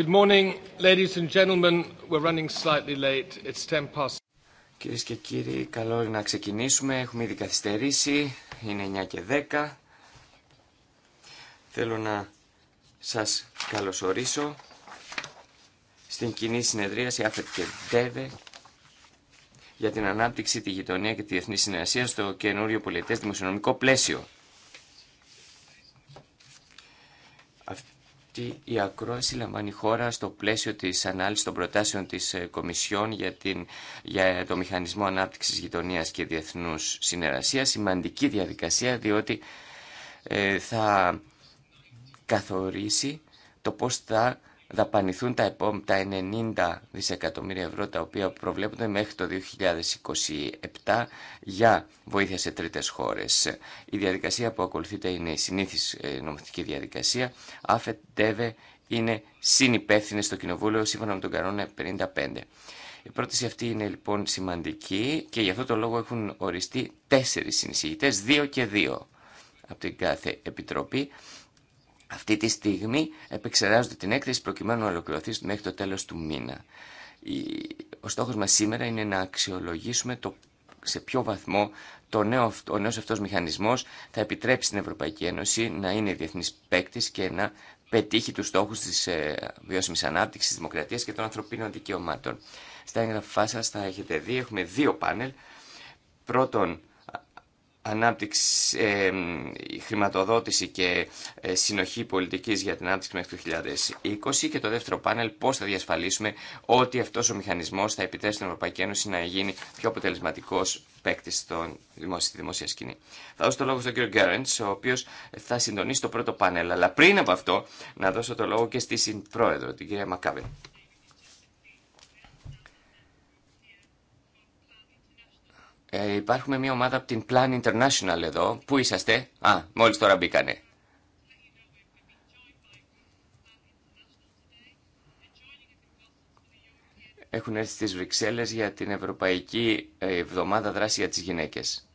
Good morning, ladies and gentlemen. We're running slightly late. It's past. Κυρίες και κύριοι, καλό είναι να ξεκινήσουμε. Έχουμε ήδη καθυστερήσει. Είναι 9 και 10. Θέλω να σας καλωσορίσω στην κοινή συνεδρίαση ΑΦΕΤ και ΔΕΒΕ για την ανάπτυξη, τη γειτονία και τη διεθνή συνεργασία στο καινούριο πολιτές δημοσιονομικό πλαίσιο. ότι η ακρόαση λαμβάνει χώρα στο πλαίσιο της ανάλυσης των προτάσεων της ε, Κομισιόν για, την, για το Μηχανισμό Ανάπτυξης γειτονία και Διεθνούς Συνεργασίας. Σημαντική διαδικασία διότι ε, θα καθορίσει το πώς θα δαπανηθούν τα, τα 90 δισεκατομμύρια ευρώ τα οποία προβλέπονται μέχρι το 2027 για βοήθεια σε τρίτες χώρες. Η διαδικασία που ακολουθείται είναι η συνήθις ε, νομοθετική διαδικασία. Αφεντεύε είναι συνυπεύθυνε στο Κοινοβούλιο σύμφωνα με τον κανόνα 55. Η πρόταση αυτή είναι λοιπόν σημαντική και γι' αυτό το λόγο έχουν οριστεί τέσσερις συνεισηγητές, δύο και δύο από την κάθε επιτροπή αυτή τη στιγμή επεξεργάζονται την έκθεση προκειμένου να ολοκληρωθεί μέχρι το τέλος του μήνα. Ο στόχος μας σήμερα είναι να αξιολογήσουμε το σε ποιο βαθμό το νέο, ο νέος αυτός μηχανισμός θα επιτρέψει στην Ευρωπαϊκή Ένωση να είναι διεθνής παίκτη και να πετύχει τους στόχους της βιώσιμη ε, βιώσιμης ανάπτυξης, της δημοκρατίας και των ανθρωπίνων δικαιωμάτων. Στα έγγραφά σας θα έχετε δει, έχουμε δύο πάνελ. Πρώτον, ανάπτυξη, ε, χρηματοδότηση και ε, συνοχή πολιτικής για την ανάπτυξη μέχρι το 2020 και το δεύτερο πάνελ πώς θα διασφαλίσουμε ότι αυτός ο μηχανισμός θα επιτρέψει στην Ευρωπαϊκή Ένωση να γίνει πιο αποτελεσματικός παίκτη στη δημόσια σκηνή. Θα δώσω το λόγο στον κύριο Γκέρεντς, ο οποίος θα συντονίσει το πρώτο πάνελ, αλλά πριν από αυτό να δώσω το λόγο και στη συμπρόεδρο, την κυρία Μακάβεν. Ε, υπάρχουμε μια ομάδα από την Plan International εδώ. Πού είσαστε? Α, μόλις τώρα μπήκανε. Έχουν έρθει στις Βρυξέλλες για την Ευρωπαϊκή ε, Εβδομάδα Δράση για τις Γυναίκες.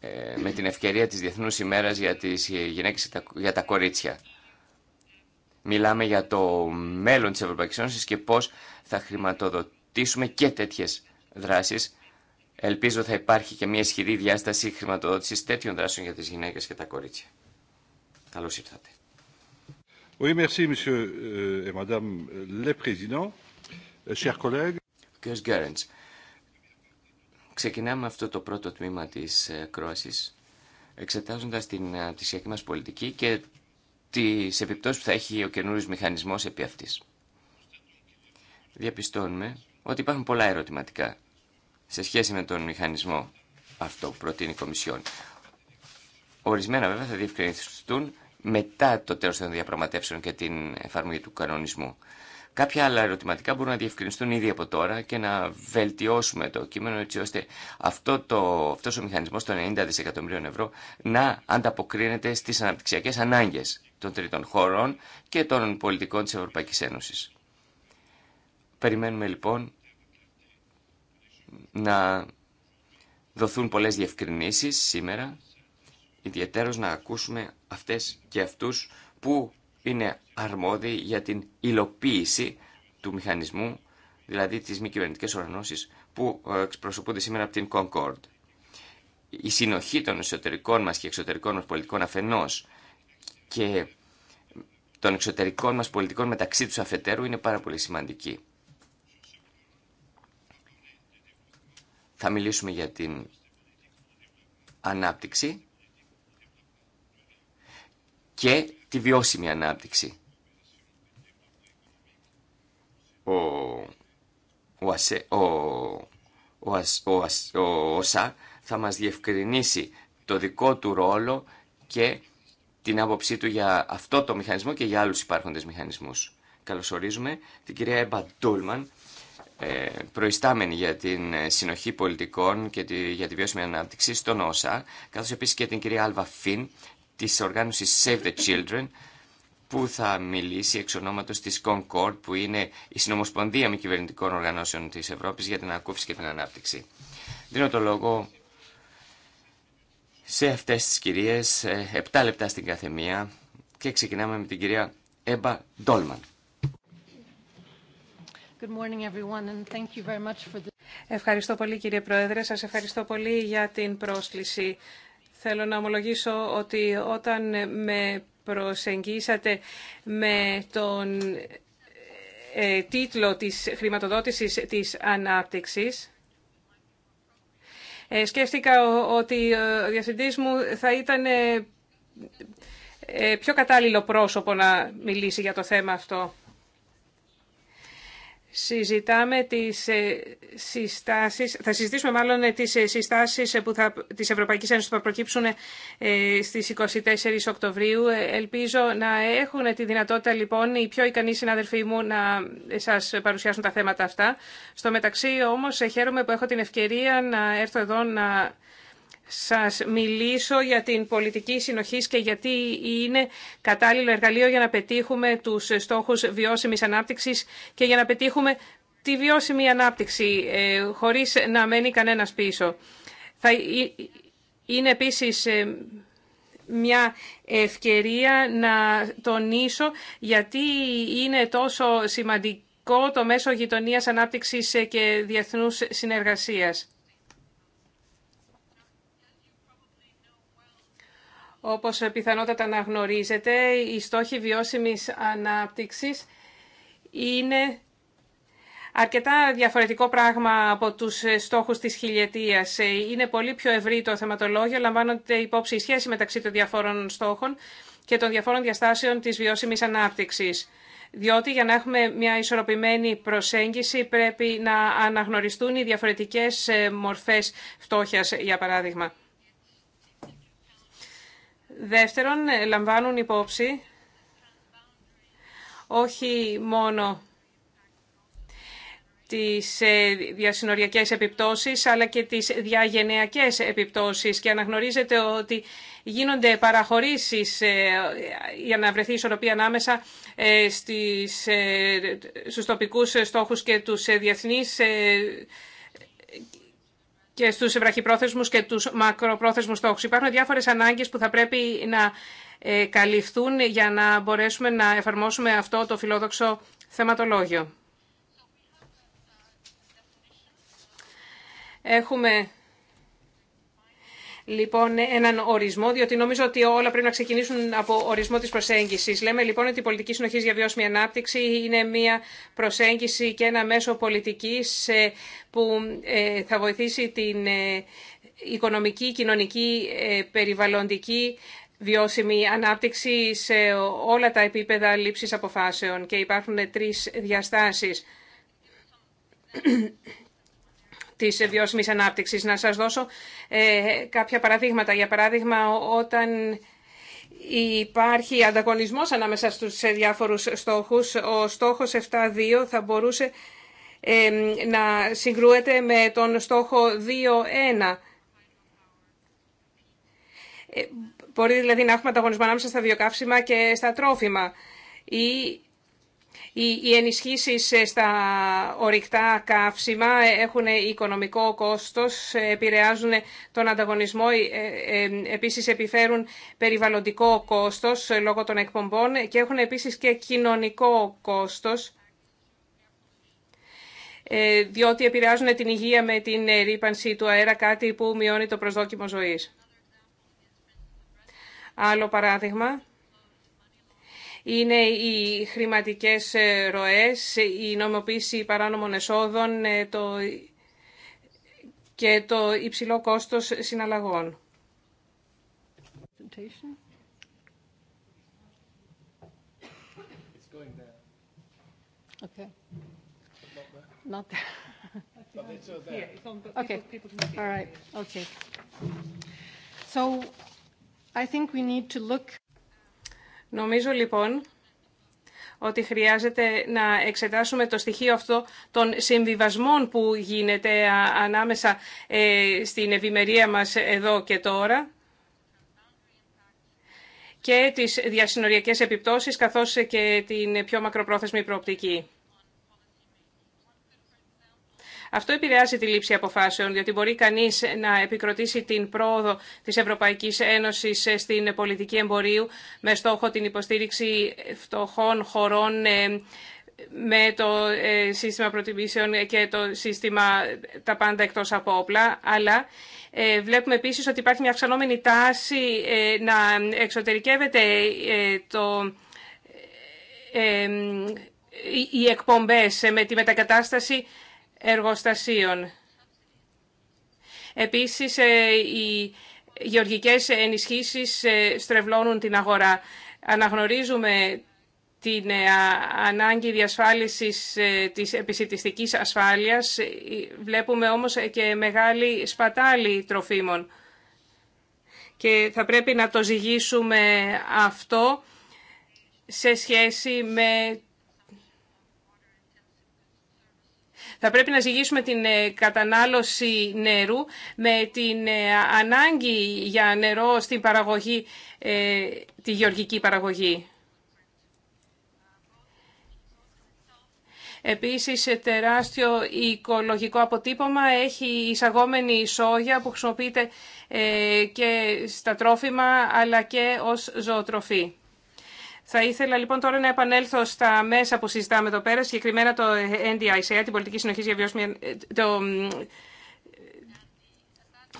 Ε, με την ευκαιρία της Διεθνούς ημέρας για τις ε, γυναίκες για τα κορίτσια. Μιλάμε για το μέλλον της Ευρωπαϊκής Ένωσης και πώς θα χρηματοδοτήσουμε και τέτοιες δράσεις. Ελπίζω θα υπάρχει και μια ισχυρή διάσταση χρηματοδότησης τέτοιων δράσεων για τις γυναίκες και τα κορίτσια. Καλώς ήρθατε. Oui, merci, monsieur euh, et madame euh, le président. Euh, chers collègues. ξεκινάμε αυτό το πρώτο τμήμα της ε, κρόσης εξετάζοντας την αντισιακή ε, μα πολιτική και τις επιπτώσεις που θα έχει ο καινούριος μηχανισμός επί αυτής. Διαπιστώνουμε ότι υπάρχουν πολλά ερωτηματικά σε σχέση με τον μηχανισμό αυτό που προτείνει η Κομισιόν. Ορισμένα βέβαια θα διευκρινιστούν μετά το τέλος των διαπραγματεύσεων και την εφαρμογή του κανονισμού. Κάποια άλλα ερωτηματικά μπορούν να διευκρινιστούν ήδη από τώρα και να βελτιώσουμε το κείμενο έτσι ώστε αυτό το, αυτός ο μηχανισμός των 90 δισεκατομμυρίων ευρώ να ανταποκρίνεται στις αναπτυξιακές ανάγκες των τρίτων χωρών και των πολιτικών της Ευρωπαϊκής Ένωσης. Περιμένουμε λοιπόν να δοθούν πολλές διευκρινήσεις σήμερα, ιδιαίτερως να ακούσουμε αυτές και αυτούς που είναι αρμόδιοι για την υλοποίηση του μηχανισμού, δηλαδή τις μη κυβερνητικέ οργανώσεις που εξπροσωπούνται σήμερα από την Concord. Η συνοχή των εσωτερικών μας και εξωτερικών μας πολιτικών αφενός και των εξωτερικών μας πολιτικών μεταξύ τους αφετέρου είναι πάρα πολύ σημαντική. Θα μιλήσουμε για την ανάπτυξη και τη βιώσιμη ανάπτυξη. Ο, ο, ο, ο, ο, θα μας διευκρινίσει το δικό του ρόλο και την άποψή του για αυτό το μηχανισμό και για άλλους υπάρχοντες μηχανισμούς. Καλωσορίζουμε την κυρία Έμπα ε, προϊστάμενη για την ε, συνοχή πολιτικών και για τη βιώσιμη ανάπτυξη στον ΩΣΑ, καθώς επίσης και την κυρία Άλβα Φιν της οργάνωσης Save the Children, που θα μιλήσει εξ ονόματος της Concord, που είναι η Συνομοσπονδία Μη Κυβερνητικών Οργανώσεων της Ευρώπης για την ακούφιση και την Ανάπτυξη. Δίνω το λόγο σε αυτές τις κυρίες, 7 ε, λεπτά στην καθεμία και ξεκινάμε με την κυρία Έμπα Ντόλμαν. Ευχαριστώ πολύ κύριε Πρόεδρε, σας ευχαριστώ πολύ για την πρόσκληση. Θέλω να ομολογήσω ότι όταν με προσεγγίσατε με τον ε, τίτλο της χρηματοδότησης της ανάπτυξης, ε, σκέφτηκα ότι ο διευθυντής μου θα ήταν ε, πιο κατάλληλο πρόσωπο να μιλήσει για το θέμα αυτό συζητάμε τις ε, συστάσεις, θα συζητήσουμε μάλλον ε, τις ε, συστάσεις που θα, της Ευρωπαϊκής Ένωσης που θα προκύψουν στις 24 Οκτωβρίου. Ελπίζω να έχουν τη δυνατότητα λοιπόν οι πιο ικανοί συνάδελφοί μου να σας παρουσιάσουν τα θέματα αυτά. Στο μεταξύ όμως χαίρομαι που έχω την ευκαιρία να έρθω εδώ να σας μιλήσω για την πολιτική συνοχή και γιατί είναι κατάλληλο εργαλείο για να πετύχουμε τους στόχους βιώσιμης ανάπτυξης και για να πετύχουμε τη βιώσιμη ανάπτυξη ε, χωρίς να μένει κανένας πίσω. Θα είναι επίσης ε, μια ευκαιρία να τονίσω γιατί είναι τόσο σημαντικό το μέσο γειτονίας ανάπτυξης ε, και διεθνούς συνεργασίας. Όπως πιθανότατα να γνωρίζετε, οι στόχοι βιώσιμης ανάπτυξης είναι αρκετά διαφορετικό πράγμα από τους στόχους της χιλιετίας. Είναι πολύ πιο ευρύ το θεματολόγιο, λαμβάνονται υπόψη η σχέση μεταξύ των διαφόρων στόχων και των διαφόρων διαστάσεων της βιώσιμης ανάπτυξης. Διότι για να έχουμε μια ισορροπημένη προσέγγιση πρέπει να αναγνωριστούν οι διαφορετικές μορφές φτώχειας, για παράδειγμα. Δεύτερον, ε, λαμβάνουν υπόψη όχι μόνο τις ε, διασυνοριακές επιπτώσεις αλλά και τις διαγενειακές επιπτώσεις και αναγνωρίζεται ότι γίνονται παραχωρήσεις ε, για να βρεθεί ισορροπία ανάμεσα στις, στους τοπικούς στόχους και τους διεθνείς και στους ευραχυπρόθεσμους και τους μακροπρόθεσμους στόχους. Υπάρχουν διάφορες ανάγκες που θα πρέπει να ε, καλυφθούν για να μπορέσουμε να εφαρμόσουμε αυτό το φιλόδοξο θεματολόγιο. Έχουμε λοιπόν έναν ορισμό, διότι νομίζω ότι όλα πρέπει να ξεκινήσουν από ορισμό της προσέγγισης. Λέμε λοιπόν ότι η πολιτική συνοχή για βιώσιμη ανάπτυξη είναι μια προσέγγιση και ένα μέσο πολιτικής ε, που ε, θα βοηθήσει την ε, οικονομική, κοινωνική, περιβαλλοντική βιώσιμη ανάπτυξη σε όλα τα επίπεδα λήψη αποφάσεων και υπάρχουν τρεις διαστάσεις. Τη βιώσιμη ανάπτυξη Να σας δώσω ε, κάποια παραδείγματα. Για παράδειγμα, όταν υπάρχει ανταγωνισμό ανάμεσα στους διάφορους στόχους, ο στόχος 7-2 θα μπορούσε ε, να συγκρούεται με τον στόχο 2.1. Ε, μπορεί δηλαδή να έχουμε ανταγωνισμό ανάμεσα στα βιοκαύσιμα και στα τρόφιμα ή οι ενισχύσεις ε, στα ορυκτά καύσιμα ε, έχουν οικονομικό κόστος, ε, επηρεάζουν τον ανταγωνισμό, επίσης επιφέρουν περιβαλλοντικό κόστος λόγω των εκπομπών και έχουν επίσης και κοινωνικό κόστος, διότι επηρεάζουν την υγεία με την ρήπανση του αέρα, κάτι που μειώνει το προσδόκιμο ζωής. Άλλο παράδειγμα είναι οι χρηματικές ε, ροές, η νομοποίηση παράνομων εσόδων ε, και το υψηλό κόστος συναλλαγών. I think we need to look Νομίζω λοιπόν ότι χρειάζεται να εξετάσουμε το στοιχείο αυτό των συμβιβασμών που γίνεται ανάμεσα ε, στην ευημερία μας εδώ και τώρα και τις διασυνοριακές επιπτώσεις καθώς και την πιο μακροπρόθεσμη προοπτική. Αυτό επηρεάζει τη λήψη αποφάσεων, διότι μπορεί κανεί να επικροτήσει την πρόοδο τη Ευρωπαϊκή Ένωση στην πολιτική εμπορίου με στόχο την υποστήριξη φτωχών χωρών ε, με το ε, σύστημα προτιμήσεων και το σύστημα τα πάντα εκτός από όπλα, αλλά ε, βλέπουμε επίσης ότι υπάρχει μια αυξανόμενη τάση να εξωτερικεύεται το, οι εκπομπές με τη μετακατάσταση εργοστασίων. Επίσης, ε, οι γεωργικές ενισχύσεις ε, στρεβλώνουν την αγορά. Αναγνωρίζουμε την ε, ανάγκη διασφάλισης της επισητιστικής ασφάλειας. Βλέπουμε όμως και μεγάλη σπατάλη τροφίμων. Και θα πρέπει να το ζυγίσουμε αυτό σε σχέση με Θα πρέπει να ζυγίσουμε την ε, κατανάλωση νερού με την ε, ανάγκη για νερό στην παραγωγή, ε, τη γεωργική παραγωγή. Επίσης, τεράστιο οικολογικό αποτύπωμα έχει εισαγόμενη σόγια που χρησιμοποιείται και στα τρόφιμα αλλά και ως ζωοτροφή. Θα ήθελα λοιπόν τώρα να επανέλθω στα μέσα που συζητάμε εδώ πέρα, συγκεκριμένα το NDICA, την πολιτική συνοχή για Το,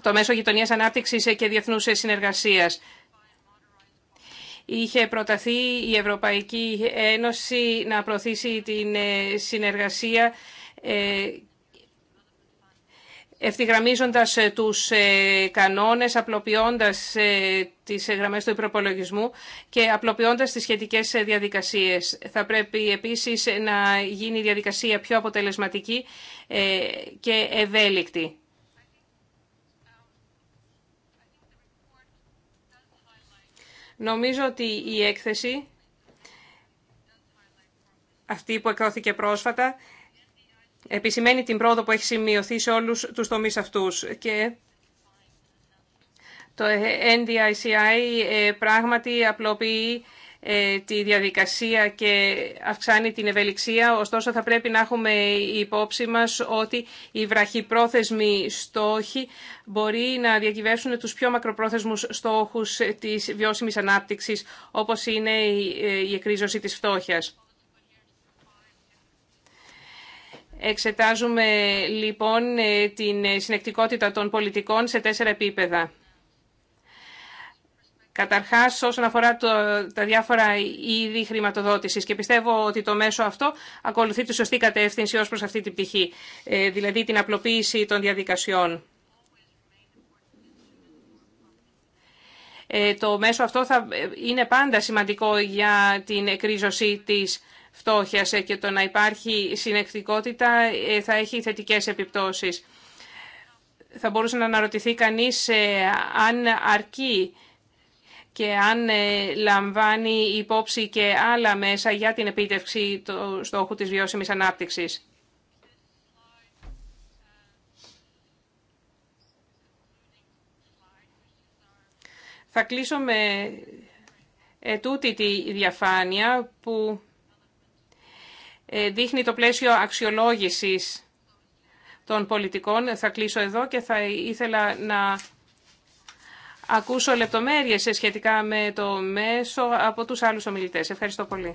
το μέσο γειτονία ανάπτυξη και διεθνού συνεργασία. Είχε προταθεί η Ευρωπαϊκή Ένωση να προωθήσει την συνεργασία ε, ευθυγραμμίζοντας ε, τους ε, κανόνες, απλοποιώντας ε, τις γραμμές του υπροπολογισμού και απλοποιώντας τις σχετικές διαδικασίες. Θα πρέπει επίσης να γίνει η διαδικασία πιο αποτελεσματική και ευέλικτη. Νομίζω ότι η έκθεση αυτή που εκδόθηκε πρόσφατα επισημαίνει την πρόοδο που έχει σημειωθεί σε όλους τους τομείς αυτούς. Και το NDICI ε, πράγματι απλοποιεί ε, τη διαδικασία και αυξάνει την ευελιξία. Ωστόσο, θα πρέπει να έχουμε υπόψη μας ότι οι βραχυπρόθεσμοι στόχοι μπορεί να διακυβεύσουν τους πιο μακροπρόθεσμους στόχους της βιώσιμης ανάπτυξης, όπως είναι η ε, εκρίζωση της φτώχειας. Εξετάζουμε λοιπόν ε, την ε, συνεκτικότητα των πολιτικών σε τέσσερα επίπεδα. Καταρχάς, όσον αφορά τα διάφορα είδη χρηματοδότησης και πιστεύω ότι το μέσο αυτό ακολουθεί τη σωστή κατεύθυνση ως προς αυτή την πτυχή, ε, δηλαδή την απλοποίηση των διαδικασιών. Το μέσο αυτό θα είναι πάντα σημαντικό για την εκρίζωση της Φτώχεια ε, και το να υπάρχει συνεκτικότητα ε, θα έχει θετικές επιπτώσεις. Θα μπορούσε να αναρωτηθεί κανείς ε, αν αρκεί και αν λαμβάνει υπόψη και άλλα μέσα για την επίτευξη του στόχου της βιώσιμης ανάπτυξης. Θα κλείσω με ετούτη τη διαφάνεια που ε, δείχνει το πλαίσιο αξιολόγησης των πολιτικών. Θα κλείσω εδώ και θα ήθελα να ακούσω λεπτομέρειες σχετικά με το μέσο από τους άλλους ομιλητές. Ευχαριστώ πολύ.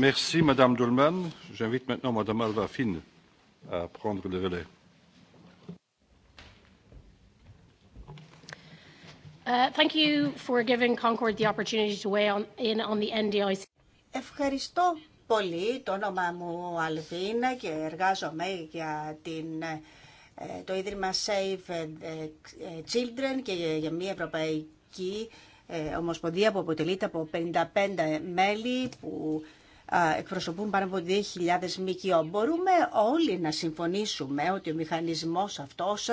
Merci, Madame Dolman. J'invite maintenant Madame Alvafine à prendre le relais. Uh, thank you for giving Concord the opportunity to weigh on, in on the Ευχαριστώ πολύ. Το όνομά μου Αλβίνα και εργάζομαι για την, ε, το Ίδρυμα Save ε, Children και για μια Ευρωπαϊκή ε, Ομοσπονδία που αποτελείται από 55 μέλη που εκπροσωπούν πάνω από 2.000 ΜΚΟ. Μπορούμε όλοι να συμφωνήσουμε ότι ο μηχανισμός αυτός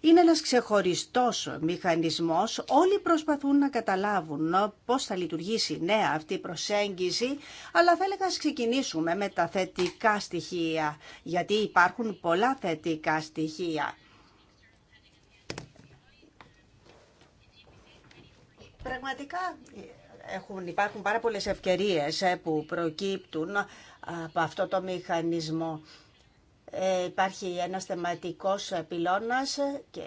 είναι ένας ξεχωριστός μηχανισμός. Όλοι προσπαθούν να καταλάβουν πώς θα λειτουργήσει νέα αυτή η προσέγγιση, αλλά θα έλεγα να ξεκινήσουμε με τα θετικά στοιχεία, γιατί υπάρχουν πολλά θετικά στοιχεία. Πραγματικά έχουν, υπάρχουν πάρα πολλές ευκαιρίες ε, που προκύπτουν από αυτό το μηχανισμό. Ε, υπάρχει ένα θεματικός πυλώνας και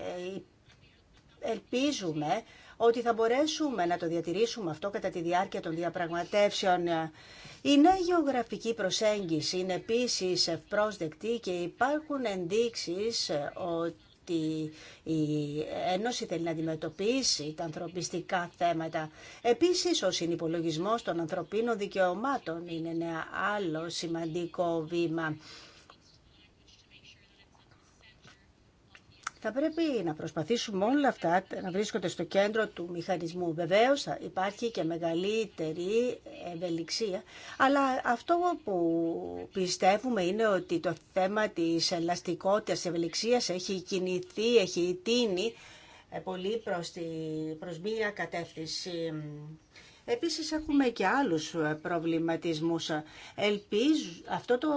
ελπίζουμε ότι θα μπορέσουμε να το διατηρήσουμε αυτό κατά τη διάρκεια των διαπραγματεύσεων. Η νέα γεωγραφική προσέγγιση είναι επίσης ευπρόσδεκτη και υπάρχουν ενδείξεις ότι ότι η Ένωση θέλει να αντιμετωπίσει τα ανθρωπιστικά θέματα. Επίσης, ο συνυπολογισμός των ανθρωπίνων δικαιωμάτων είναι ένα άλλο σημαντικό βήμα Θα πρέπει να προσπαθήσουμε όλα αυτά να βρίσκονται στο κέντρο του μηχανισμού. Βεβαίω, υπάρχει και μεγαλύτερη ευελιξία, αλλά αυτό που πιστεύουμε είναι ότι το θέμα της ελαστικότητας, τη ευελιξίας έχει κινηθεί, έχει τίνει πολύ προς, προς μία κατεύθυνση. Επίσης έχουμε και άλλους ε, προβληματισμούς. Ελπίζω, αυτό το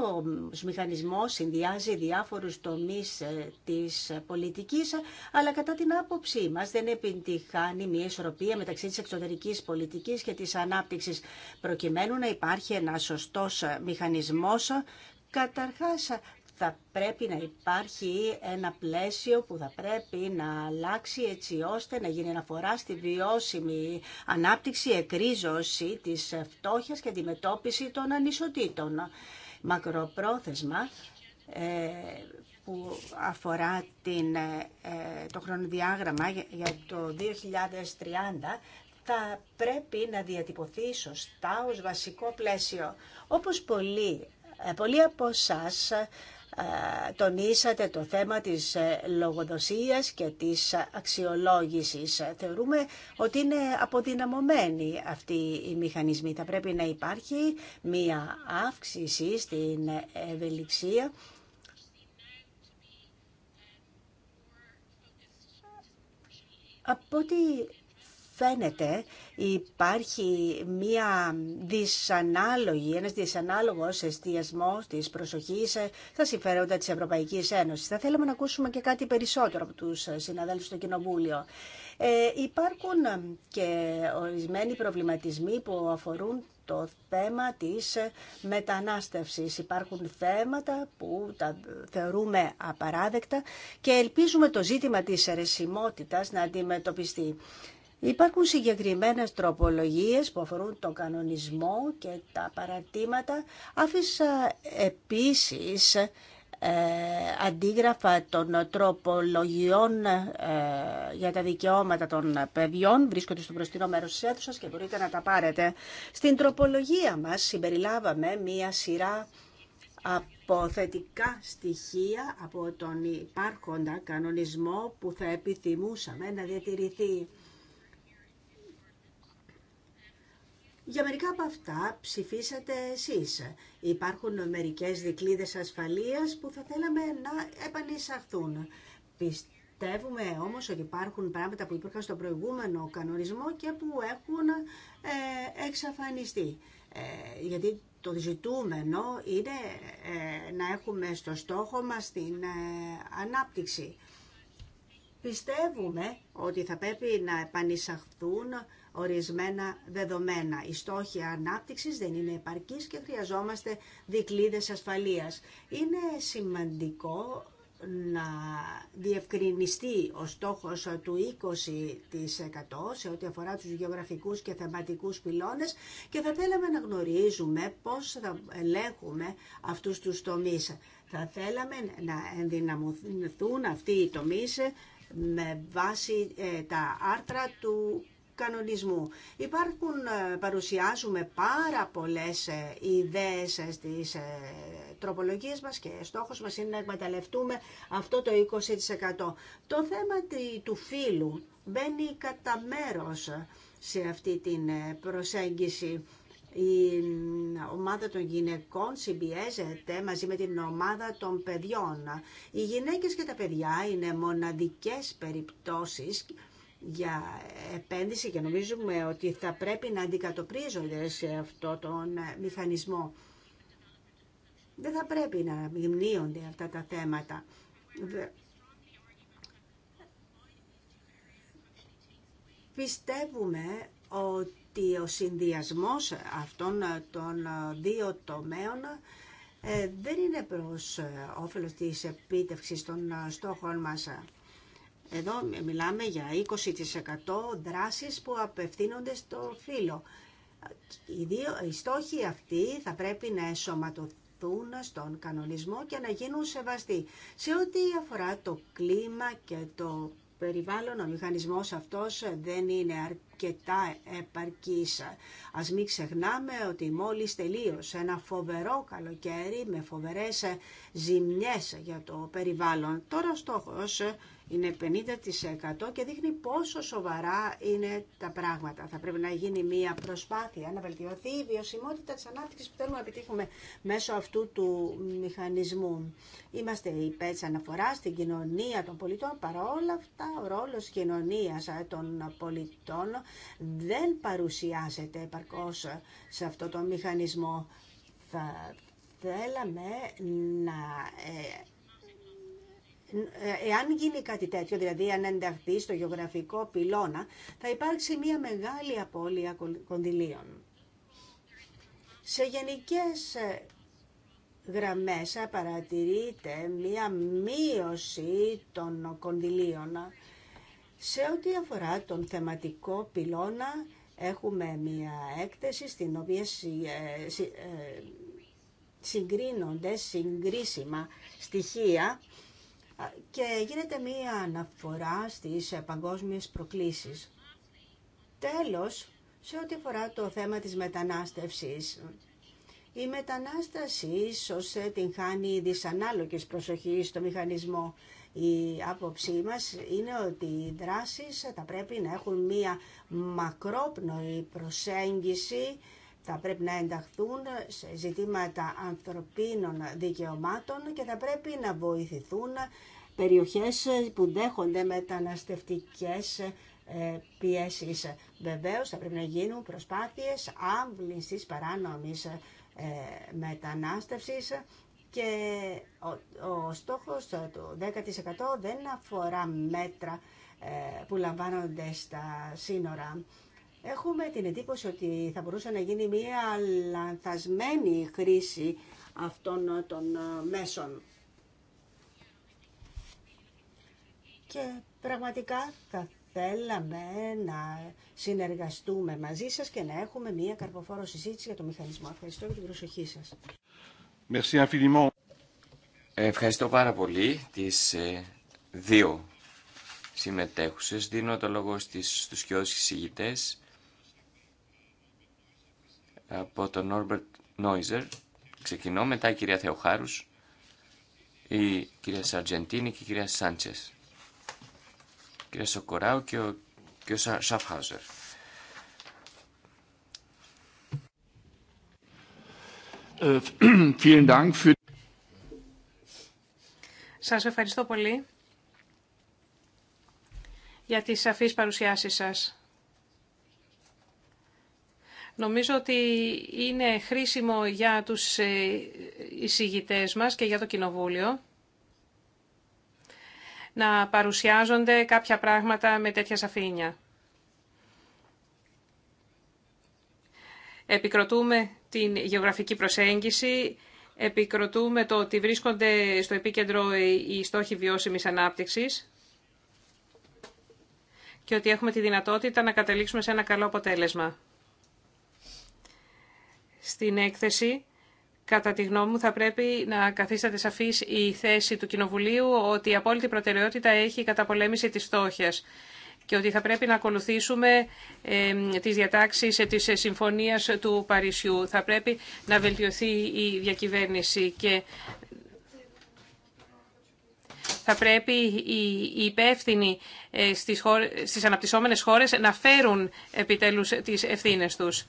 μηχανισμό συνδυάζει διάφορους τομείς ε, της πολιτικής, αλλά κατά την άποψή μας δεν επιτυχάνει μια ισορροπία μεταξύ της εξωτερικής πολιτικής και της ανάπτυξης, προκειμένου να υπάρχει ένα σωστός μηχανισμός Καταρχάς, θα πρέπει να υπάρχει ένα πλαίσιο που θα πρέπει να αλλάξει έτσι ώστε να γίνει αναφορά στη βιώσιμη ανάπτυξη, εκρίζωση της φτώχειας και αντιμετώπιση των ανισοτήτων. Μακροπρόθεσμα ε, που αφορά την, ε, το χρονοδιάγραμμα για το 2030 θα πρέπει να διατυπωθεί σωστά ως βασικό πλαίσιο. Όπως πολλοί, ε, πολλοί από εσάς... Ε, τονίσατε το θέμα της ε, λογοδοσίας και της αξιολόγησης. Θεωρούμε ότι είναι αποδυναμωμένοι αυτοί οι μηχανισμοί. Θα πρέπει να υπάρχει μία αύξηση στην ευελιξία από ό,τι φαίνεται υπάρχει μια δυσανάλογη, ένας δυσανάλογος εστιασμός της προσοχής στα συμφέροντα της Ευρωπαϊκής Ένωσης. Θα θέλαμε να ακούσουμε και κάτι περισσότερο από τους συναδέλφους στο Κοινοβούλιο. Ε, υπάρχουν και ορισμένοι προβληματισμοί που αφορούν το θέμα της μετανάστευσης. Υπάρχουν θέματα που τα θεωρούμε απαράδεκτα και ελπίζουμε το ζήτημα της αιρεσιμότητας να αντιμετωπιστεί. Υπάρχουν συγκεκριμένες τροπολογίες που αφορούν τον κανονισμό και τα παρατήματα. Άφησα επίσης ε, αντίγραφα των τροπολογιών ε, για τα δικαιώματα των παιδιών. Βρίσκονται στο προστινό μέρος της αίθουσας και μπορείτε να τα πάρετε. Στην τροπολογία μας συμπεριλάβαμε μία σειρά από θετικά στοιχεία από τον υπάρχοντα κανονισμό που θα επιθυμούσαμε να διατηρηθεί. Για μερικά από αυτά ψηφίσατε εσείς. Υπάρχουν μερικές δικλείδες ασφαλείας που θα θέλαμε να επανεισαχθούν. Πιστεύουμε όμως ότι υπάρχουν πράγματα που υπήρχαν στο προηγούμενο κανονισμό και που έχουν ε, εξαφανιστεί. Ε, γιατί το ζητούμενο είναι ε, να έχουμε στο στόχο μας την ανάπτυξη. Πιστεύουμε ότι θα πρέπει να επανεισαχθούν ορισμένα δεδομένα. Οι στόχοι ανάπτυξης δεν είναι επαρκείς και χρειαζόμαστε δικλίδες ασφαλείας. Είναι σημαντικό να διευκρινιστεί ο στόχος του 20% σε ό,τι αφορά τους γεωγραφικούς και θεματικούς πυλώνες και θα θέλαμε να γνωρίζουμε πώς θα ελέγχουμε αυτούς τους τομείς. Θα θέλαμε να ενδυναμωθούν αυτοί οι τομείς με βάση ε, τα άρθρα του κανονισμού. Υπάρχουν, ε, παρουσιάζουμε πάρα πολλές ε, ιδέες ε, στις τροπολογίες μας και στόχος μας είναι να εκμεταλλευτούμε αυτό το 20%. Το θέμα του φύλου μπαίνει κατά μέρο σε αυτή την προσέγγιση. Η ομάδα των γυναικών συμπιέζεται μαζί με την ομάδα των παιδιών. Οι γυναίκες και τα παιδιά είναι μοναδικές περιπτώσεις για επένδυση και νομίζουμε ότι θα πρέπει να αντικατοπρίζονται σε αυτό τον μηχανισμό. Δεν θα πρέπει να μνήονται αυτά τα θέματα. Πιστεύουμε ότι ο συνδυασμός αυτών των δύο τομέων ε, δεν είναι προς όφελος της επίτευξης των στόχων μας. Εδώ μιλάμε για 20% δράσεις που απευθύνονται στο φύλλο. Οι, δύο, οι στόχοι αυτοί θα πρέπει να εσωματωθούν στον κανονισμό και να γίνουν σεβαστοί. Σε ό,τι αφορά το κλίμα και το περιβάλλον, ο μηχανισμός αυτός δεν είναι αρκετά επαρκής. Ας μην ξεχνάμε ότι μόλις τελείωσε ένα φοβερό καλοκαίρι με φοβερές ζημιές για το περιβάλλον. Τώρα ο στόχος είναι 50% και δείχνει πόσο σοβαρά είναι τα πράγματα. Θα πρέπει να γίνει μια προσπάθεια να βελτιωθεί η βιωσιμότητα της ανάπτυξης που θέλουμε να επιτύχουμε μέσω αυτού του μηχανισμού. Είμαστε η πέτσα, αναφορά στην κοινωνία των πολιτών. Παρόλα αυτά ο ρόλος κοινωνίας ε, των πολιτών δεν παρουσιάζεται επαρκώς σε αυτό το μηχανισμό. Θα θέλαμε να ε, εάν γίνει κάτι τέτοιο, δηλαδή αν ενταχθεί στο γεωγραφικό πυλώνα, θα υπάρξει μια μεγάλη απώλεια κονδυλίων. Σε γενικές ε, γραμμές ε, παρατηρείται μια μείωση των κονδυλίων. Σε ό,τι αφορά τον θεματικό πυλώνα, έχουμε μια έκθεση στην οποία ε, συγκρίνονται συγκρίσιμα στοιχεία και γίνεται μία αναφορά στις ε, παγκόσμιες προκλήσεις. Τέλος, σε ό,τι αφορά το θέμα της μετανάστευσης, η μετανάσταση ίσως ε, την χάνει δυσανάλογης προσοχής στο μηχανισμό. Η άποψή μας είναι ότι οι δράσεις θα πρέπει να έχουν μία μακρόπνοη προσέγγιση θα πρέπει να ενταχθούν σε ζητήματα ανθρωπίνων δικαιωμάτων και θα πρέπει να βοηθηθούν περιοχές που δέχονται μεταναστευτικές ε, πιέσεις. Βεβαίως θα πρέπει να γίνουν προσπάθειες άμβλησης παράνομης ε, μετανάστευσης και ο, ο στόχος του 10% δεν αφορά μέτρα ε, που λαμβάνονται στα σύνορα έχουμε την εντύπωση ότι θα μπορούσε να γίνει μία λανθασμένη χρήση αυτών των ε, μέσων. Και πραγματικά θα θέλαμε να συνεργαστούμε μαζί σας και να έχουμε μία καρποφόρο συζήτηση για το μηχανισμό. Ευχαριστώ για την προσοχή σας. Ευχαριστώ πάρα πολύ τις ε, δύο συμμετέχουσες. Δίνω το λόγο στις, στους κοιόδους από τον Νόρμπερτ Νόιζερ. Ξεκινώ, μετά η κυρία Θεοχάρου, η κυρία Σαρτζεντίνη και η κυρία Σάντσε. κυρία Σοκοράου και ο, και ο Σαφχάουζερ. Ε, σας ευχαριστώ πολύ για τις σαφείς παρουσιάσεις σας. Νομίζω ότι είναι χρήσιμο για τους ε, εισηγητές μας και για το Κοινοβούλιο να παρουσιάζονται κάποια πράγματα με τέτοια σαφήνεια. Επικροτούμε την γεωγραφική προσέγγιση, επικροτούμε το ότι βρίσκονται στο επίκεντρο οι στόχοι βιώσιμης ανάπτυξης και ότι έχουμε τη δυνατότητα να καταλήξουμε σε ένα καλό αποτέλεσμα στην έκθεση, κατά τη γνώμη μου, θα πρέπει να καθίσταται σαφής η θέση του Κοινοβουλίου ότι η απόλυτη προτεραιότητα έχει η καταπολέμηση της φτώχειας και ότι θα πρέπει να ακολουθήσουμε ε, τις διατάξεις της Συμφωνίας του Παρισιού. Θα πρέπει να βελτιωθεί η διακυβέρνηση και θα πρέπει οι υπεύθυνοι ε, στις, χώρες, στις αναπτυσσόμενες χώρες να φέρουν επιτέλους τις ευθύνες τους.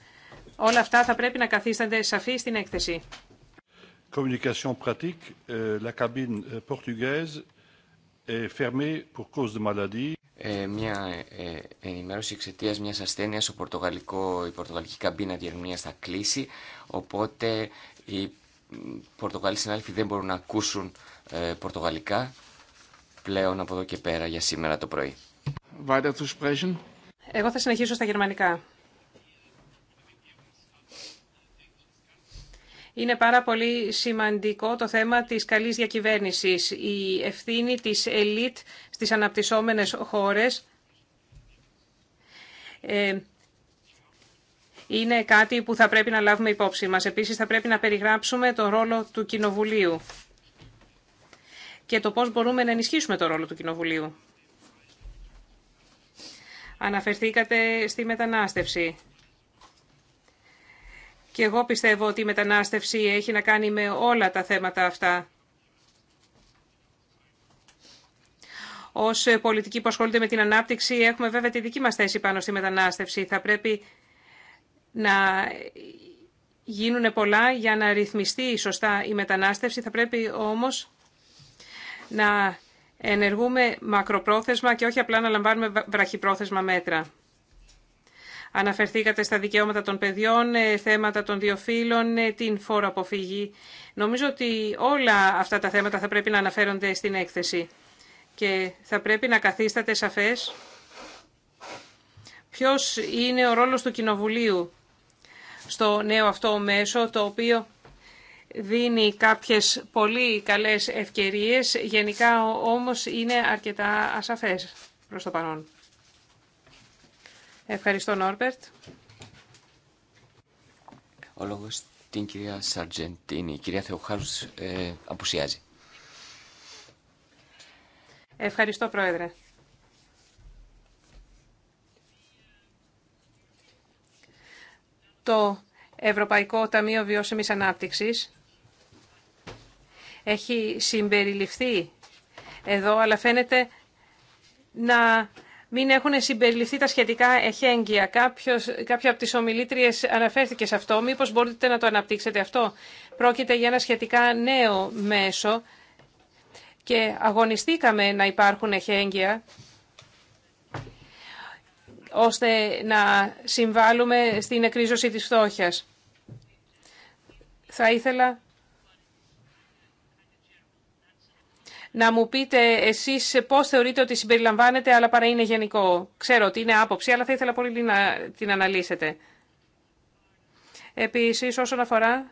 Όλα αυτά θα πρέπει να καθίστανται σαφή στην έκθεση. Communication pratique, euh, la cabine euh, portugaise est fermée pour cause de maladie. Ε, μια ε, ενημέρωση εξαιτία μια ασθένεια, η πορτογαλική καμπίνα διερμηνία θα κλείσει. Οπότε οι Πορτογαλοί συνάδελφοι δεν μπορούν να ακούσουν ε, πορτογαλικά πλέον από εδώ και πέρα για σήμερα το πρωί. Εγώ θα συνεχίσω στα γερμανικά. Είναι πάρα πολύ σημαντικό το θέμα της καλής διακυβέρνησης, η ευθύνη της ελίτ στις αναπτυσσόμενες χώρες. Ε, είναι κάτι που θα πρέπει να λάβουμε υπόψη μας. Επίσης θα πρέπει να περιγράψουμε το ρόλο του Κοινοβουλίου και το πώς μπορούμε να ενισχύσουμε τον ρόλο του Κοινοβουλίου. Αναφερθήκατε στη μετανάστευση. Και εγώ πιστεύω ότι η μετανάστευση έχει να κάνει με όλα τα θέματα αυτά. Ως πολιτικοί που ασχολούνται με την ανάπτυξη έχουμε βέβαια τη δική μας θέση πάνω στη μετανάστευση. Θα πρέπει να γίνουν πολλά για να ρυθμιστεί σωστά η μετανάστευση. Θα πρέπει όμως να ενεργούμε μακροπρόθεσμα και όχι απλά να λαμβάνουμε βραχυπρόθεσμα μέτρα. Αναφερθήκατε στα δικαιώματα των παιδιών, ε, θέματα των δύο ε, την φόρο αποφυγή. Νομίζω ότι όλα αυτά τα θέματα θα πρέπει να αναφέρονται στην έκθεση και θα πρέπει να καθίσταται σαφές ποιος είναι ο ρόλος του Κοινοβουλίου στο νέο αυτό μέσο, το οποίο δίνει κάποιες πολύ καλές ευκαιρίες, γενικά όμως είναι αρκετά ασαφές προς το παρόν. Ευχαριστώ, Νόρμπερτ. Ο λόγος στην κυρία Σαρτζεντίνη. Η κυρία Θεοχάρους ε, απουσιάζει. Ευχαριστώ, Πρόεδρε. Το Ευρωπαϊκό Ταμείο Βιώσιμης Ανάπτυξης έχει συμπεριληφθεί εδώ, αλλά φαίνεται να μην έχουν συμπεριληφθεί τα σχετικά εχέγγυα. Κάποιος, κάποια από τις ομιλήτριες αναφέρθηκε σε αυτό. Μήπως μπορείτε να το αναπτύξετε αυτό. Πρόκειται για ένα σχετικά νέο μέσο και αγωνιστήκαμε να υπάρχουν εχέγγυα ώστε να συμβάλλουμε στην εκρίζωση της φτώχειας. Θα ήθελα να μου πείτε εσείς πώς θεωρείτε ότι συμπεριλαμβάνεται αλλά παρά είναι γενικό. Ξέρω ότι είναι άποψη, αλλά θα ήθελα πολύ να την αναλύσετε. Επίση, όσον αφορά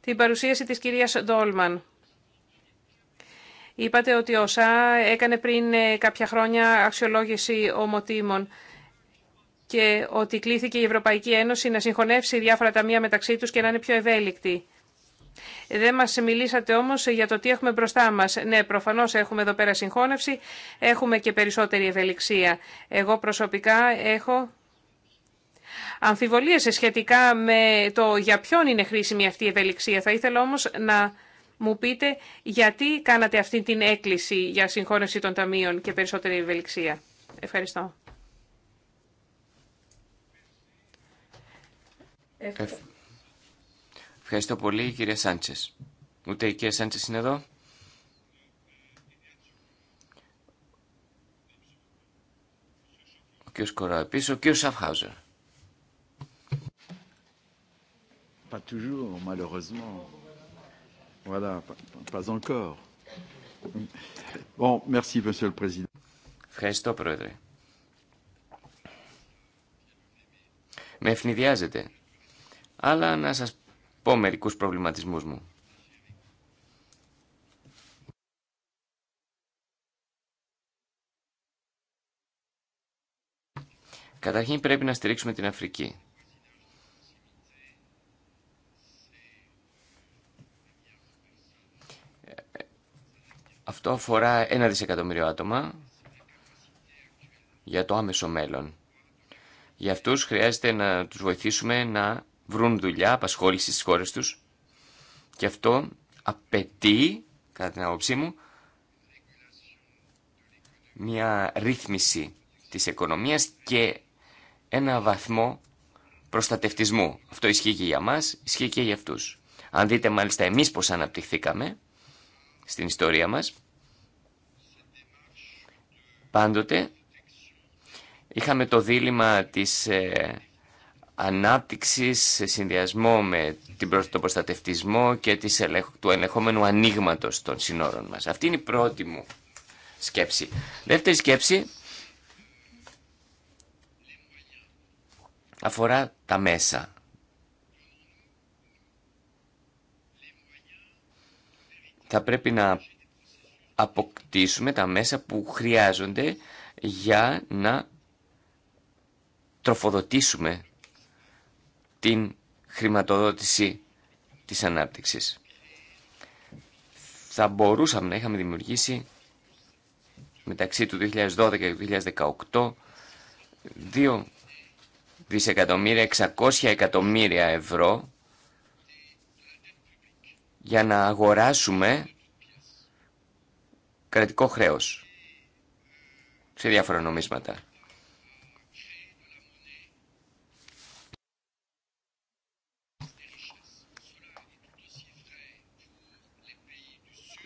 την παρουσίαση της κυρίας Ντόλμαν. Είπατε ότι ο ΣΑ έκανε πριν ε, κάποια χρόνια αξιολόγηση ομοτήμων και ότι κλήθηκε η Ευρωπαϊκή Ένωση να συγχωνεύσει διάφορα ταμεία μεταξύ τους και να είναι πιο ευέλικτη. Δεν μα μιλήσατε όμως για το τι έχουμε μπροστά μας. Ναι, προφανώς έχουμε εδώ πέρα συγχώνευση, έχουμε και περισσότερη ευελιξία. Εγώ προσωπικά έχω αμφιβολίες σχετικά με το για ποιον είναι χρήσιμη αυτή η ευελιξία. Θα ήθελα όμως να μου πείτε γιατί κάνατε αυτή την έκκληση για συγχώνευση των ταμείων και περισσότερη ευελιξία. Ευχαριστώ. Ευχαριστώ. Ευχαριστώ πολύ, κυρία Σάντσες. Ούτε η κυρία Σάντσες είναι εδώ. Ο κύριος Κορά επίσης, ο κύριος Σαφχάουζερ. Ευχαριστώ, Πρόεδρε. Με ευνηδιάζετε. Αλλά να σας πω μερικού προβληματισμού. μου. Καταρχήν πρέπει να στηρίξουμε την Αφρική. Αυτό αφορά ένα δισεκατομμύριο άτομα για το άμεσο μέλλον. Για αυτούς χρειάζεται να τους βοηθήσουμε να βρουν δουλειά, απασχόληση στις χώρες τους και αυτό απαιτεί, κατά την άποψή μου, μια ρύθμιση της οικονομίας και ένα βαθμό προστατευτισμού. Αυτό ισχύει και για μας, ισχύει και για αυτούς. Αν δείτε μάλιστα εμείς πώς αναπτυχθήκαμε στην ιστορία μας, πάντοτε είχαμε το δίλημα της ε, ανάπτυξης σε συνδυασμό με τον προστατευτισμό και του ελεγχόμενου ανοίγματο των συνόρων μας. Αυτή είναι η πρώτη μου σκέψη. Δεύτερη σκέψη αφορά τα μέσα. Θα πρέπει να αποκτήσουμε τα μέσα που χρειάζονται για να τροφοδοτήσουμε την χρηματοδότηση της ανάπτυξης. Θα μπορούσαμε να είχαμε δημιουργήσει μεταξύ του 2012 και του 2018 δύο δισεκατομμύρια, 600 εκατομμύρια ευρώ για να αγοράσουμε κρατικό χρέος σε διάφορα νομίσματα.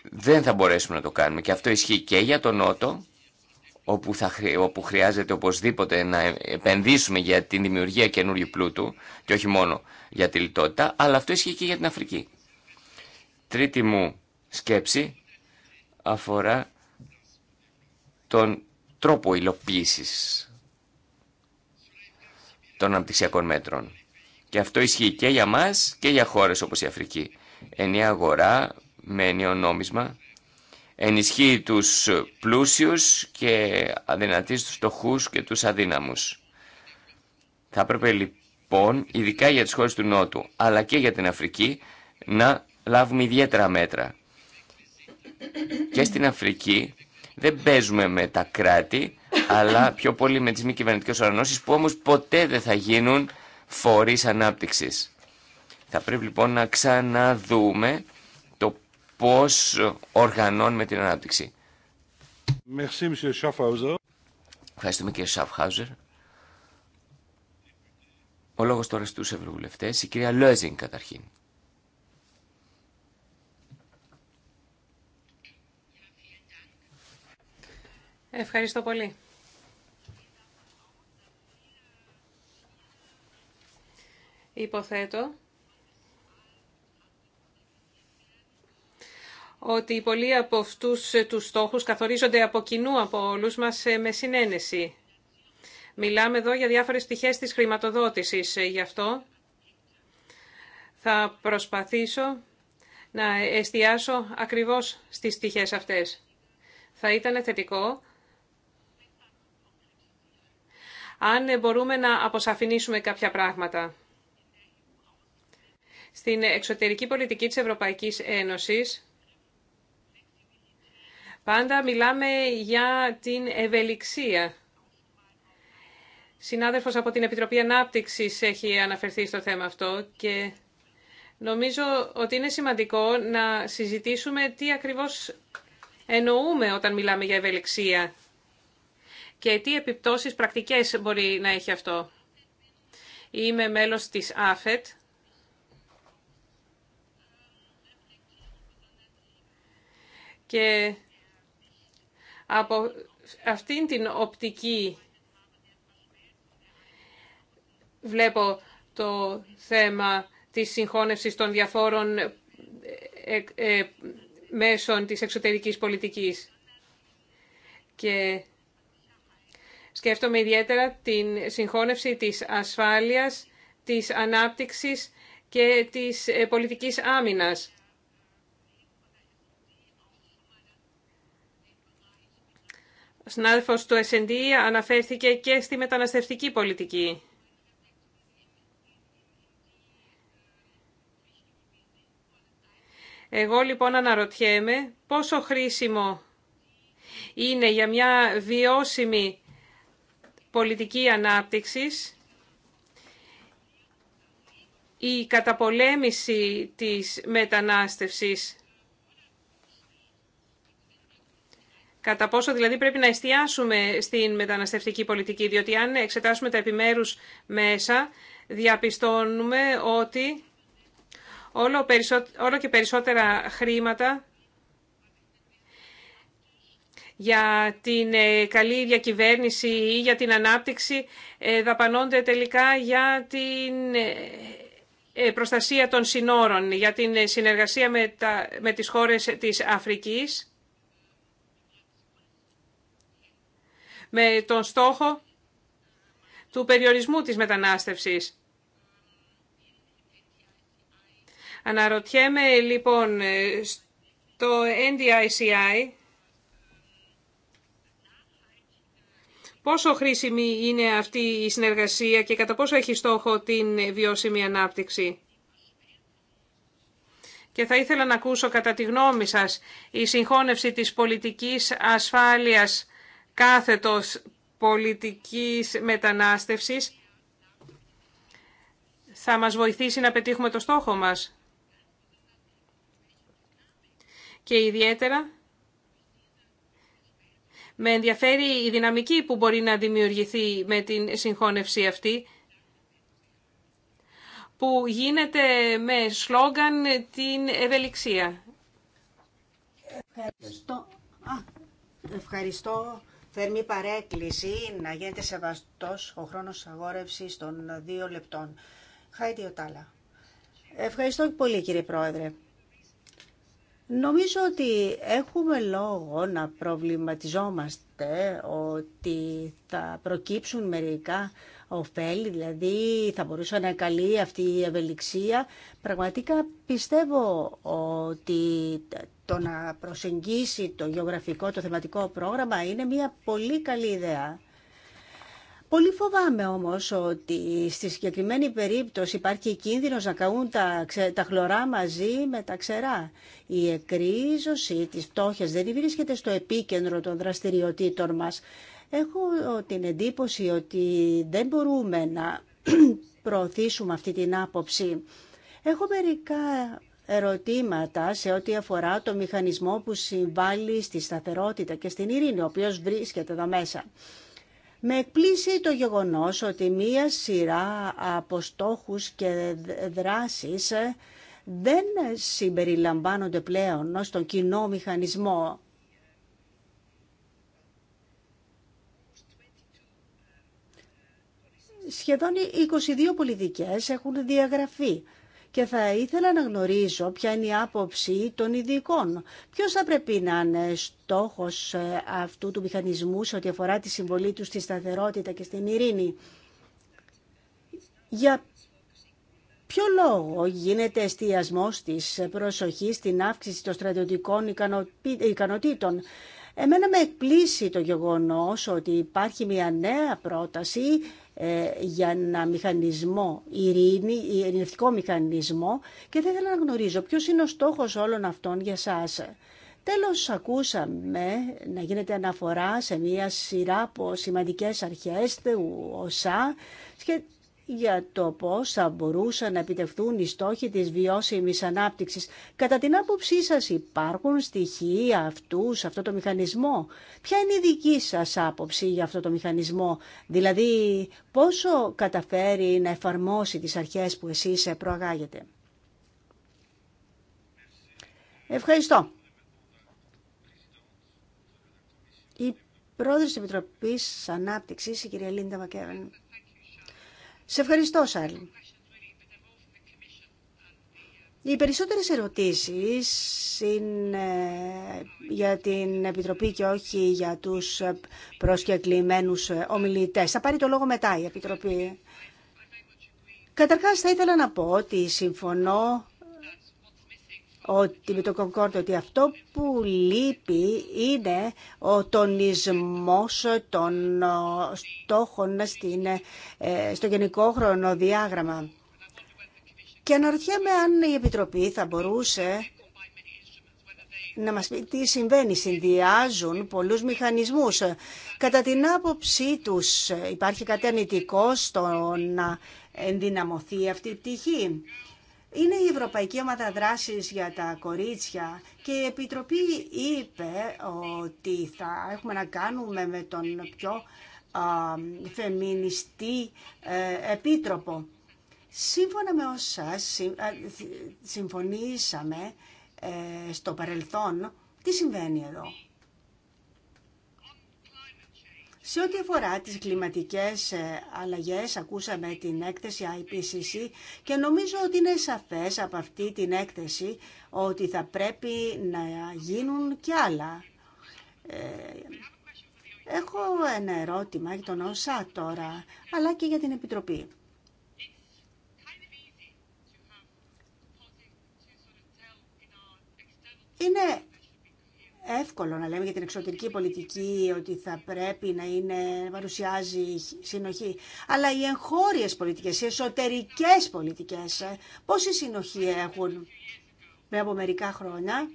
δεν θα μπορέσουμε να το κάνουμε. Και αυτό ισχύει και για τον Νότο, όπου, θα, όπου χρειάζεται οπωσδήποτε να επενδύσουμε για την δημιουργία καινούργιου πλούτου και όχι μόνο για τη λιτότητα, αλλά αυτό ισχύει και για την Αφρική. Τρίτη μου σκέψη αφορά τον τρόπο υλοποίησης των αναπτυξιακών μέτρων. Και αυτό ισχύει και για μας και για χώρες όπως η Αφρική. Ενιαία αγορά με νέο νόμισμα, ενισχύει τους πλούσιους και αδυνατίζει τους φτωχούς και τους αδύναμους. Θα έπρεπε λοιπόν, ειδικά για τις χώρες του Νότου, αλλά και για την Αφρική, να λάβουμε ιδιαίτερα μέτρα. Και στην Αφρική δεν παίζουμε με τα κράτη, αλλά πιο πολύ με τις μη κυβερνητικέ οργανώσεις, που όμως ποτέ δεν θα γίνουν φορείς ανάπτυξης. Θα πρέπει λοιπόν να ξαναδούμε πώς οργανώνουμε την ανάπτυξη. Ευχαριστούμε κύριε Σαφχάουζερ. Ο λόγος τώρα στους ευρωβουλευτές, η κυρία Λόζινγκ καταρχήν. Ευχαριστώ πολύ. Υποθέτω ότι πολλοί από αυτούς ε, τους στόχους καθορίζονται από κοινού από όλους μας ε, με συνένεση. Μιλάμε εδώ για διάφορες πτυχές της χρηματοδότησης. Ε, γι' αυτό θα προσπαθήσω να εστιάσω ακριβώς στις πτυχές αυτές. Θα ήταν θετικό αν μπορούμε να αποσαφηνίσουμε κάποια πράγματα. Στην εξωτερική πολιτική της Ευρωπαϊκής Ένωσης Πάντα μιλάμε για την ευελιξία. Συνάδελφος από την Επιτροπή Ανάπτυξης έχει αναφερθεί στο θέμα αυτό και νομίζω ότι είναι σημαντικό να συζητήσουμε τι ακριβώς εννοούμε όταν μιλάμε για ευελιξία και τι επιπτώσεις πρακτικές μπορεί να έχει αυτό. Είμαι μέλος της ΑΦΕΤ. Και από αυτήν την οπτική βλέπω το θέμα της συγχώνευσης των διαφόρων ε, ε, μέσων της εξωτερικής πολιτικής. Και σκέφτομαι ιδιαίτερα την συγχώνευση της ασφάλειας, της ανάπτυξης και της ε, πολιτικής άμυνας. συνάδελφος του S&D αναφέρθηκε και στη μεταναστευτική πολιτική. Εγώ λοιπόν αναρωτιέμαι πόσο χρήσιμο είναι για μια βιώσιμη πολιτική ανάπτυξης η καταπολέμηση της μετανάστευσης Κατά πόσο δηλαδή πρέπει να εστιάσουμε στην μεταναστευτική πολιτική, διότι αν εξετάσουμε τα επιμέρους μέσα, διαπιστώνουμε ότι όλο, και περισσότερα χρήματα για την ε, καλή διακυβέρνηση ή για την ανάπτυξη ε, δαπανώνται τελικά για την ε, προστασία των συνόρων, για την συνεργασία με, τα, με τις χώρες της Αφρικής με τον στόχο του περιορισμού της μετανάστευσης. Αναρωτιέμαι λοιπόν στο NDICI πόσο χρήσιμη είναι αυτή η συνεργασία και κατά πόσο έχει στόχο την βιώσιμη ανάπτυξη. Και θα ήθελα να ακούσω κατά τη γνώμη σας η συγχώνευση της πολιτικής ασφάλειας κάθετος πολιτικής μετανάστευσης θα μας βοηθήσει να πετύχουμε το στόχο μας. Και ιδιαίτερα με ενδιαφέρει η δυναμική που μπορεί να δημιουργηθεί με την συγχώνευση αυτή που γίνεται με σλόγγαν την ευελιξία. Ευχαριστώ. ευχαριστώ θερμή παρέκκληση να γίνεται σεβαστός ο χρόνος αγόρευσης των δύο λεπτών. Χάιντι Οτάλα. Ευχαριστώ πολύ κύριε Πρόεδρε. Νομίζω ότι έχουμε λόγο να προβληματιζόμαστε ότι θα προκύψουν μερικά ωφέλη, δηλαδή θα μπορούσε να καλεί αυτή η ευελιξία. Πραγματικά πιστεύω ότι το να προσεγγίσει το γεωγραφικό, το θεματικό πρόγραμμα είναι μια πολύ καλή ιδέα. Πολύ φοβάμαι όμως ότι στη συγκεκριμένη περίπτωση υπάρχει κίνδυνος να καούν τα, χλωρά μαζί με τα ξερά. Η εκρίζωση της φτώχειας δεν βρίσκεται στο επίκεντρο των δραστηριοτήτων μας. Έχω την εντύπωση ότι δεν μπορούμε να προωθήσουμε αυτή την άποψη. Έχω μερικά ερωτήματα σε ό,τι αφορά το μηχανισμό που συμβάλλει στη σταθερότητα και στην ειρήνη, ο οποίος βρίσκεται εδώ μέσα. Με εκπλήσει το γεγονός ότι μία σειρά από στόχους και δράσεις δεν συμπεριλαμβάνονται πλέον στον κοινό μηχανισμό. σχεδόν 22 πολιτικές έχουν διαγραφεί και θα ήθελα να γνωρίζω ποια είναι η άποψη των ειδικών. Ποιος θα πρέπει να είναι στόχος ε, αυτού του μηχανισμού σε ό,τι αφορά τη συμβολή του στη σταθερότητα και στην ειρήνη. Για ποιο λόγο γίνεται εστιασμός της προσοχής στην αύξηση των στρατιωτικών ικανοτήτων. Εμένα με εκπλήσει το γεγονός ότι υπάρχει μια νέα πρόταση ε, για ένα μηχανισμό ειρήνη, ειρηνευτικό μηχανισμό και δεν θέλω να γνωρίζω ποιος είναι ο στόχος όλων αυτών για σας. Τέλος ακούσαμε να γίνεται αναφορά σε μια σειρά από σημαντικές αρχές του ΟΣΑ για το πώς θα μπορούσαν να επιτευχθούν οι στόχοι της βιώσιμης ανάπτυξης. Κατά την άποψή σας υπάρχουν στοιχεία αυτού σε αυτό το μηχανισμό. Ποια είναι η δική σας άποψη για αυτό το μηχανισμό. Δηλαδή πόσο καταφέρει να εφαρμόσει τις αρχές που εσείς προαγάγετε. Ευχαριστώ. Η πρόεδρος της Επιτροπής Ανάπτυξης, η κυρία Λίντα σε ευχαριστώ, Σάρλιν. Οι περισσότερες ερωτήσεις είναι για την Επιτροπή και όχι για τους προσκεκλημένους ομιλητές. Θα πάρει το λόγο μετά η Επιτροπή. Καταρχάς θα ήθελα να πω ότι συμφωνώ ότι, με το ότι αυτό που λείπει είναι ο τονισμός των στόχων στην, ε, στο γενικό χρονοδιάγραμμα. Και αναρωτιέμαι αν η Επιτροπή θα μπορούσε να μας πει τι συμβαίνει. Συνδυάζουν πολλούς μηχανισμούς. Κατά την άποψή τους υπάρχει κάτι αρνητικό στο να ενδυναμωθεί αυτή η πτυχή είναι η Ευρωπαϊκή Ομάδα για τα Κορίτσια και η Επιτροπή είπε ότι θα έχουμε να κάνουμε με τον πιο α, φεμινιστή ε, επίτροπο. Σύμφωνα με όσα συμφωνήσαμε ε, στο παρελθόν, τι συμβαίνει εδώ. Σε ό,τι αφορά τις κλιματικές ε, αλλαγές, ακούσαμε την έκθεση IPCC και νομίζω ότι είναι σαφές από αυτή την έκθεση ότι θα πρέπει να γίνουν και άλλα. Ε, έχω ένα ερώτημα για τον ΩΣΑ τώρα, αλλά και για την Επιτροπή. Είναι εύκολο να λέμε για την εξωτερική πολιτική ότι θα πρέπει να είναι, παρουσιάζει συνοχή. Αλλά οι εγχώριες πολιτικές, οι εσωτερικές πολιτικές, ε, πόση συνοχή έχουν με από μερικά χρόνια.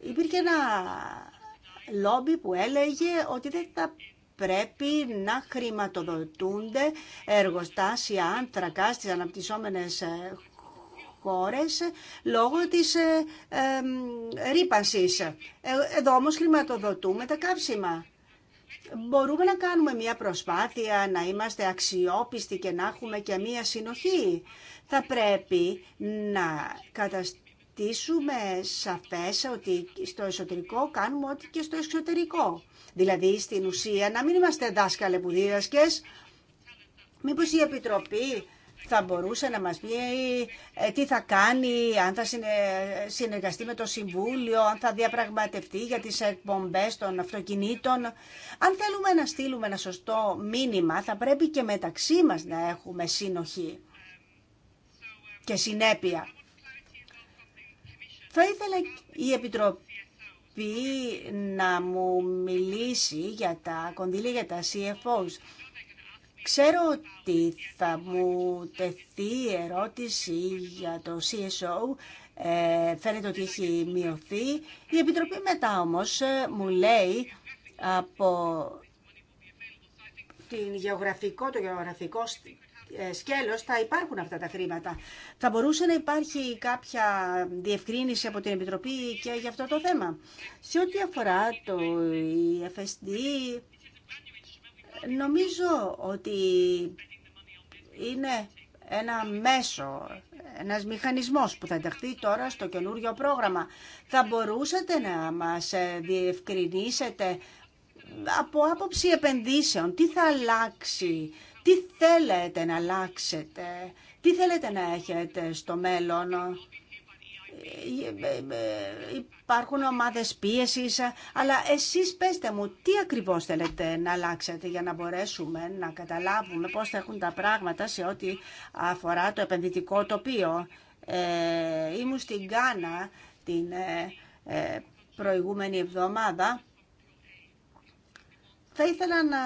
Υπήρχε ένα λόμπι που έλεγε ότι δεν θα πρέπει να χρηματοδοτούνται εργοστάσια άνθρακα στις αναπτυσσόμενες ε, χώρες λόγω της ε, ε, Εδώ όμως χρηματοδοτούμε τα καύσιμα. Μπορούμε να κάνουμε μια προσπάθεια, να είμαστε αξιόπιστοι και να έχουμε και μια συνοχή. Θα πρέπει να καταστήσουμε σαφές ότι στο εσωτερικό κάνουμε ό,τι και στο εξωτερικό. Δηλαδή στην ουσία να μην είμαστε δάσκαλοι που δίδασκες. Μήπως η Επιτροπή θα μπορούσε να μας πει ε, τι θα κάνει, αν θα συνεργαστεί με το Συμβούλιο, αν θα διαπραγματευτεί για τις εκπομπές των αυτοκινήτων. Αν θέλουμε να στείλουμε ένα σωστό μήνυμα, θα πρέπει και μεταξύ μας να έχουμε συνοχή και συνέπεια. Θα ήθελα η Επιτροπή να μου μιλήσει για τα κονδύλια για τα CFOs. Ξέρω ότι θα μου τεθεί ερώτηση για το CSO, ε, φαίνεται ότι έχει μειωθεί. Η Επιτροπή μετά όμως ε, μου λέει από την γεωγραφικό, το γεωγραφικό ε, σκέλος θα υπάρχουν αυτά τα χρήματα. Θα μπορούσε να υπάρχει κάποια διευκρίνηση από την Επιτροπή και για αυτό το θέμα. Σε ό,τι αφορά το FSD, Νομίζω ότι είναι ένα μέσο, ένας μηχανισμός που θα ενταχθεί τώρα στο καινούριο πρόγραμμα. Θα μπορούσατε να μας διευκρινίσετε από άποψη επενδύσεων, τι θα αλλάξει, τι θέλετε να αλλάξετε, τι θέλετε να έχετε στο μέλλον υπάρχουν ομάδες πίεσης, αλλά εσείς πέστε μου τι ακριβώς θέλετε να αλλάξετε για να μπορέσουμε να καταλάβουμε πώς θα έχουν τα πράγματα σε ό,τι αφορά το επενδυτικό τοπίο. Ε, ήμουν στην Γκάνα την ε, ε, προηγούμενη εβδομάδα. Θα ήθελα να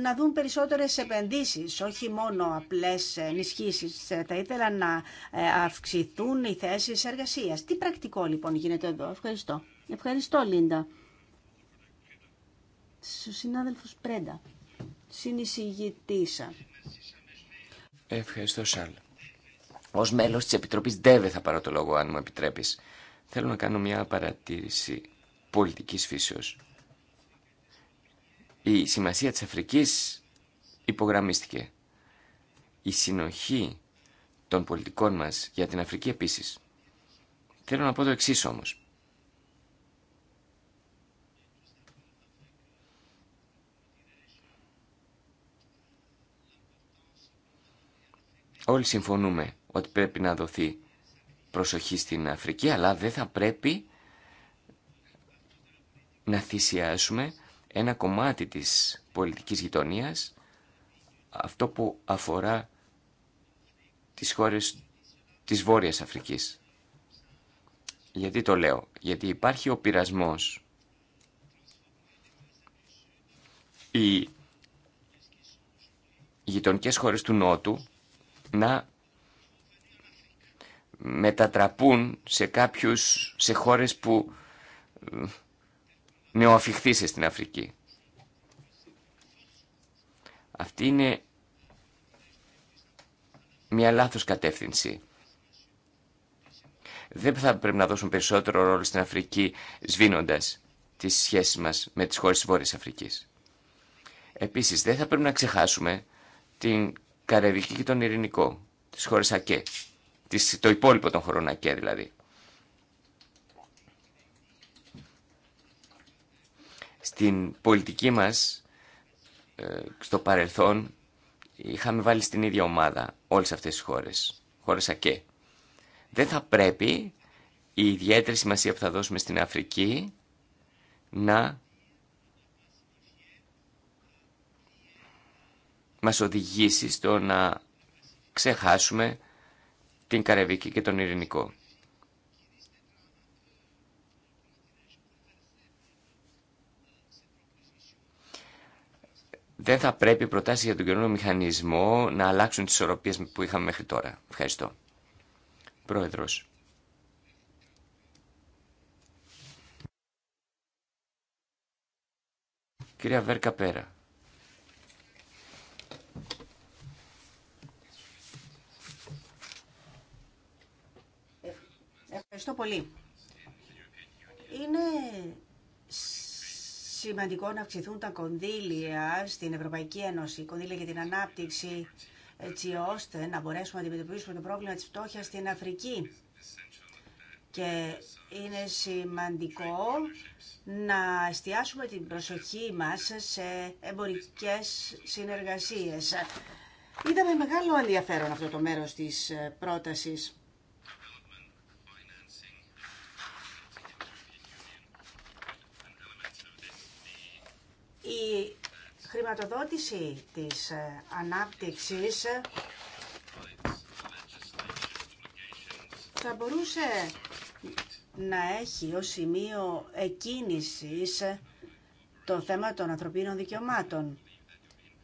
να δουν περισσότερες επενδύσεις, όχι μόνο απλές ενισχύσεις. Θα ήθελα να ε, αυξηθούν οι θέσεις εργασίας. Τι πρακτικό λοιπόν γίνεται εδώ. Ευχαριστώ. Ευχαριστώ Λίντα. Στου συνάδελφου Πρέντα, συνεισηγητήσα. Ευχαριστώ Σάλ. Ως μέλος της Επιτροπής ΔΕΒΕ θα πάρω το λόγο αν μου επιτρέπεις. Θέλω να κάνω μια παρατήρηση πολιτικής φύσεως η σημασία της Αφρικής υπογραμμίστηκε. Η συνοχή των πολιτικών μας για την Αφρική επίσης. Θέλω να πω το εξή όμως. Όλοι συμφωνούμε ότι πρέπει να δοθεί προσοχή στην Αφρική, αλλά δεν θα πρέπει να θυσιάσουμε ένα κομμάτι της πολιτικής γειτονίας, αυτό που αφορά τις χώρες της Βόρειας Αφρικής. Γιατί το λέω. Γιατί υπάρχει ο πειρασμός. Οι γειτονικέ χώρες του Νότου να μετατραπούν σε κάποιους, σε χώρες που νεοαφιχθήσεις στην Αφρική. Αυτή είναι μια λάθος κατεύθυνση. Δεν θα πρέπει να δώσουν περισσότερο ρόλο στην Αφρική σβήνοντας τις σχέσεις μας με τις χώρες της Βόρειας Αφρικής. Επίσης, δεν θα πρέπει να ξεχάσουμε την καρεβική και τον Ειρηνικό, τις χώρες ΑΚΕ, το υπόλοιπο των χωρών ΑΚΕ δηλαδή. Στην πολιτική μας, ε, στο παρελθόν, είχαμε βάλει στην ίδια ομάδα όλες αυτές τις χώρες, χώρες ΑΚΕ. Δεν θα πρέπει η ιδιαίτερη σημασία που θα δώσουμε στην Αφρική να μας οδηγήσει στο να ξεχάσουμε την Καραβική και τον Ειρηνικό. δεν θα πρέπει οι προτάσεις για τον καινούριο μηχανισμό να αλλάξουν τις ισορροπίε που είχαμε μέχρι τώρα. Ευχαριστώ. Πρόεδρος. Κυρία Βέρκα Πέρα. Ευχαριστώ πολύ. Είναι σημαντικό να αυξηθούν τα κονδύλια στην Ευρωπαϊκή Ένωση, κονδύλια για την ανάπτυξη, έτσι ώστε να μπορέσουμε να αντιμετωπίσουμε το πρόβλημα της φτώχειας στην Αφρική. Και είναι σημαντικό να εστιάσουμε την προσοχή μας σε εμπορικές συνεργασίες. Είδαμε μεγάλο ενδιαφέρον αυτό το μέρος της πρότασης. χρηματοδότηση της ε, ανάπτυξης ε, θα μπορούσε να έχει ως σημείο εκκίνησης ε, το θέμα των ανθρωπίνων δικαιωμάτων.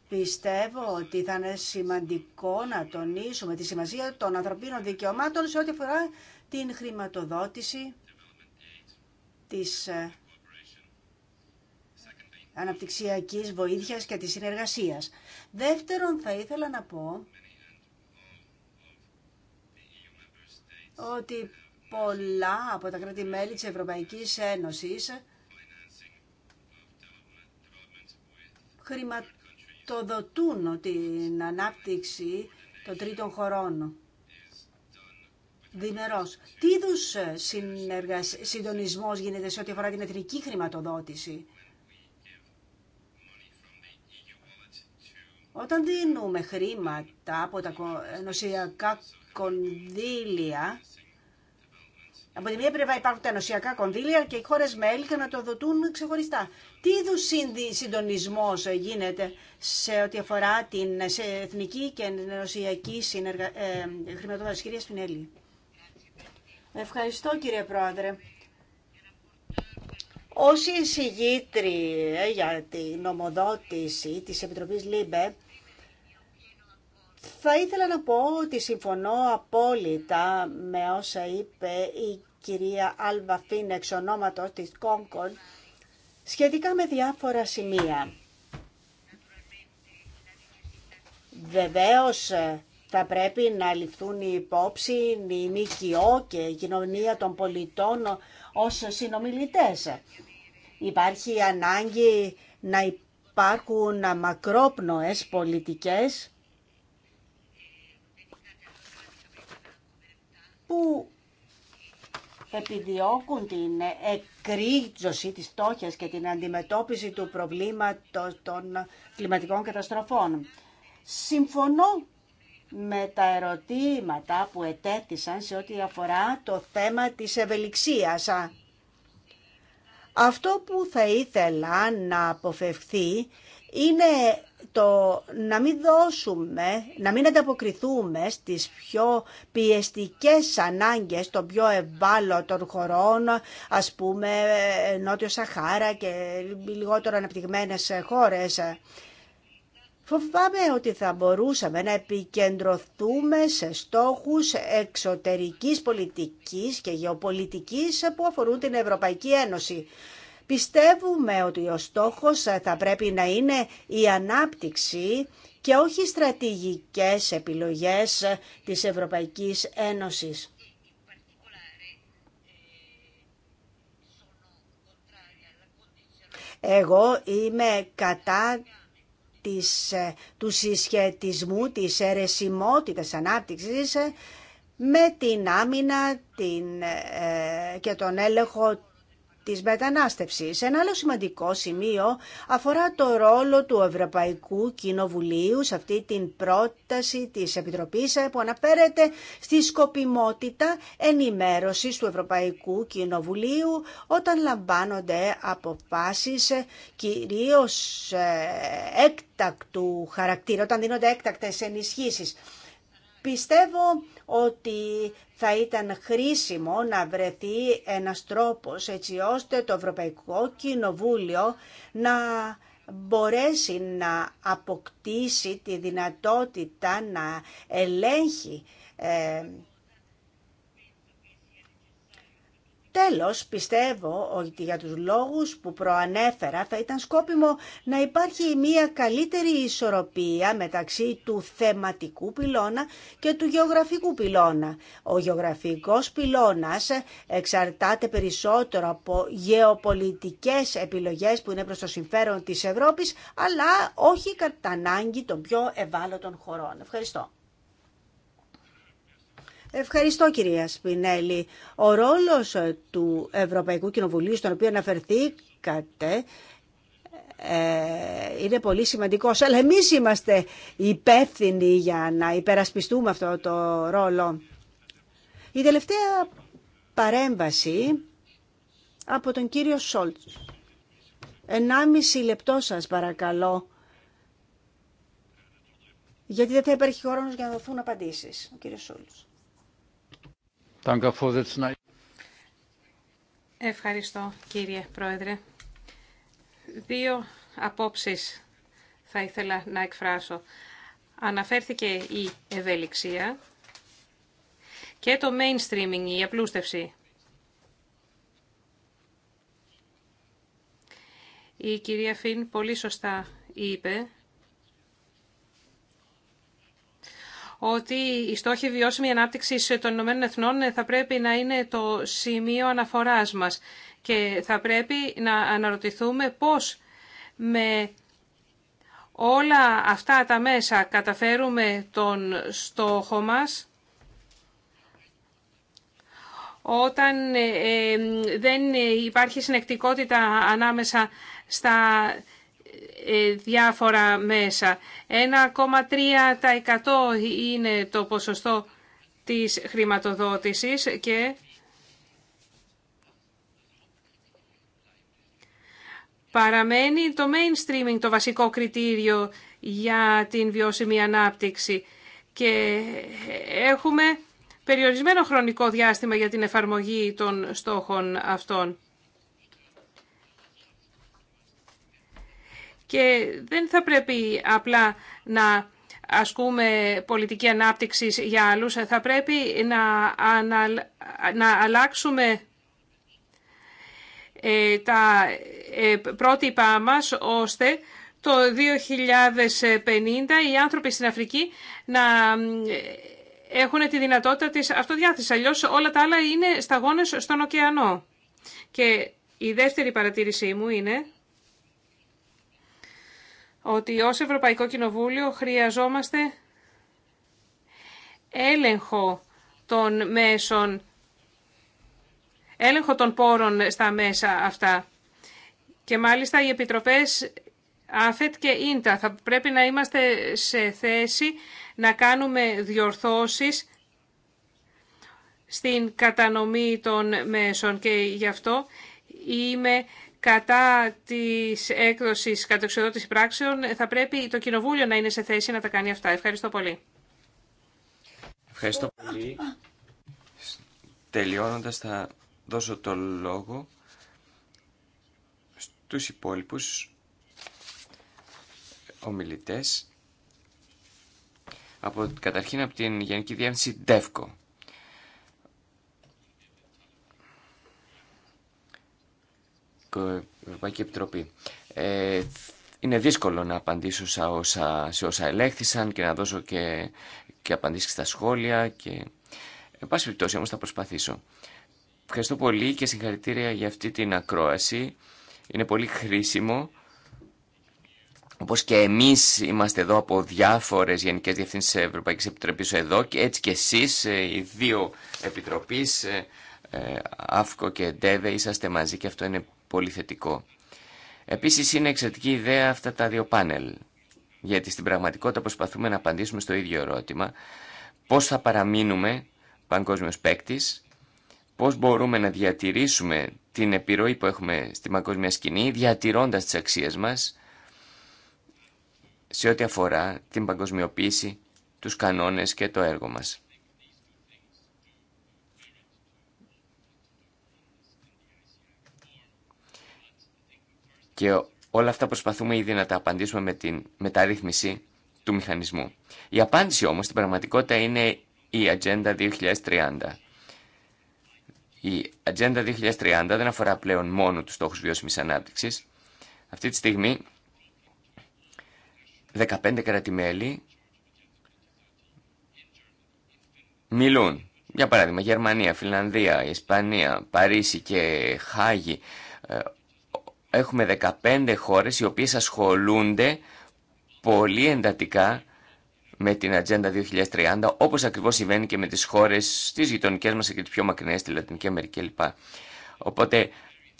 Πιστεύω ότι θα είναι σημαντικό να τονίσουμε τη σημασία των ανθρωπίνων δικαιωμάτων σε ό,τι αφορά την χρηματοδότηση της αναπτυξιακής βοήθειας και της συνεργασίας. Δεύτερον, θα ήθελα να πω ότι πολλά από τα κράτη-μέλη της Ευρωπαϊκής Ένωσης χρηματοδοτούν την ανάπτυξη των τρίτων χωρών. Δημερός. Τι είδου συντονισμός γίνεται σε ό,τι αφορά την εθνική χρηματοδότηση. Όταν δίνουμε χρήματα από τα ενωσιακά κονδύλια, από τη μία πλευρά υπάρχουν τα ενωσιακά κονδύλια και οι χώρε μέλη δοτούν ξεχωριστά. Τι είδου συντονισμό γίνεται σε ό,τι αφορά την εθνική και ενωσιακή συνεργα... Ε, χρηματοδότηση, κυρία Σπινέλη. Ευχαριστώ, κύριε Πρόεδρε. Όσοι εισηγήτρια για την νομοδότηση της Επιτροπής ΛΥΜΠΕ, θα ήθελα να πω ότι συμφωνώ απόλυτα με όσα είπε η κυρία Άλβα Φίν εξ ονόματος της Κόγκον σχετικά με διάφορα σημεία. Βεβαίως θα πρέπει να ληφθούν οι υπόψη η νοικιό και η κοινωνία των πολιτών ως συνομιλητές. Υπάρχει ανάγκη να υπάρχουν μακρόπνοες πολιτικές που επιδιώκουν την εκρίζωση της στόχιας και την αντιμετώπιση του προβλήματος των κλιματικών καταστροφών. Συμφωνώ με τα ερωτήματα που ετέθησαν σε ό,τι αφορά το θέμα της ευελιξίας. Αυτό που θα ήθελα να αποφευχθεί είναι το να μην δώσουμε, να μην ανταποκριθούμε στις πιο πιεστικές ανάγκες των πιο ευάλωτων χωρών, ας πούμε Νότιο Σαχάρα και λιγότερο αναπτυγμένες χώρες. Φοβάμαι ότι θα μπορούσαμε να επικεντρωθούμε σε στόχους εξωτερικής πολιτικής και γεωπολιτικής που αφορούν την Ευρωπαϊκή Ένωση. Πιστεύουμε ότι ο στόχος ε, θα πρέπει να είναι η ανάπτυξη και όχι στρατηγικές επιλογές ε, της Ευρωπαϊκής Ένωσης. Εγώ είμαι κατά ε, του συσχετισμού της αιρεσιμότητας ανάπτυξης με την άμυνα και τον έλεγχο της μετανάστευσης. Ένα άλλο σημαντικό σημείο αφορά το ρόλο του Ευρωπαϊκού Κοινοβουλίου σε αυτή την πρόταση της Επιτροπής ε, που αναφέρεται στη σκοπιμότητα ενημέρωσης του Ευρωπαϊκού Κοινοβουλίου όταν λαμβάνονται αποφάσεις ε, κυρίως ε, έκτακτου χαρακτήρα, όταν δίνονται έκτακτες ενισχύσεις. Πιστεύω ότι θα ήταν χρήσιμο να βρεθεί ένας τρόπος έτσι ώστε το Ευρωπαϊκό Κοινοβούλιο να μπορέσει να αποκτήσει τη δυνατότητα να ελέγχει ε, Τέλος, πιστεύω ότι για τους λόγους που προανέφερα θα ήταν σκόπιμο να υπάρχει μια καλύτερη ισορροπία μεταξύ του θεματικού πυλώνα και του γεωγραφικού πυλώνα. Ο γεωγραφικός πυλώνας εξαρτάται περισσότερο από γεωπολιτικές επιλογές που είναι προς το συμφέρον της Ευρώπης, αλλά όχι κατά ανάγκη των πιο ευάλωτων χωρών. Ευχαριστώ. Ευχαριστώ κυρία Σπινέλη. Ο ρόλος του Ευρωπαϊκού Κοινοβουλίου στον οποίο αναφερθήκατε ε, είναι πολύ σημαντικός. Αλλά εμείς είμαστε υπεύθυνοι για να υπερασπιστούμε αυτό το ρόλο. Η τελευταία παρέμβαση από τον κύριο Σόλτ. Ενάμιση λεπτό σας παρακαλώ. Γιατί δεν θα υπάρχει χρόνος για να δοθούν απαντήσεις. Ο κύριος Σόλτς. Ευχαριστώ κύριε Πρόεδρε. Δύο απόψεις θα ήθελα να εκφράσω. Αναφέρθηκε η ευελιξία και το mainstreaming, η απλούστευση. Η κυρία Φιν πολύ σωστά είπε ότι η στόχη βιώσιμη ανάπτυξη των Ηνωμένων Εθνών θα πρέπει να είναι το σημείο αναφοράς μας και θα πρέπει να αναρωτηθούμε πώς με όλα αυτά τα μέσα καταφέρουμε τον στόχο μας όταν ε, ε, δεν υπάρχει συνεκτικότητα ανάμεσα στα ε, διάφορα μέσα. 1,3% είναι το ποσοστό της χρηματοδότησης και παραμένει το mainstreaming το βασικό κριτήριο για την βιώσιμη ανάπτυξη και έχουμε περιορισμένο χρονικό διάστημα για την εφαρμογή των στόχων αυτών. και δεν θα πρέπει απλά να ασκούμε πολιτική ανάπτυξη για άλλους. Θα πρέπει να, να αλλάξουμε ε, τα ε, πρότυπά μας ώστε το 2050 οι άνθρωποι στην Αφρική να ε, έχουν τη δυνατότητα της αυτοδιάθεσης. Αλλιώς όλα τα άλλα είναι σταγόνες στον ωκεανό. Και η δεύτερη παρατήρησή μου είναι ότι ως Ευρωπαϊκό Κοινοβούλιο χρειαζόμαστε έλεγχο των μέσων, έλεγχο των πόρων στα μέσα αυτά. Και μάλιστα οι επιτροπές ΑΦΕΤ και ΙΝΤΑ θα πρέπει να είμαστε σε θέση να κάνουμε διορθώσεις στην κατανομή των μέσων και γι' αυτό είμαι κατά της έκδοσης κατεξοδότηση πράξεων θα πρέπει το Κοινοβούλιο να είναι σε θέση να τα κάνει αυτά. Ευχαριστώ πολύ. Ευχαριστώ πολύ. Τελειώνοντας θα δώσω το λόγο στους υπόλοιπους ομιλητές από, καταρχήν από την Γενική Διεύθυνση ΔΕΦΚΟ. Ευρωπαϊκή Επιτροπή. Ε, είναι δύσκολο να απαντήσω σε όσα, σε ελέγχθησαν και να δώσω και, και απαντήσεις στα σχόλια. Και... πάση περιπτώσει όμως θα προσπαθήσω. Ευχαριστώ πολύ και συγχαρητήρια για αυτή την ακρόαση. Είναι πολύ χρήσιμο. Όπως και εμείς είμαστε εδώ από διάφορες Γενικές Διευθύνσεις Ευρωπαϊκής Επιτροπής εδώ και έτσι και εσείς ε, οι δύο επιτροπείς ε, ε, ΑΦΚΟ και ΕΝΤΕΔΕ, είσαστε μαζί και αυτό είναι πολύ θετικό. Επίσης είναι εξαιρετική ιδέα αυτά τα δύο πάνελ, γιατί στην πραγματικότητα προσπαθούμε να απαντήσουμε στο ίδιο ερώτημα, πώς θα παραμείνουμε παγκόσμιος παίκτη, πώς μπορούμε να διατηρήσουμε την επιρροή που έχουμε στην παγκόσμια σκηνή, διατηρώντας τις αξίες μας, σε ό,τι αφορά την παγκοσμιοποίηση, τους κανόνες και το έργο μας. Και όλα αυτά προσπαθούμε ήδη να τα απαντήσουμε με την μεταρρύθμιση του μηχανισμού. Η απάντηση όμως στην πραγματικότητα είναι η Ατζέντα 2030. Η Ατζέντα 2030 δεν αφορά πλέον μόνο τους στόχους βιώσιμης ανάπτυξης. Αυτή τη στιγμή 15 κρατημέλη μιλούν. Για παράδειγμα Γερμανία, Φιλανδία, Ισπανία, Παρίσι και Χάγη. Ε, έχουμε 15 χώρες οι οποίες ασχολούνται πολύ εντατικά με την Ατζέντα 2030, όπως ακριβώς συμβαίνει και με τις χώρες στις γειτονικές μας και τις πιο μακρινές, τη Λατινική Αμερική κλπ. Οπότε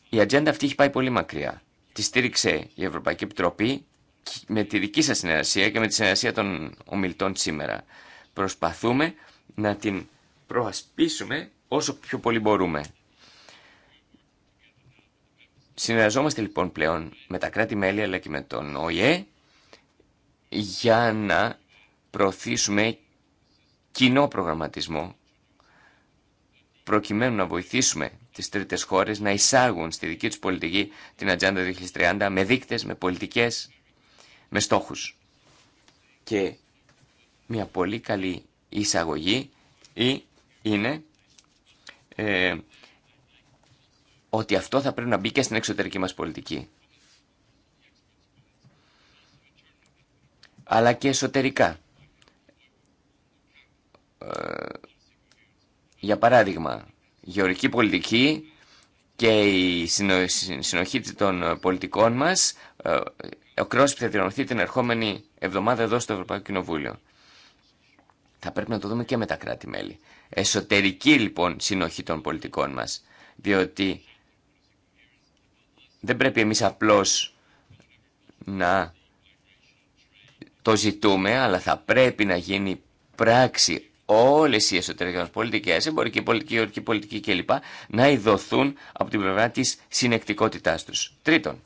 η Ατζέντα αυτή έχει πάει πολύ μακριά. Τη στήριξε η Ευρωπαϊκή Επιτροπή με τη δική σας συνεργασία και με τη συνεργασία των ομιλητών σήμερα. Προσπαθούμε να την προασπίσουμε όσο πιο πολύ μπορούμε. Συνεργαζόμαστε λοιπόν πλέον με τα κράτη-μέλη αλλά και με τον ΟΗΕ για να προωθήσουμε κοινό προγραμματισμό προκειμένου να βοηθήσουμε τις τρίτες χώρες να εισάγουν στη δική τους πολιτική την Ατζάντα 2030 με δείκτες, με πολιτικές, με στόχους. Και μια πολύ καλή εισαγωγή είναι ε, ότι αυτό θα πρέπει να μπει και στην εξωτερική μας πολιτική. Αλλά και εσωτερικά. Ε, για παράδειγμα, γεωρική πολιτική και η συνοχή των πολιτικών μας, ο ε, κρόσπι θα διανοηθεί την ερχόμενη εβδομάδα εδώ στο Ευρωπαϊκό Κοινοβούλιο. Θα πρέπει να το δούμε και με τα κράτη-μέλη. Εσωτερική λοιπόν συνοχή των πολιτικών μας, διότι δεν πρέπει εμείς απλώς να το ζητούμε, αλλά θα πρέπει να γίνει πράξη όλες οι εσωτερικές πολιτικές, εμπορική πολιτική, εμπορική πολιτική κλπ. να ειδωθούν από την πλευρά της συνεκτικότητάς τους. Τρίτον,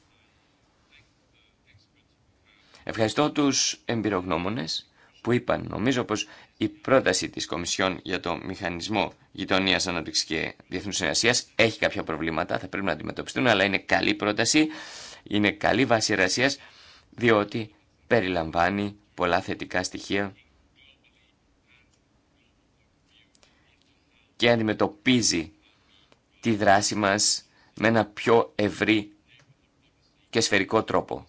ευχαριστώ τους εμπειρογνώμονες που είπαν, νομίζω πως η πρόταση της Κομισιόν για το μηχανισμό γειτονία ανάπτυξη και διεθνούς συνεργασίας έχει κάποια προβλήματα, θα πρέπει να αντιμετωπιστούν, αλλά είναι καλή πρόταση, είναι καλή βάση εργασία, διότι περιλαμβάνει πολλά θετικά στοιχεία και αντιμετωπίζει τη δράση μας με ένα πιο ευρύ και σφαιρικό τρόπο.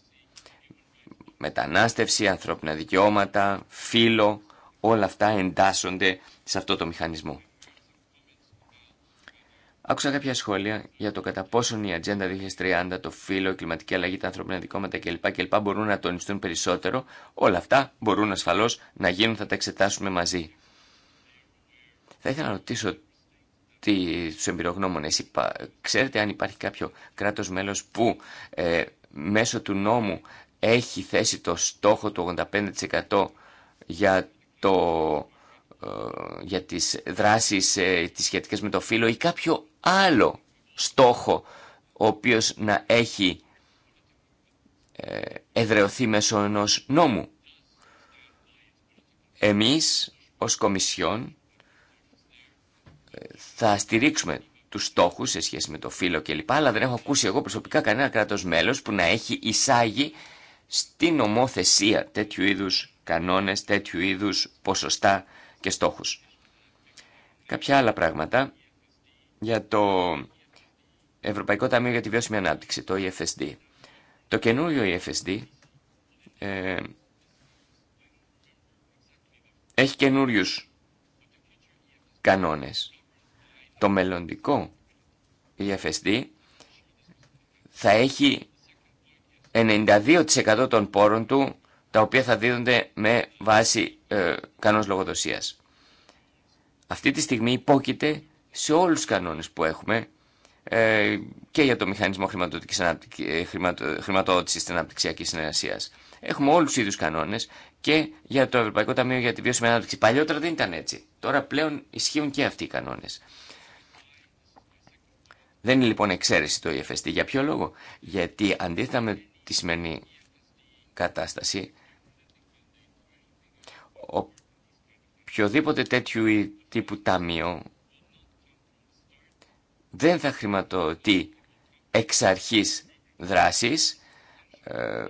Μετανάστευση, ανθρώπινα δικαιώματα, φύλλο, όλα αυτά εντάσσονται σε αυτό το μηχανισμό. Άκουσα κάποια σχόλια για το κατά πόσον η Ατζέντα 2030, το φύλλο, η κλιματική αλλαγή, τα ανθρώπινα δικόματα κλπ. κλπ. μπορούν να τονιστούν περισσότερο. Όλα αυτά μπορούν ασφαλώ να γίνουν, θα τα εξετάσουμε μαζί. Θα ήθελα να ρωτήσω του εμπειρογνώμονε, ξέρετε αν υπάρχει κάποιο κράτο μέλο που ε, μέσω του νόμου έχει θέσει το στόχο του 85% για ε, για τις δράσεις ε, τις σχετικές με το φύλλο ή κάποιο άλλο στόχο ο οποίος να έχει ε, εδρεωθεί μέσω ενός νόμου. Εμείς ως Κομισιόν θα στηρίξουμε τους στόχους σε σχέση με το φύλλο κλπ. Αλλά δεν έχω ακούσει εγώ προσωπικά κανένα κράτος μέλος που να έχει εισάγει στην ομοθεσία τέτοιου είδους κανόνες, τέτοιου είδους ποσοστά και στόχους. Κάποια άλλα πράγματα για το Ευρωπαϊκό Ταμείο για τη Βιώσιμη Ανάπτυξη, το EFSD. Το καινούριο EFSD ε, έχει καινούριους κανόνες. Το μελλοντικό EFSD θα έχει 92% των πόρων του τα οποία θα δίδονται με βάση ε, κανόνες λογοδοσίας. Αυτή τη στιγμή υπόκειται σε όλους τους κανόνες που έχουμε ε, και για το μηχανισμό ε, χρηματοδότησης της αναπτυξιακής συνεργασίας. Έχουμε όλους τους ίδιους κανόνες και για το Ευρωπαϊκό Ταμείο για τη Βιώσιμη Ανάπτυξη. Παλιότερα δεν ήταν έτσι. Τώρα πλέον ισχύουν και αυτοί οι κανόνες. Δεν είναι λοιπόν εξαίρεση το ΙΕΦΕΣΤΗ. Για ποιο λόγο? Γιατί αντίθετα με τη σημερινή κατάσταση οποιοδήποτε τέτοιου τύπου ταμείο δεν θα χρηματοδοτεί εξ αρχής δράσεις ε,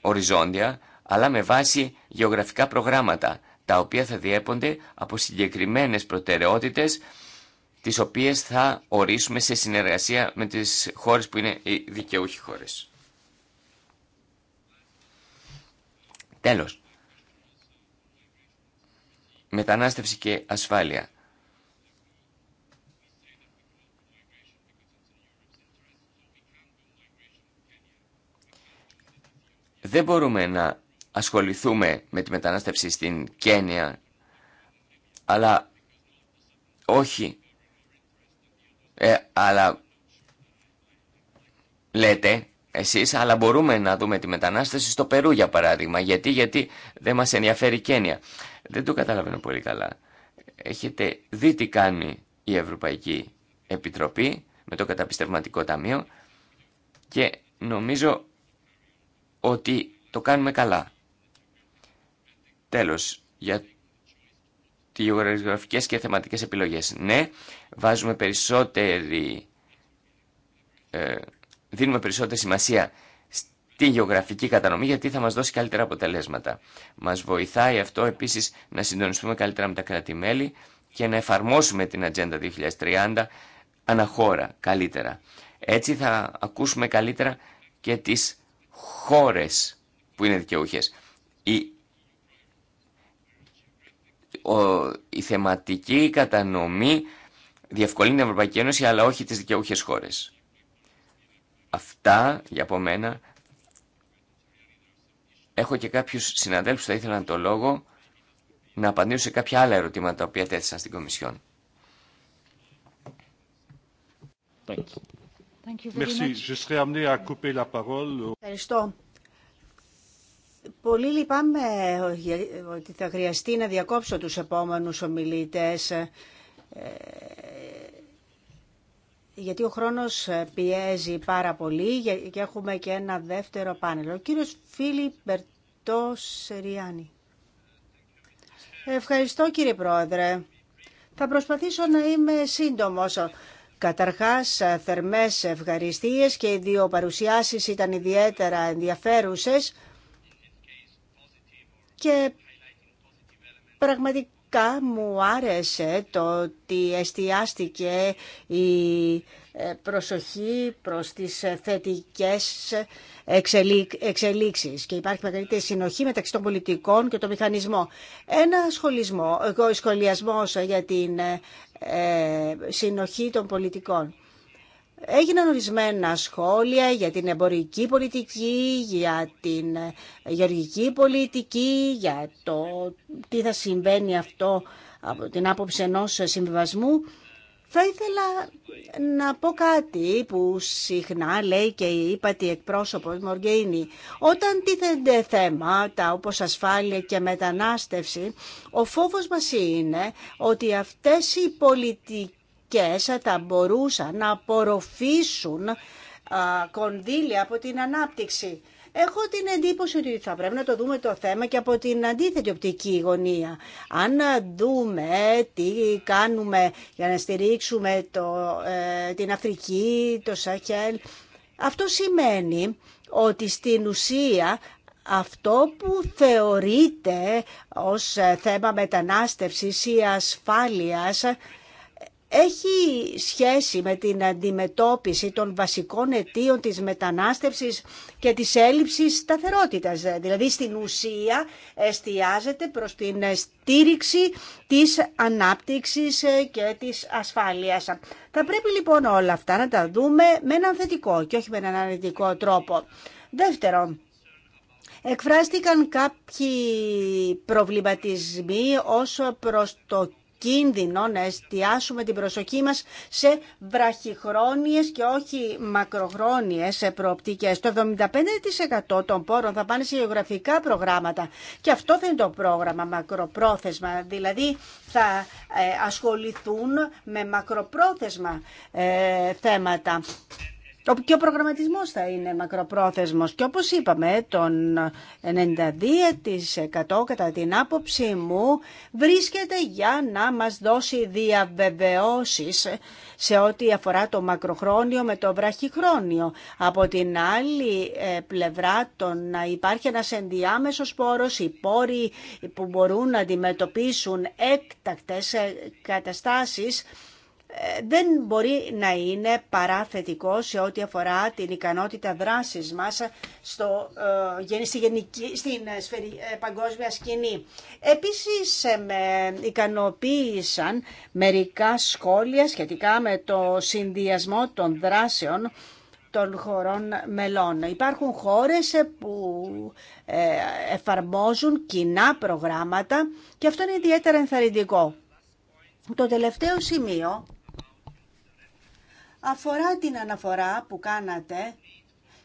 οριζόντια, αλλά με βάση γεωγραφικά προγράμματα, τα οποία θα διέπονται από συγκεκριμένες προτεραιότητες, τις οποίες θα ορίσουμε σε συνεργασία με τις χώρες που είναι οι δικαιούχοι χώρες. Τέλος μετανάστευση και ασφάλεια. Δεν μπορούμε να ασχοληθούμε με τη μετανάστευση στην Κένια, αλλά όχι, ε, αλλά λέτε εσείς, αλλά μπορούμε να δούμε τη μετανάστευση στο Περού για παράδειγμα. Γιατί, γιατί δεν μας ενδιαφέρει η Κένια. Δεν το καταλαβαίνω πολύ καλά. Έχετε δει τι κάνει η Ευρωπαϊκή Επιτροπή με το καταπιστευματικό ταμείο και νομίζω ότι το κάνουμε καλά. Τέλος, για τις γεωγραφικές και θεματικές επιλογές. Ναι, βάζουμε περισσότερη, ε, δίνουμε περισσότερη σημασία τη γεωγραφική κατανομή γιατί θα μας δώσει καλύτερα αποτελέσματα. Μας βοηθάει αυτό επίσης να συντονιστούμε καλύτερα με τα κράτη-μέλη και να εφαρμόσουμε την Ατζέντα 2030 αναχώρα καλύτερα. Έτσι θα ακούσουμε καλύτερα και τις χώρες που είναι δικαιούχες. Η, η θεματική κατανομή διευκολύνει την Ευρωπαϊκή Ένωση αλλά όχι τις δικαιούχες χώρες. Αυτά για από μένα Έχω και κάποιους συναδέλφους που θα ήθελαν το λόγο να απαντήσουν σε κάποια άλλα ερωτήματα τα οποία τέθησαν στην Κομισιόν. Ευχαριστώ. Πολύ λυπάμαι ότι θα χρειαστεί να διακόψω τους επόμενους ομιλητές ε, γιατί ο χρόνος ε, πιέζει πάρα πολύ και έχουμε και ένα δεύτερο πάνελ. Ο κύριος Φίλιπ Μπερτό Σεριάνη. Ευχαριστώ κύριε Πρόεδρε. Θα προσπαθήσω να είμαι σύντομος. Καταρχάς, θερμές ευχαριστίες και οι δύο παρουσιάσεις ήταν ιδιαίτερα ενδιαφέρουσες και πραγματικά Ειδικά μου άρεσε το ότι εστιάστηκε η ε, προσοχή προς τις θετικές εξελίξεις και υπάρχει μεγαλύτερη συνοχή μεταξύ των πολιτικών και των μηχανισμών. Ένα σχολισμό, σχολιασμός για την ε, ε, συνοχή των πολιτικών. Έγιναν ορισμένα σχόλια για την εμπορική πολιτική, για την γεωργική πολιτική, για το τι θα συμβαίνει αυτό από την άποψη ενός συμβιβασμού. Θα ήθελα να πω κάτι που συχνά λέει και η ύπατη εκπρόσωπος Μοργέινη. Όταν τίθενται θέματα όπως ασφάλεια και μετανάστευση, ο φόβος μας είναι ότι αυτές οι πολιτικές και θα μπορούσαν να απορροφήσουν κονδύλια από την ανάπτυξη. Έχω την εντύπωση ότι θα πρέπει να το δούμε το θέμα και από την αντίθετη οπτική γωνία. Αν δούμε τι κάνουμε για να στηρίξουμε το, ε, την Αφρική, το Σαχέλ, αυτό σημαίνει ότι στην ουσία αυτό που θεωρείται ως θέμα μετανάστευσης ή ασφάλειας έχει σχέση με την αντιμετώπιση των βασικών αιτίων της μετανάστευσης και της έλλειψης σταθερότητας. Δηλαδή στην ουσία εστιάζεται προς την στήριξη της ανάπτυξης και της ασφάλειας. Θα πρέπει λοιπόν όλα αυτά να τα δούμε με έναν θετικό και όχι με έναν αρνητικό τρόπο. Δεύτερον, εκφράστηκαν κάποιοι προβληματισμοί όσο προς το κίνδυνο να εστιάσουμε την προσοχή μας σε βραχυχρόνιες και όχι μακροχρόνιες προοπτικές. Το 75% των πόρων θα πάνε σε γεωγραφικά προγράμματα και αυτό θα είναι το πρόγραμμα μακροπρόθεσμα, δηλαδή θα ε, ασχοληθούν με μακροπρόθεσμα ε, θέματα και ο προγραμματισμός θα είναι μακροπρόθεσμος. Και όπως είπαμε, τον 92% κατά την άποψή μου βρίσκεται για να μας δώσει διαβεβαιώσεις σε ό,τι αφορά το μακροχρόνιο με το βραχυχρόνιο. Από την άλλη ε, πλευρά το να υπάρχει ένας ενδιάμεσος πόρος, οι πόροι που μπορούν να αντιμετωπίσουν έκτακτες ε, καταστάσεις ε, δεν μπορεί να είναι παραθετικό σε ό,τι αφορά την ικανότητα δράσης μας στο, ε, γενική, στην ε, ε, παγκόσμια σκηνή. Επίσης με ικανοποίησαν μερικά σχόλια σχετικά με το συνδυασμό των δράσεων των χωρών μελών. Υπάρχουν χώρες που εφαρμόζουν κοινά προγράμματα και αυτό είναι ιδιαίτερα ενθαρρυντικό. Το τελευταίο σημείο αφορά την αναφορά που κάνατε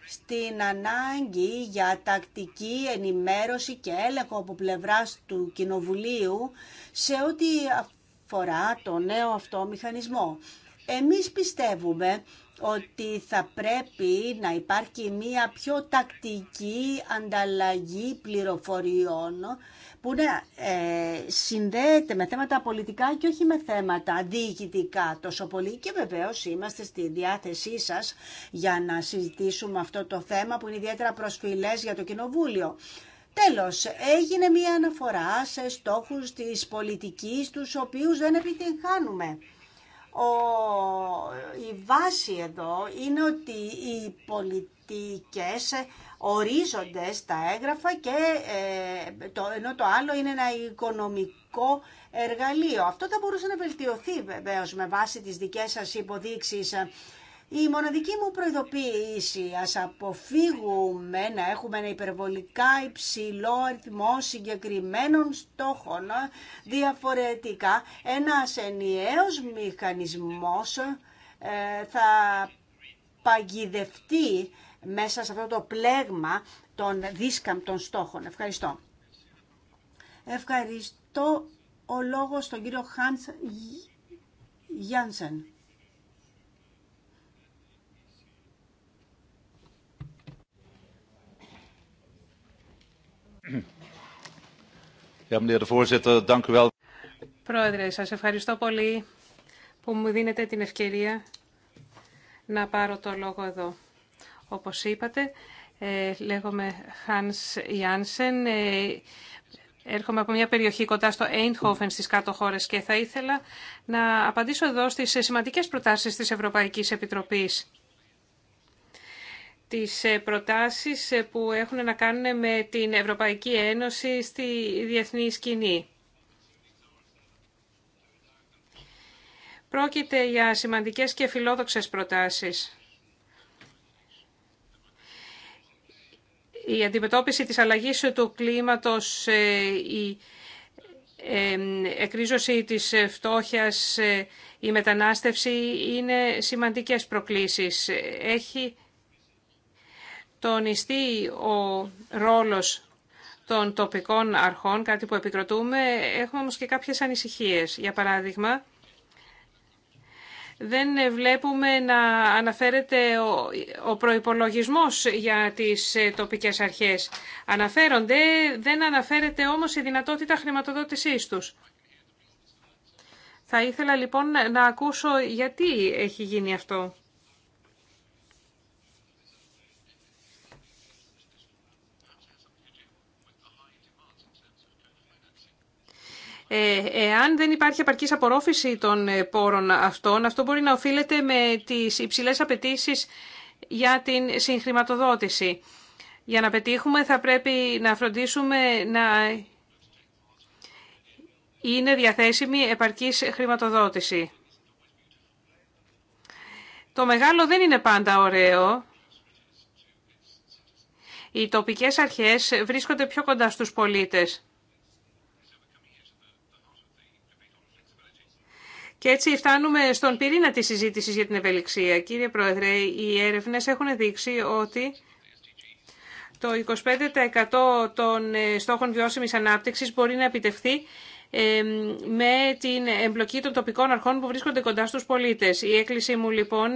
στην ανάγκη για τακτική ενημέρωση και έλεγχο από πλευράς του Κοινοβουλίου σε ό,τι αφορά το νέο αυτό μηχανισμό. Εμείς πιστεύουμε ότι θα πρέπει να υπάρχει μία πιο τακτική ανταλλαγή πληροφοριών που ε, συνδέεται με θέματα πολιτικά και όχι με θέματα διοικητικά τόσο πολύ και βεβαίως είμαστε στη διάθεσή σας για να συζητήσουμε αυτό το θέμα που είναι ιδιαίτερα προσφυλές για το Κοινοβούλιο. Τέλος, έγινε μία αναφορά σε στόχους της πολιτικής, τους οποίους δεν επιτυγχάνουμε. Ο, η βάση εδώ είναι ότι οι πολιτικές ορίζονται στα έγγραφα και ε, το, ενώ το άλλο είναι ένα οικονομικό εργαλείο. Αυτό θα μπορούσε να βελτιωθεί βεβαίω με βάση τις δικές σας υποδείξεις. Η μοναδική μου προειδοποίηση, ας αποφύγουμε να έχουμε ένα υπερβολικά υψηλό αριθμό συγκεκριμένων στόχων, διαφορετικά ένας ενιαίος μηχανισμός ε, θα παγιδευτεί μέσα σε αυτό το πλέγμα των δίσκαμπτων στόχων. Ευχαριστώ. Ευχαριστώ ο λόγος στον κύριο Χάντς Γιάνσεν. Πρόεδρε, σας ευχαριστώ πολύ που μου δίνετε την ευκαιρία να πάρω το λόγο εδώ όπως είπατε. Ε, λέγομαι Hans Janssen. Ε, έρχομαι από μια περιοχή κοντά στο Eindhoven στις κάτω χώρες και θα ήθελα να απαντήσω εδώ στις σημαντικές προτάσεις της Ευρωπαϊκής Επιτροπής. Τις ε, προτάσεις που έχουν να κάνουν με την Ευρωπαϊκή Ένωση στη διεθνή σκηνή. Πρόκειται για σημαντικές και φιλόδοξες προτάσεις. η αντιμετώπιση της αλλαγής του κλίματος, ε, η ε, εκρίζωση της φτώχειας, ε, η μετανάστευση είναι σημαντικές προκλήσεις. Έχει τονιστεί ο ρόλος των τοπικών αρχών, κάτι που επικροτούμε. Έχουμε όμως και κάποιες ανησυχίες. Για παράδειγμα, δεν βλέπουμε να αναφέρεται ο, ο προϋπολογισμός για τις ε, τοπικές αρχές. Αναφέρονται, δεν αναφέρεται όμως η δυνατότητα χρηματοδότησής τους. Θα ήθελα λοιπόν να ακούσω γιατί έχει γίνει αυτό. Ε, εάν δεν υπάρχει επαρκής απορρόφηση των ε, πόρων αυτών, αυτό μπορεί να οφείλεται με τις υψηλές απαιτήσει για την συγχρηματοδότηση. Για να πετύχουμε θα πρέπει να φροντίσουμε να είναι διαθέσιμη επαρκής χρηματοδότηση. Το μεγάλο δεν είναι πάντα ωραίο. Οι τοπικές αρχές βρίσκονται πιο κοντά στους πολίτες. Και έτσι φτάνουμε στον πυρήνα της συζήτησης για την ευελιξία. Κύριε Πρόεδρε, οι έρευνες έχουν δείξει ότι το 25% των ε, στόχων βιώσιμης ανάπτυξης μπορεί να επιτευχθεί ε, με την εμπλοκή των τοπικών αρχών που βρίσκονται κοντά στους πολίτες. Η έκκληση μου λοιπόν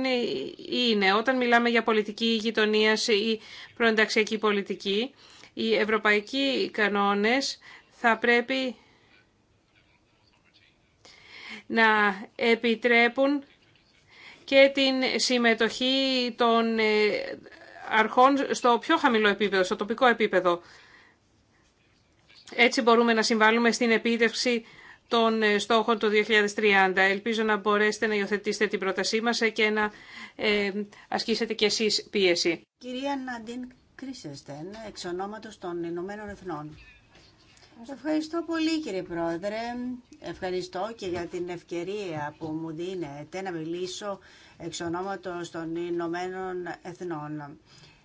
είναι όταν μιλάμε για πολιτική γειτονία ή προενταξιακή πολιτική, οι ευρωπαϊκοί κανόνες θα πρέπει να επιτρέπουν και την συμμετοχή των ε, αρχών στο πιο χαμηλό επίπεδο, στο τοπικό επίπεδο. Έτσι μπορούμε να συμβάλλουμε στην επίτευξη των ε, στόχων του 2030. Ελπίζω να μπορέσετε να υιοθετήσετε την πρότασή μας ε, και να ασκήσετε κι εσείς πίεση. Κυρία Ναντίν Κρίσεστεν, εξ ονόματος των Ηνωμένων Εθνών. Ευχαριστώ πολύ κύριε Πρόεδρε. Ευχαριστώ και για την ευκαιρία που μου δίνετε να μιλήσω εξ ονόματος των Ηνωμένων Εθνών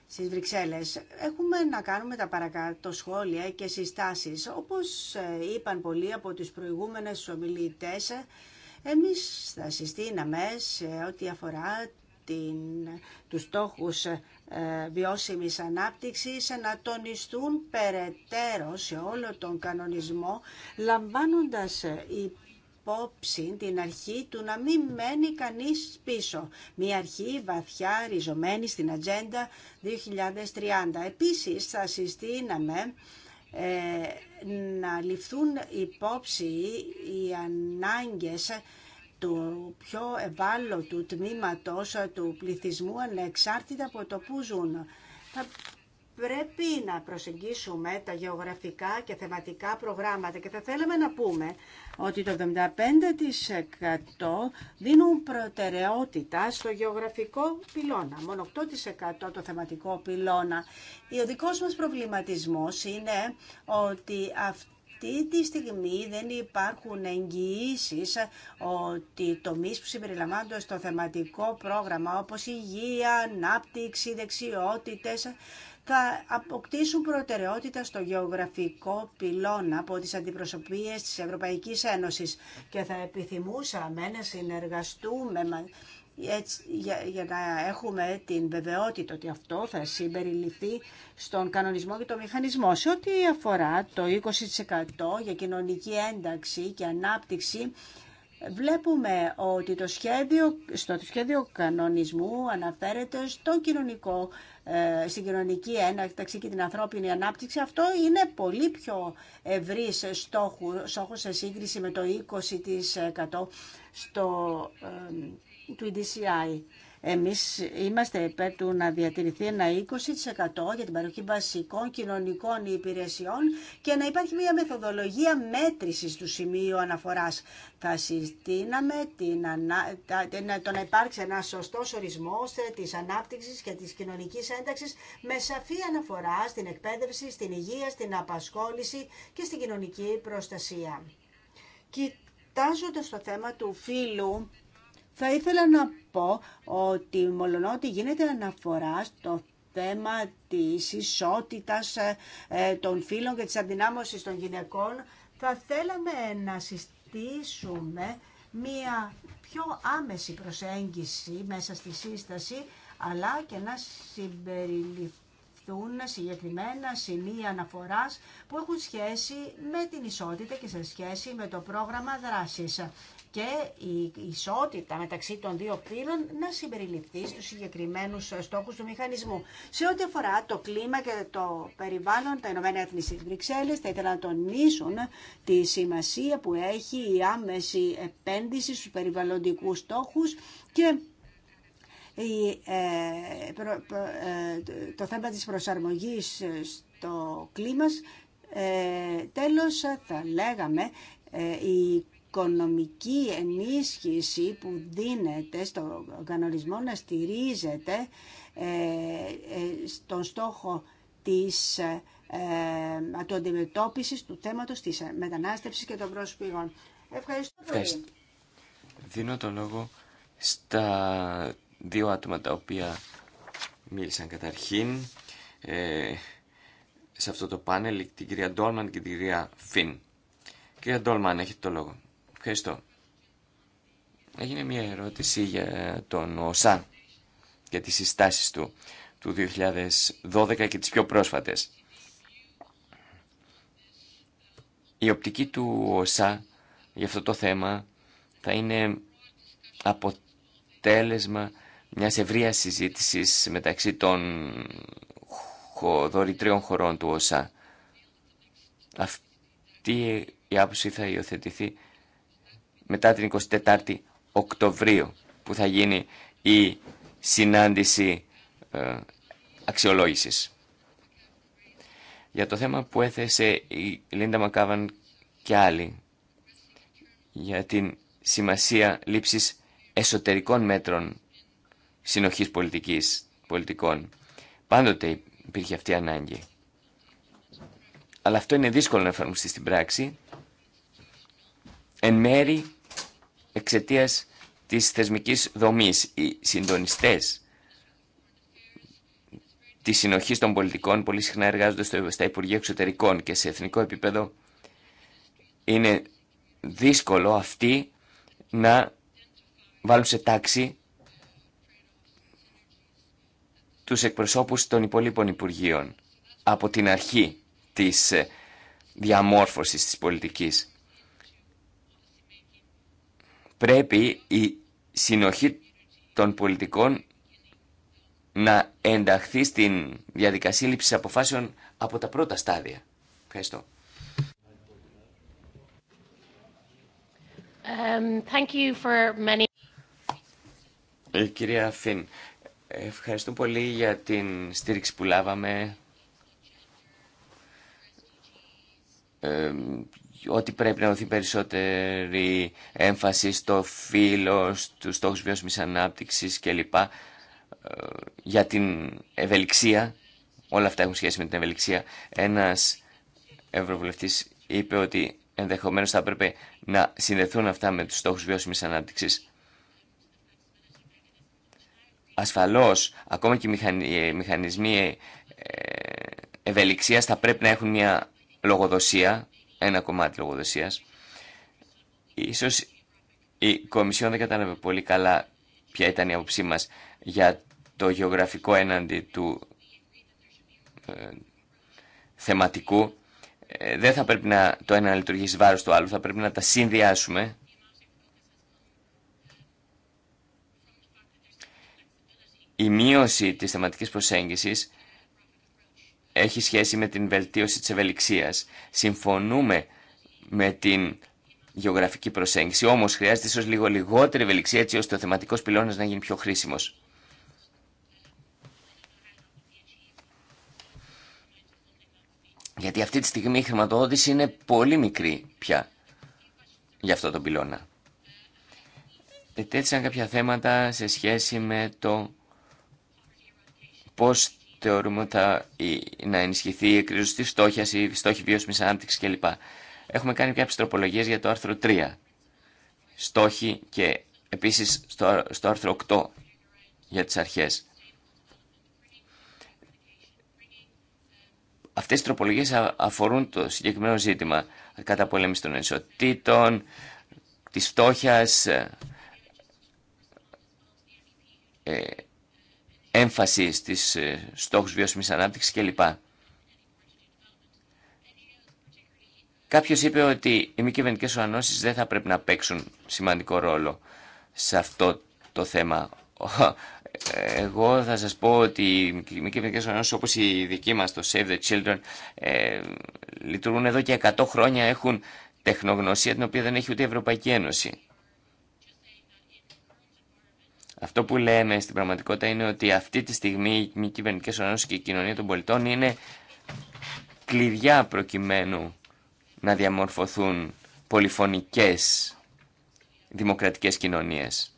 στις Βρυξέλλες. Έχουμε να κάνουμε τα παρακάτω σχόλια και συστάσεις. Όπως είπαν πολλοί από τις προηγούμενες ομιλητές, εμείς θα συστήναμε σε ό,τι αφορά την, τους στόχους ε, βιώσιμης ανάπτυξης να τονιστούν περαιτέρω σε όλο τον κανονισμό λαμβάνοντας υπόψη την αρχή του να μην μένει κανείς πίσω. Μια αρχή βαθιά ριζωμένη στην Ατζέντα 2030. Επίσης θα συστήναμε ε, να ληφθούν υπόψη οι ανάγκες του πιο ευάλωτου τμήματος του πληθυσμού ανεξάρτητα από το που ζουν. Θα πρέπει να προσεγγίσουμε τα γεωγραφικά και θεματικά προγράμματα και θα θέλαμε να πούμε ότι το 75% δίνουν προτεραιότητα στο γεωγραφικό πυλώνα, μόνο 8% το θεματικό πυλώνα. Ο δικός μας προβληματισμός είναι ότι αυτό αυτή τη στιγμή δεν υπάρχουν εγγυήσει ότι τομεί που συμπεριλαμβάνονται στο θεματικό πρόγραμμα όπως υγεία, ανάπτυξη, δεξιότητες θα αποκτήσουν προτεραιότητα στο γεωγραφικό πυλώνα από τις αντιπροσωπείες της Ευρωπαϊκής Ένωσης και θα επιθυμούσαμε να συνεργαστούμε έτσι, για, να έχουμε την βεβαιότητα ότι αυτό θα συμπεριληφθεί στον κανονισμό και το μηχανισμό. Σε ό,τι αφορά το 20% για κοινωνική ένταξη και ανάπτυξη, βλέπουμε ότι το σχέδιο, στο σχέδιο κανονισμού αναφέρεται στο κοινωνικό, ε, στην κοινωνική ένταξη και την ανθρώπινη ανάπτυξη. Αυτό είναι πολύ πιο ευρύ στόχο σε σύγκριση με το 20% στο ε, του EDCI. Εμείς είμαστε υπέρ του να διατηρηθεί ένα 20% για την παροχή βασικών κοινωνικών υπηρεσιών και να υπάρχει μια μεθοδολογία μέτρησης του σημείου αναφοράς. Θα συστήναμε την ανα... το να υπάρξει ένα σωστό ορισμό ε, της ανάπτυξης και της κοινωνικής ένταξης με σαφή αναφορά στην εκπαίδευση, στην υγεία, στην απασχόληση και στην κοινωνική προστασία. Κοιτάζοντας το θέμα του φύλου, θα ήθελα να πω ότι ότι γίνεται αναφορά στο θέμα της ισότητας ε, ε, των φύλων και της αντινάμωσης των γυναικών, θα θέλαμε να συστήσουμε μία πιο άμεση προσέγγιση μέσα στη σύσταση, αλλά και να συμπεριληφθούν συγκεκριμένα σημεία αναφοράς που έχουν σχέση με την ισότητα και σε σχέση με το πρόγραμμα δράσης και η ισότητα μεταξύ των δύο πύλων να συμπεριληφθεί στους συγκεκριμένους στόχους του μηχανισμού. Σε ό,τι αφορά το κλίμα και το περιβάλλον, τα Ηνωμένα Έθνη στις Βρυξέλλες θα ήθελα να τονίσουν τη σημασία που έχει η άμεση επένδυση στους περιβαλλοντικούς στόχους και ε, ε, το θέμα της προσαρμογής στο κλίμα. Ε, τέλος, θα λέγαμε η οικονομική ενίσχυση που δίνεται στο κανονισμό να στηρίζεται ε, ε, στον στόχο της ε, ε, του αντιμετώπισης του θέματος της μετανάστευσης και των πρόσφυγων. Ευχαριστώ πολύ. Δίνω το λόγο στα δύο άτομα τα οποία μίλησαν καταρχήν ε, σε αυτό το πάνελ, την κυρία Ντόλμαν και την κυρία Φιν. Κυρία Ντόλμαν, έχετε το λόγο. Ευχαριστώ. Έγινε μια ερώτηση για τον ΟΣΑ και τις συστάσεις του του 2012 και τις πιο πρόσφατες. Η οπτική του ΟΣΑ για αυτό το θέμα θα είναι αποτέλεσμα μιας ευρεία συζήτησης μεταξύ των δωρητρίων χωρών του ΟΣΑ. Αυτή η άποψη θα υιοθετηθεί μετά την 24η Οκτωβρίου που θα γίνει η συνάντηση ε, αξιολόγησης. Για το θέμα που έθεσε η Λίντα Μακάβαν και άλλοι για την σημασία λήψης εσωτερικών μέτρων συνοχής πολιτικής, πολιτικών. Πάντοτε υπήρχε αυτή η ανάγκη. Αλλά αυτό είναι δύσκολο να εφαρμοστεί στην πράξη εν μέρη εξαιτία της θεσμικής δομής. Οι συντονιστές τη συνοχή των πολιτικών πολύ συχνά εργάζονται στο, στα Υπουργεία Εξωτερικών και σε εθνικό επίπεδο είναι δύσκολο αυτοί να βάλουν σε τάξη τους εκπροσώπους των υπολείπων Υπουργείων από την αρχή της ε, διαμόρφωσης της πολιτικής πρέπει η συνοχή των πολιτικών να ενταχθεί στην διαδικασία λήψη αποφάσεων από τα πρώτα στάδια. Ευχαριστώ. Um, for ε, κυρία Φιν, ευχαριστώ πολύ για την στήριξη που λάβαμε ε, ότι πρέπει να δοθεί περισσότερη έμφαση στο φύλλο, στους στόχους βιώσιμης ανάπτυξης κλπ. Ε, για την ευελιξία, όλα αυτά έχουν σχέση με την ευελιξία. Ένας ευρωβουλευτής είπε ότι ενδεχομένως θα έπρεπε να συνδεθούν αυτά με τους στόχους βιώσιμης ανάπτυξης. Ασφαλώς, ακόμα και οι μηχανισμοί ε, ευελιξίας θα πρέπει να έχουν μια λογοδοσία ένα κομμάτι λογοδοσίας. Ίσως η Κομισιόν δεν κατάλαβε πολύ καλά ποια ήταν η άποψή μα για το γεωγραφικό έναντι του ε, θεματικού. Ε, δεν θα πρέπει να το ένα να λειτουργήσει βάρος του άλλου, θα πρέπει να τα συνδυάσουμε. Η μείωση της θεματικής προσέγγισης έχει σχέση με την βελτίωση της ευελιξίας. Συμφωνούμε με την γεωγραφική προσέγγιση, όμως χρειάζεται ίσως λίγο λιγότερη ευελιξία έτσι ώστε ο θεματικός πυλώνας να γίνει πιο χρήσιμος. Γιατί αυτή τη στιγμή η χρηματοδότηση είναι πολύ μικρή πια για αυτό τον πυλώνα. Ετέθησαν κάποια θέματα σε σχέση με το πώς θεωρούμε ότι θα να ενισχυθεί η εκκριζωστή στόχια, η στόχη βιώσιμη ανάπτυξη κλπ. Έχουμε κάνει κάποιε τροπολογίε για το άρθρο 3. Στόχοι και επίση στο, στο άρθρο 8 για τι αρχέ. Αυτές οι τροπολογίες αφορούν το συγκεκριμένο ζήτημα κατά πολέμηση των ενισοτήτων, της φτώχειας, ε, ε, έμφαση στις ε, στόχους βιώσιμης ανάπτυξης κλπ. Κάποιος είπε ότι οι μη κυβερνητικέ δεν θα πρέπει να παίξουν σημαντικό ρόλο σε αυτό το θέμα. Ε, εγώ θα σας πω ότι οι μη κυβερνητικέ οργανώσεις όπως η δική μας, το Save the Children, ε, λειτουργούν εδώ και 100 χρόνια, έχουν τεχνογνωσία την οποία δεν έχει ούτε η Ευρωπαϊκή Ένωση. Αυτό που λέμε στην πραγματικότητα είναι ότι αυτή τη στιγμή οι κυβερνητικέ οργανώσει και η κοινωνία των πολιτών είναι κλειδιά προκειμένου να διαμορφωθούν πολυφωνικές δημοκρατικές κοινωνίες.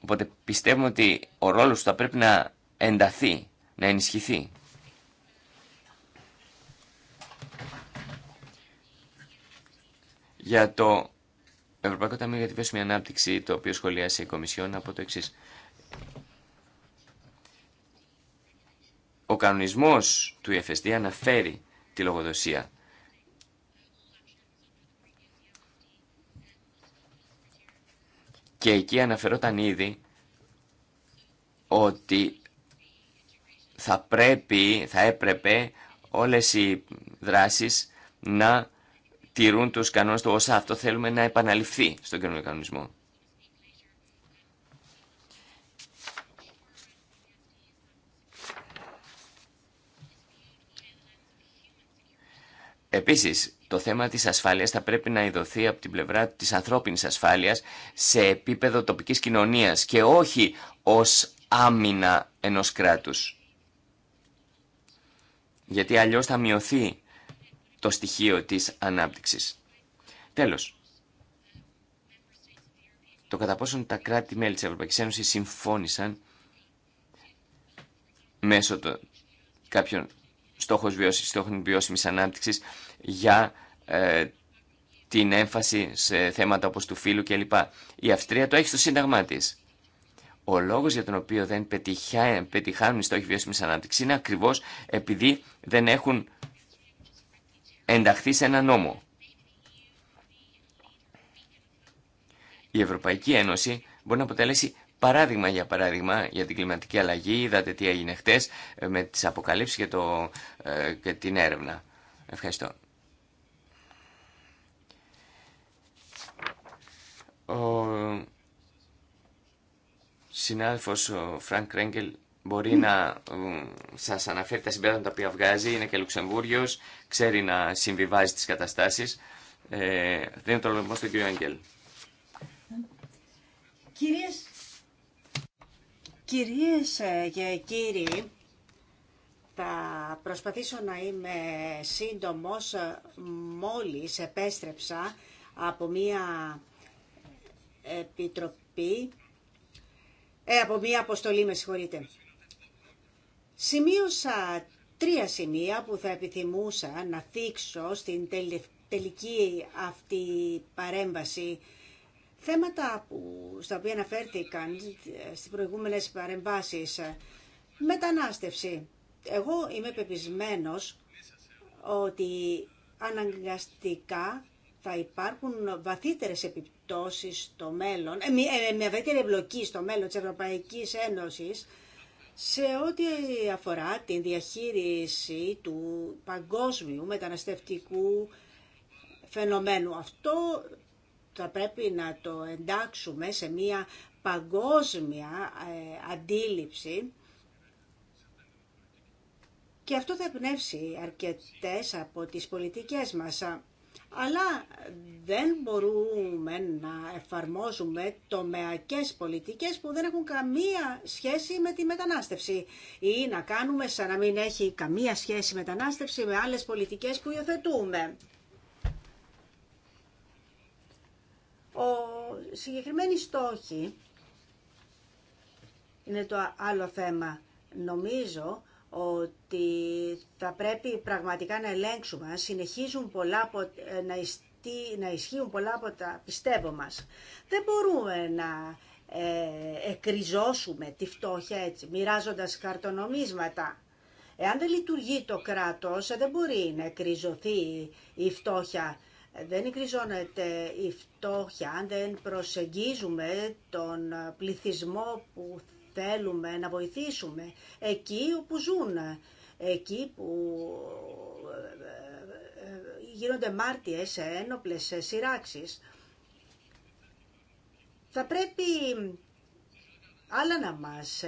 Οπότε πιστεύουμε ότι ο ρόλος του θα πρέπει να ενταθεί, να ενισχυθεί. Για το Ευρωπαϊκό Ταμείο για τη Βιώσιμη Ανάπτυξη, το οποίο σχολιάσε η Κομισιόν, από το εξή. Ο κανονισμός του EFSD αναφέρει τη λογοδοσία. Και εκεί αναφερόταν ήδη ότι θα πρέπει, θα έπρεπε όλες οι δράσεις να τηρούν τους κανόνες του όσα Αυτό θέλουμε να επαναληφθεί στον καινούργιο κανονισμό. Επίσης, το θέμα της ασφάλειας θα πρέπει να ειδωθεί από την πλευρά της ανθρώπινης ασφάλειας σε επίπεδο τοπικής κοινωνίας και όχι ως άμυνα ενός κράτους. Γιατί αλλιώς θα μειωθεί το στοιχείο της ανάπτυξης. Τέλος, το κατά πόσον τα κράτη-μέλη της Ευρωπαϊκής Ένωσης συμφώνησαν μέσω των κάποιων στόχων βιώσιμης, στόχων ανάπτυξης για ε, την έμφαση σε θέματα όπως του φύλου κλπ. Η Αυστρία το έχει στο σύνταγμά της. Ο λόγο για τον οποίο δεν πετυχάνουν οι στόχοι βιώσιμη ανάπτυξη είναι ακριβώ επειδή δεν έχουν ενταχθεί σε ένα νόμο. Η Ευρωπαϊκή Ένωση μπορεί να αποτελέσει παράδειγμα για παράδειγμα για την κλιματική αλλαγή. Είδατε τι έγινε χτε ε, με τι αποκαλύψει και, ε, και την έρευνα. Ευχαριστώ. Ο συνάδελφος Φρανκ μπορεί να σας αναφέρει τα συμπέρασματα τα οποία βγάζει, είναι και Λουξεμβούριο. ξέρει να συμβιβάζει τις καταστάσεις. Ε, δίνω το λόγο λοιπόν στον κύριο Αγγέλ. Κυρίες, κυρίες ε, και κύριοι, θα προσπαθήσω να είμαι σύντομος. Ε, μόλις επέστρεψα από μία επιτροπή, ε, από μία αποστολή, με συγχωρείτε. Σημείωσα τρία σημεία που θα επιθυμούσα να θίξω στην τελική αυτή παρέμβαση. Θέματα που, στα οποία αναφέρθηκαν στις προηγούμενες παρεμβάσεις. Μετανάστευση. Εγώ είμαι πεπισμένος ότι αναγκαστικά θα υπάρχουν βαθύτερες επιπτώσεις στο μέλλον, μια βαθύτερη εμπλοκή στο μέλλον της Ευρωπαϊκής Ένωσης σε ό,τι αφορά την διαχείριση του παγκόσμιου μεταναστευτικού φαινομένου, αυτό θα πρέπει να το εντάξουμε σε μια παγκόσμια ε, αντίληψη και αυτό θα εμπνεύσει αρκετές από τις πολιτικές μας αλλά δεν μπορούμε να εφαρμόζουμε τομεακές πολιτικές που δεν έχουν καμία σχέση με τη μετανάστευση ή να κάνουμε σαν να μην έχει καμία σχέση μετανάστευση με άλλες πολιτικές που υιοθετούμε. Ο συγκεκριμένοι στόχοι είναι το άλλο θέμα. Νομίζω ότι θα πρέπει πραγματικά να ελέγξουμε αν συνεχίζουν πολλά ε, να, ισχύουν, να ισχύουν πολλά από τα πιστεύω μας. Δεν μπορούμε να ε, εκριζώσουμε τη φτώχεια έτσι, μοιράζοντας καρτονομίσματα. Εάν δεν λειτουργεί το κράτος, ε, δεν μπορεί να εκριζωθεί η φτώχεια. Δεν εκριζώνεται η φτώχεια αν δεν προσεγγίζουμε τον πληθυσμό που θέλουμε να βοηθήσουμε εκεί όπου ζουν, εκεί που ε, ε, ε, γίνονται μάρτιες σε ένοπλες σειράξεις. Θα πρέπει άλλα να μας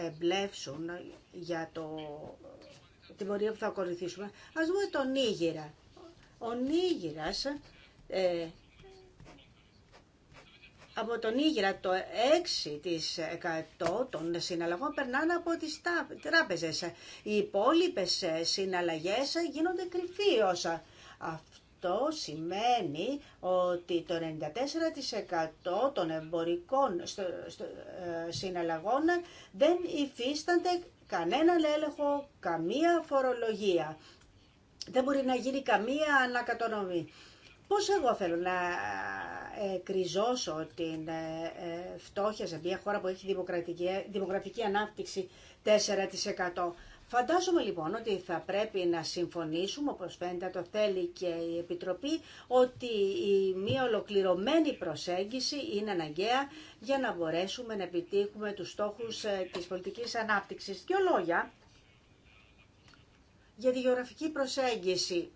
εμπλεύσουν για το, την πορεία που θα ακολουθήσουμε. Ας δούμε τον Νίγηρα. Ο Νίγηρας από τον Ήγηρα το 6% των συναλλαγών περνάνε από τις τράπεζες. Οι υπόλοιπες ε, συναλλαγές γίνονται όσα. Αυτό σημαίνει ότι το 94% των εμπορικών ε, συναλλαγών δεν υφίστανται κανέναν έλεγχο, καμία φορολογία. Δεν μπορεί να γίνει καμία ανακατονομή. Πώς εγώ θέλω να κρυζώσω την ε, ε, φτώχεια σε μια χώρα που έχει δημοκρατική, ε, ανάπτυξη 4%. Φαντάζομαι λοιπόν ότι θα πρέπει να συμφωνήσουμε, όπως φαίνεται το θέλει και η Επιτροπή, ότι η μία ολοκληρωμένη προσέγγιση είναι αναγκαία για να μπορέσουμε να επιτύχουμε τους στόχους της πολιτικής ανάπτυξης. Δύο λόγια για τη γεωγραφική προσέγγιση.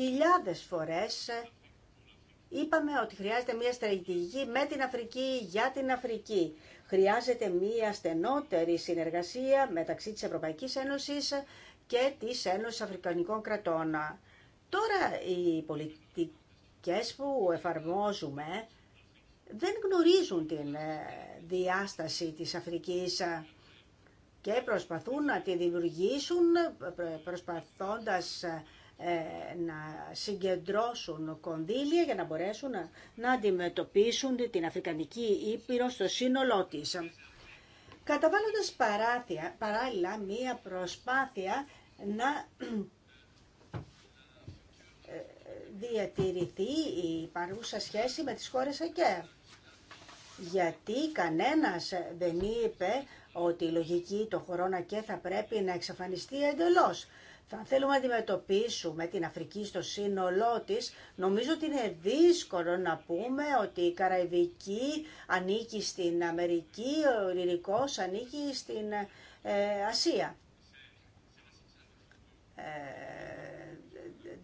χιλιάδες φορές ε, είπαμε ότι χρειάζεται μια στρατηγική με την Αφρική, για την Αφρική. Χρειάζεται μια στενότερη συνεργασία μεταξύ της Ευρωπαϊκής Ένωσης και της Ένωσης Αφρικανικών Κρατών. Τώρα οι πολιτικές που εφαρμόζουμε δεν γνωρίζουν την ε, διάσταση της Αφρικής και προσπαθούν να τη δημιουργήσουν προσπαθώντας ε, ε, να συγκεντρώσουν κονδύλια για να μπορέσουν να, αντιμετωπίσουν την Αφρικανική Ήπειρο στο σύνολό της. Καταβάλλοντας παράλληλα μία προσπάθεια να ε, διατηρηθεί η παρούσα σχέση με τις χώρες ΑΚΕ. Γιατί κανένας δεν είπε ότι η λογική το χωρών ΑΚΕ θα πρέπει να εξαφανιστεί εντελώς αν θέλουμε να αντιμετωπίσουμε την Αφρική στο σύνολό της, νομίζω ότι είναι δύσκολο να πούμε ότι η Καραϊβική ανήκει στην Αμερική, ο Ειρηνικός ανήκει στην ε, Ασία. Ε,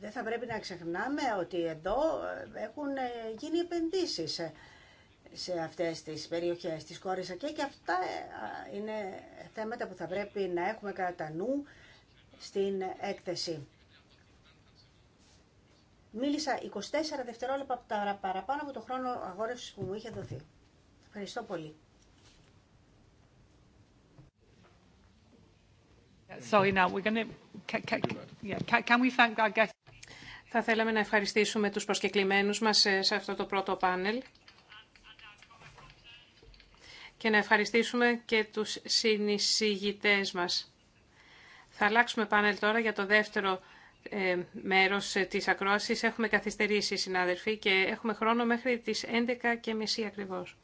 δεν θα πρέπει να ξεχνάμε ότι εδώ ε, έχουν ε, γίνει επενδύσεις σε αυτές τις περιοχές της Κόρης και, και αυτά είναι θέματα που θα πρέπει να έχουμε κατά νου στην έκθεση. Μίλησα 24 δευτερόλεπτα παραπάνω από το χρόνο αγόρευσης που μου είχε δοθεί. Ευχαριστώ πολύ. Θα θέλαμε να ευχαριστήσουμε τους προσκεκλημένους μας ε, σε αυτό το πρώτο πάνελ και να ευχαριστήσουμε και τους συνεισηγητές μας. Θα αλλάξουμε πάνελ τώρα για το δεύτερο ε, μέρος ε, της ακρόασης. Έχουμε καθυστερήσει, συνάδελφοι, και έχουμε χρόνο μέχρι τις 11.30 ακριβώς.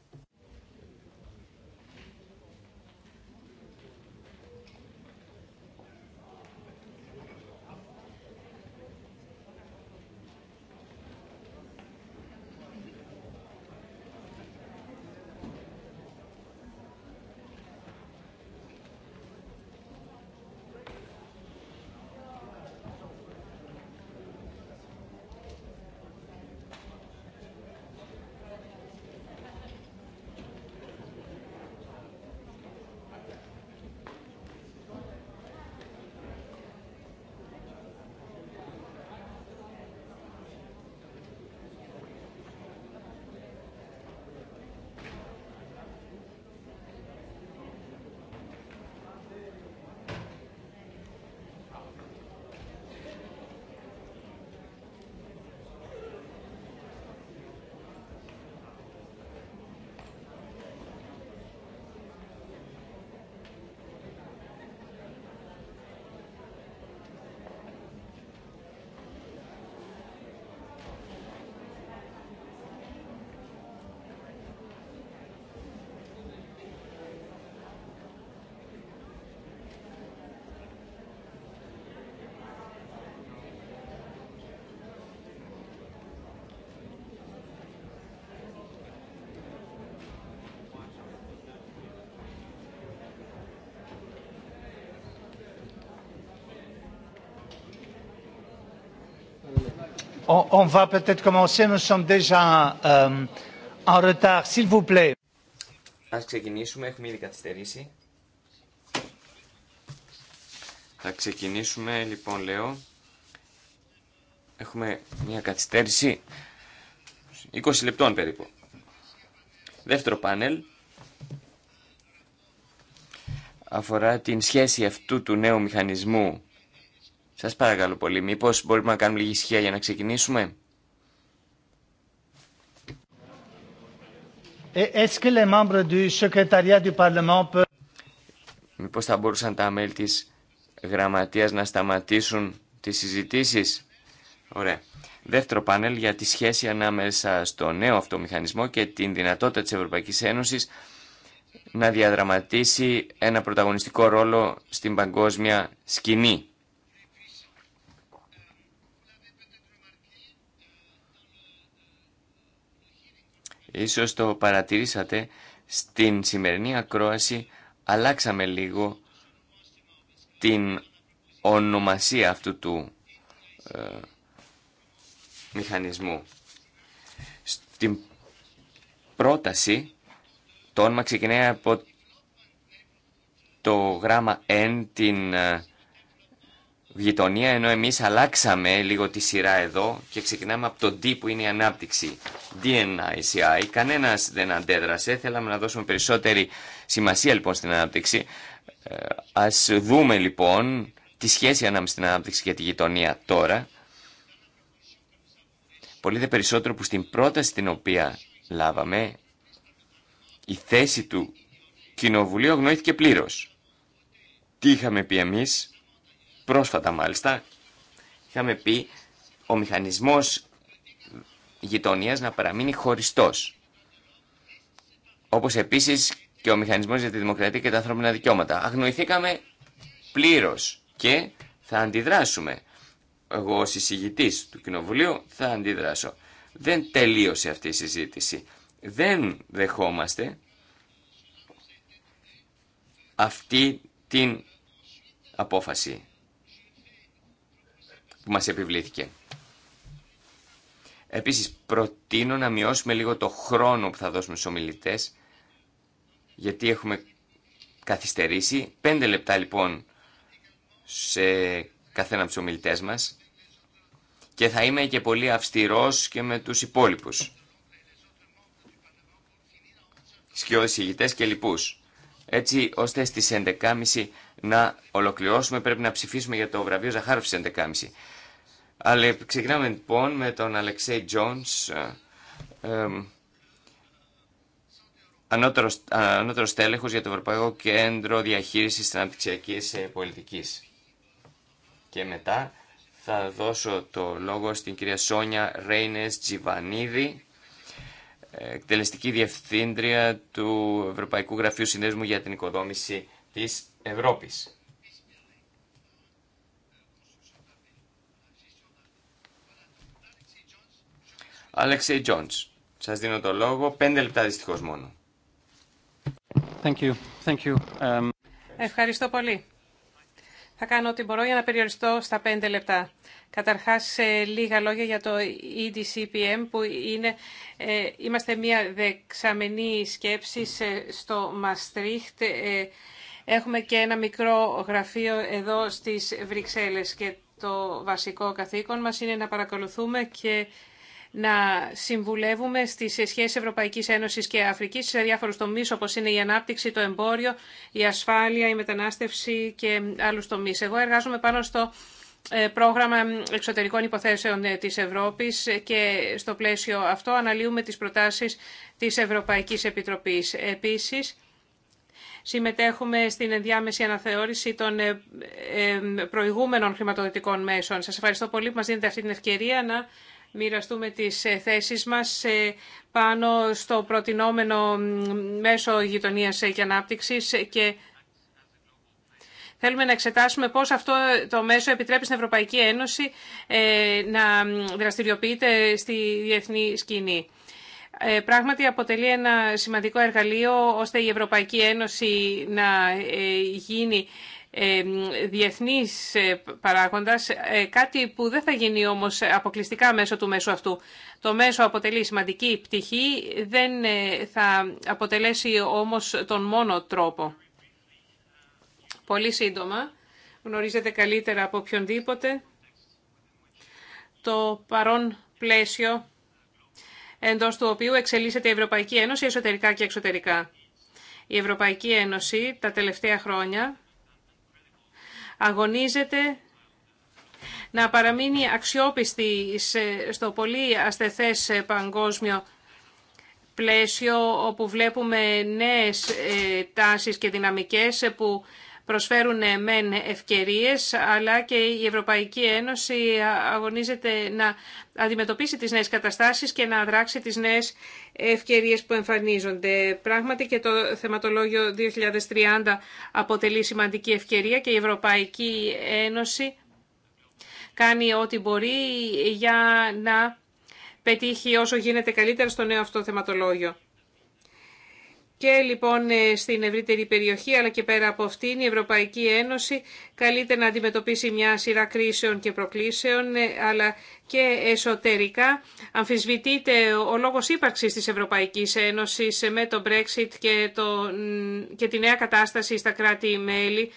on, Ας ξεκινήσουμε, έχουμε ήδη καθυστερήσει. Θα ξεκινήσουμε, λοιπόν, λέω. Έχουμε μια καθυστέρηση 20 λεπτών περίπου. Δεύτερο πάνελ αφορά την σχέση αυτού του νέου μηχανισμού σας παρακαλώ πολύ, μήπως μπορούμε να κάνουμε λίγη ησυχία για να ξεκινήσουμε. Ε, μήπως θα μπορούσαν τα μέλη της γραμματείας να σταματήσουν τις συζητήσεις. Ωραία. Δεύτερο πάνελ για τη σχέση ανάμεσα στο νέο αυτό και την δυνατότητα της Ευρωπαϊκής Ένωσης να διαδραματίσει ένα πρωταγωνιστικό ρόλο στην παγκόσμια σκηνή. Ίσως το παρατηρήσατε, στην σημερινή ακρόαση αλλάξαμε λίγο την ονομασία αυτού του ε, μηχανισμού. Στην πρόταση το όνομα ξεκινάει από το γράμμα N, την ε, γειτονία, ενώ εμείς αλλάξαμε λίγο τη σειρά εδώ και ξεκινάμε από το D που είναι η ανάπτυξη. DNICI, κανένας δεν αντέδρασε, θέλαμε να δώσουμε περισσότερη σημασία λοιπόν στην ανάπτυξη. Ε, ας δούμε λοιπόν τη σχέση ανάμεσα στην ανάπτυξη και τη γειτονία τώρα. Πολύ δε περισσότερο που στην πρόταση την οποία λάβαμε, η θέση του Κοινοβουλίου γνώριθηκε πλήρως. Τι είχαμε πει εμείς, πρόσφατα μάλιστα, είχαμε πει ο μηχανισμός γειτονίας να παραμείνει χωριστός. Όπως επίσης και ο μηχανισμός για τη δημοκρατία και τα ανθρώπινα δικαιώματα. Αγνοηθήκαμε πλήρως και θα αντιδράσουμε. Εγώ ως εισηγητής του Κοινοβουλίου θα αντιδράσω. Δεν τελείωσε αυτή η συζήτηση. Δεν δεχόμαστε αυτή την απόφαση που μας επιβλήθηκε. Επίσης, προτείνω να μειώσουμε λίγο το χρόνο που θα δώσουμε στους ομιλητές, γιατί έχουμε καθυστερήσει. Πέντε λεπτά λοιπόν σε καθένα από τους ομιλητές μας και θα είμαι και πολύ αυστηρός και με τους υπόλοιπους. Σκιώδεις ηγητές και λοιπούς. Έτσι ώστε στις 11.30 να ολοκληρώσουμε πρέπει να ψηφίσουμε για το βραβείο Ζαχάροφ στις 11.30. Αλλά ξεκινάμε λοιπόν με τον Αλεξέη Τζόνς, ε, ανώτερος, τέλεχος για το Ευρωπαϊκό Κέντρο Διαχείρισης της Αναπτυξιακής ε, Πολιτικής. Και μετά θα δώσω το λόγο στην κυρία Σόνια Ρέινες Τζιβανίδη, εκτελεστική διευθύντρια του Ευρωπαϊκού Γραφείου Συνδέσμου για την Οικοδόμηση της Ευρώπης. Αλέξη Τζόντς, σας δίνω το λόγο. Πέντε λεπτά δυστυχώς μόνο. Um, Ευχαριστώ πολύ. Θα κάνω ό,τι μπορώ για να περιοριστώ στα πέντε λεπτά. Καταρχάς, λίγα λόγια για το EDCPM, που είναι, ε, είμαστε μια δεξαμενή σκέψη στο Μαστρίχτ. Ε, έχουμε και ένα μικρό γραφείο εδώ στις Βρυξέλλες και το βασικό καθήκον μας είναι να παρακολουθούμε και να συμβουλεύουμε στις σχέσεις Ευρωπαϊκής Ένωσης και Αφρικής σε διάφορου τομείς όπως είναι η ανάπτυξη, το εμπόριο, η ασφάλεια, η μετανάστευση και άλλου τομεί. Εγώ εργάζομαι πάνω στο ε, πρόγραμμα εξωτερικών υποθέσεων ε, της Ευρώπης και στο πλαίσιο αυτό αναλύουμε τις προτάσεις της Ευρωπαϊκής Επιτροπής. Επίσης, συμμετέχουμε στην ενδιάμεση αναθεώρηση των ε, προηγούμενων χρηματοδοτικών μέσων. Σας ευχαριστώ πολύ που μας δίνετε αυτή την ευκαιρία να μοιραστούμε τις ε, θέσεις μας ε, πάνω στο προτινόμενο μέσο γειτονίας ε, και ανάπτυξης και Θέλουμε να εξετάσουμε πώς αυτό το μέσο επιτρέπει στην Ευρωπαϊκή Ένωση να δραστηριοποιείται στη διεθνή σκηνή. Πράγματι αποτελεί ένα σημαντικό εργαλείο ώστε η Ευρωπαϊκή Ένωση να γίνει διεθνής ε, παράγοντας, ε, κάτι που δεν θα γίνει όμως αποκλειστικά μέσω του μέσου αυτού. Το μέσο αποτελεί σημαντική πτυχή, δεν ε, θα αποτελέσει όμως τον μόνο τρόπο. Πολύ σύντομα, γνωρίζετε καλύτερα από οποιονδήποτε, το παρόν πλαίσιο εντός του οποίου εξελίσσεται η Ευρωπαϊκή Ένωση εσωτερικά και εξωτερικά. Η Ευρωπαϊκή Ένωση τα τελευταία χρόνια αγωνίζεται να παραμείνει αξιόπιστη στο πολύ αστεθές ε, παγκόσμιο πλαίσιο όπου βλέπουμε νέες ε, τάσεις και δυναμικές ε, που προσφέρουν ε, μεν ευκαιρίες, αλλά και η Ευρωπαϊκή Ένωση αγωνίζεται να αντιμετωπίσει τις νέες καταστάσεις και να δράξει τις νέες ευκαιρίες που εμφανίζονται. Πράγματι και το θεματολόγιο 2030 αποτελεί σημαντική ευκαιρία και η Ευρωπαϊκή Ένωση κάνει ό,τι μπορεί για να πετύχει όσο γίνεται καλύτερα στο νέο αυτό θεματολόγιο. Και λοιπόν ε, στην ευρύτερη περιοχή αλλά και πέρα από αυτήν η Ευρωπαϊκή Ένωση καλείται να αντιμετωπίσει μια σειρά κρίσεων και προκλήσεων ε, αλλά και εσωτερικά αμφισβητείται ο λόγος ύπαρξης της Ευρωπαϊκής Ένωσης ε, με το Brexit και, το, και τη νέα κατάσταση στα κράτη-μέλη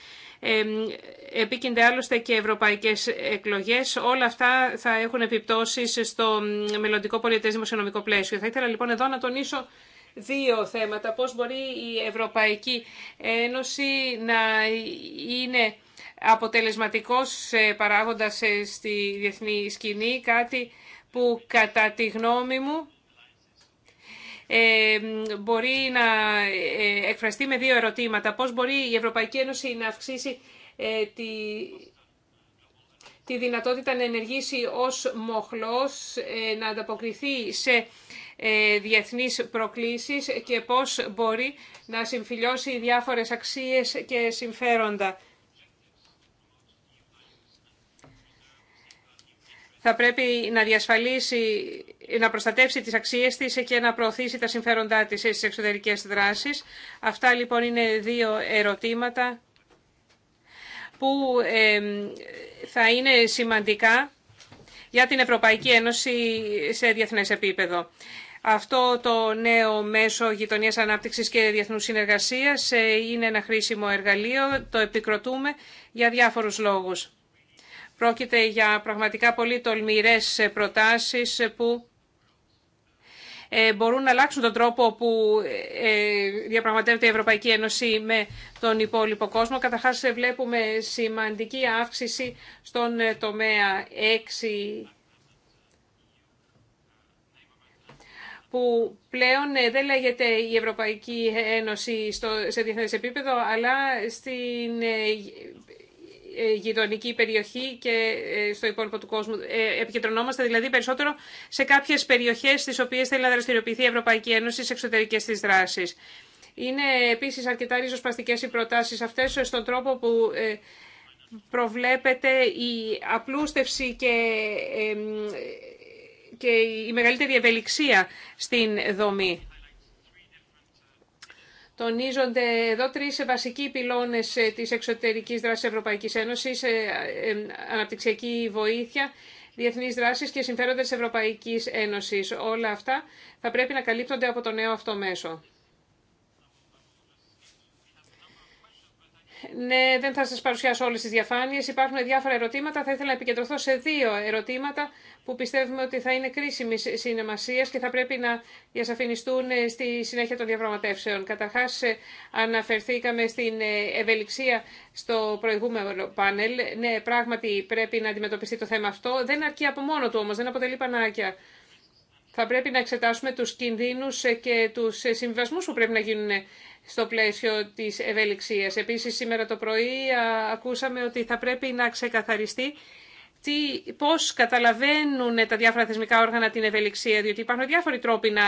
επίκυνται άλλωστε και ευρωπαϊκές εκλογές. Όλα αυτά θα έχουν επιπτώσεις στο μελλοντικό πολιτές δημοσιονομικό πλαίσιο. Θα ήθελα λοιπόν εδώ να τονίσω δύο θέματα. Πώς μπορεί η Ευρωπαϊκή Ένωση να είναι αποτελεσματικός παράγοντας ε, στη διεθνή σκηνή, κάτι που κατά τη γνώμη μου ε, μπορεί να ε, εκφραστεί με δύο ερωτήματα. Πώς μπορεί η Ευρωπαϊκή Ένωση να αυξήσει τη τη δυνατότητα να ενεργήσει ως μοχλός, να ανταποκριθεί σε ε, διεθνείς προκλήσεις και πώς μπορεί να συμφιλιώσει διάφορες αξίες και συμφέροντα. θα πρέπει να διασφαλίσει, να προστατεύσει τις αξίες της και να προωθήσει τα συμφέροντά της στις εξωτερικές δράσεις. Αυτά λοιπόν είναι δύο ερωτήματα που θα είναι σημαντικά για την Ευρωπαϊκή Ένωση σε διεθνές επίπεδο. Αυτό το νέο μέσο γειτονία ανάπτυξη και διεθνού συνεργασία ε, είναι ένα χρήσιμο εργαλείο. Το επικροτούμε για διάφορου λόγου. Πρόκειται για πραγματικά πολύ τολμηρέ προτάσει που ε, μπορούν να αλλάξουν τον τρόπο που ε, διαπραγματεύεται η Ευρωπαϊκή Ένωση με τον υπόλοιπο κόσμο. Καταρχάς βλέπουμε σημαντική αύξηση στον τομέα 6 που πλέον ε, δεν λέγεται η Ευρωπαϊκή Ένωση στο, σε διεθνές επίπεδο, αλλά στην ε, ε, γειτονική περιοχή και στο υπόλοιπο του κόσμου. Επικεντρωνόμαστε δηλαδή περισσότερο σε κάποιες περιοχές στις οποίες θέλει να δραστηριοποιηθεί η Ευρωπαϊκή Ένωση σε εξωτερικές της δράσεις. Είναι επίσης αρκετά ριζοσπαστικές οι προτάσεις αυτές στον τρόπο που προβλέπεται η απλούστευση και και η μεγαλύτερη ευελιξία στην δομή. Τονίζονται εδώ τρεις βασικοί πυλώνες ε, της εξωτερικής δράσης Ευρωπαϊκής Ένωσης, ε, ε, αναπτυξιακή βοήθεια, διεθνείς δράσεις και συμφέροντα τη Ευρωπαϊκής Ένωσης. Όλα αυτά θα πρέπει να καλύπτονται από το νέο αυτό μέσο. Ναι, δεν θα σας παρουσιάσω όλες τις διαφάνειες. Υπάρχουν διάφορα ερωτήματα. Θα ήθελα να επικεντρωθώ σε δύο ερωτήματα που πιστεύουμε ότι θα είναι κρίσιμη συνεμασία και θα πρέπει να διασαφινιστούν ε, στη συνέχεια των διαπραγματεύσεων. Καταρχάς, ε, αναφερθήκαμε στην ε, ευελιξία στο προηγούμενο πάνελ. Ναι, πράγματι πρέπει να αντιμετωπιστεί το θέμα αυτό. Δεν αρκεί από μόνο του όμως, δεν αποτελεί πανάκια θα πρέπει να εξετάσουμε τους κινδύνους ε, και τους ε, συμβιβασμούς που πρέπει να γίνουν ε, στο πλαίσιο της ευελιξίας. Επίσης, σήμερα το πρωί ακούσαμε ότι θα πρέπει να ξεκαθαριστεί τι, πώς καταλαβαίνουν τα διάφορα θεσμικά όργανα την ευελιξία, διότι υπάρχουν διάφοροι τρόποι να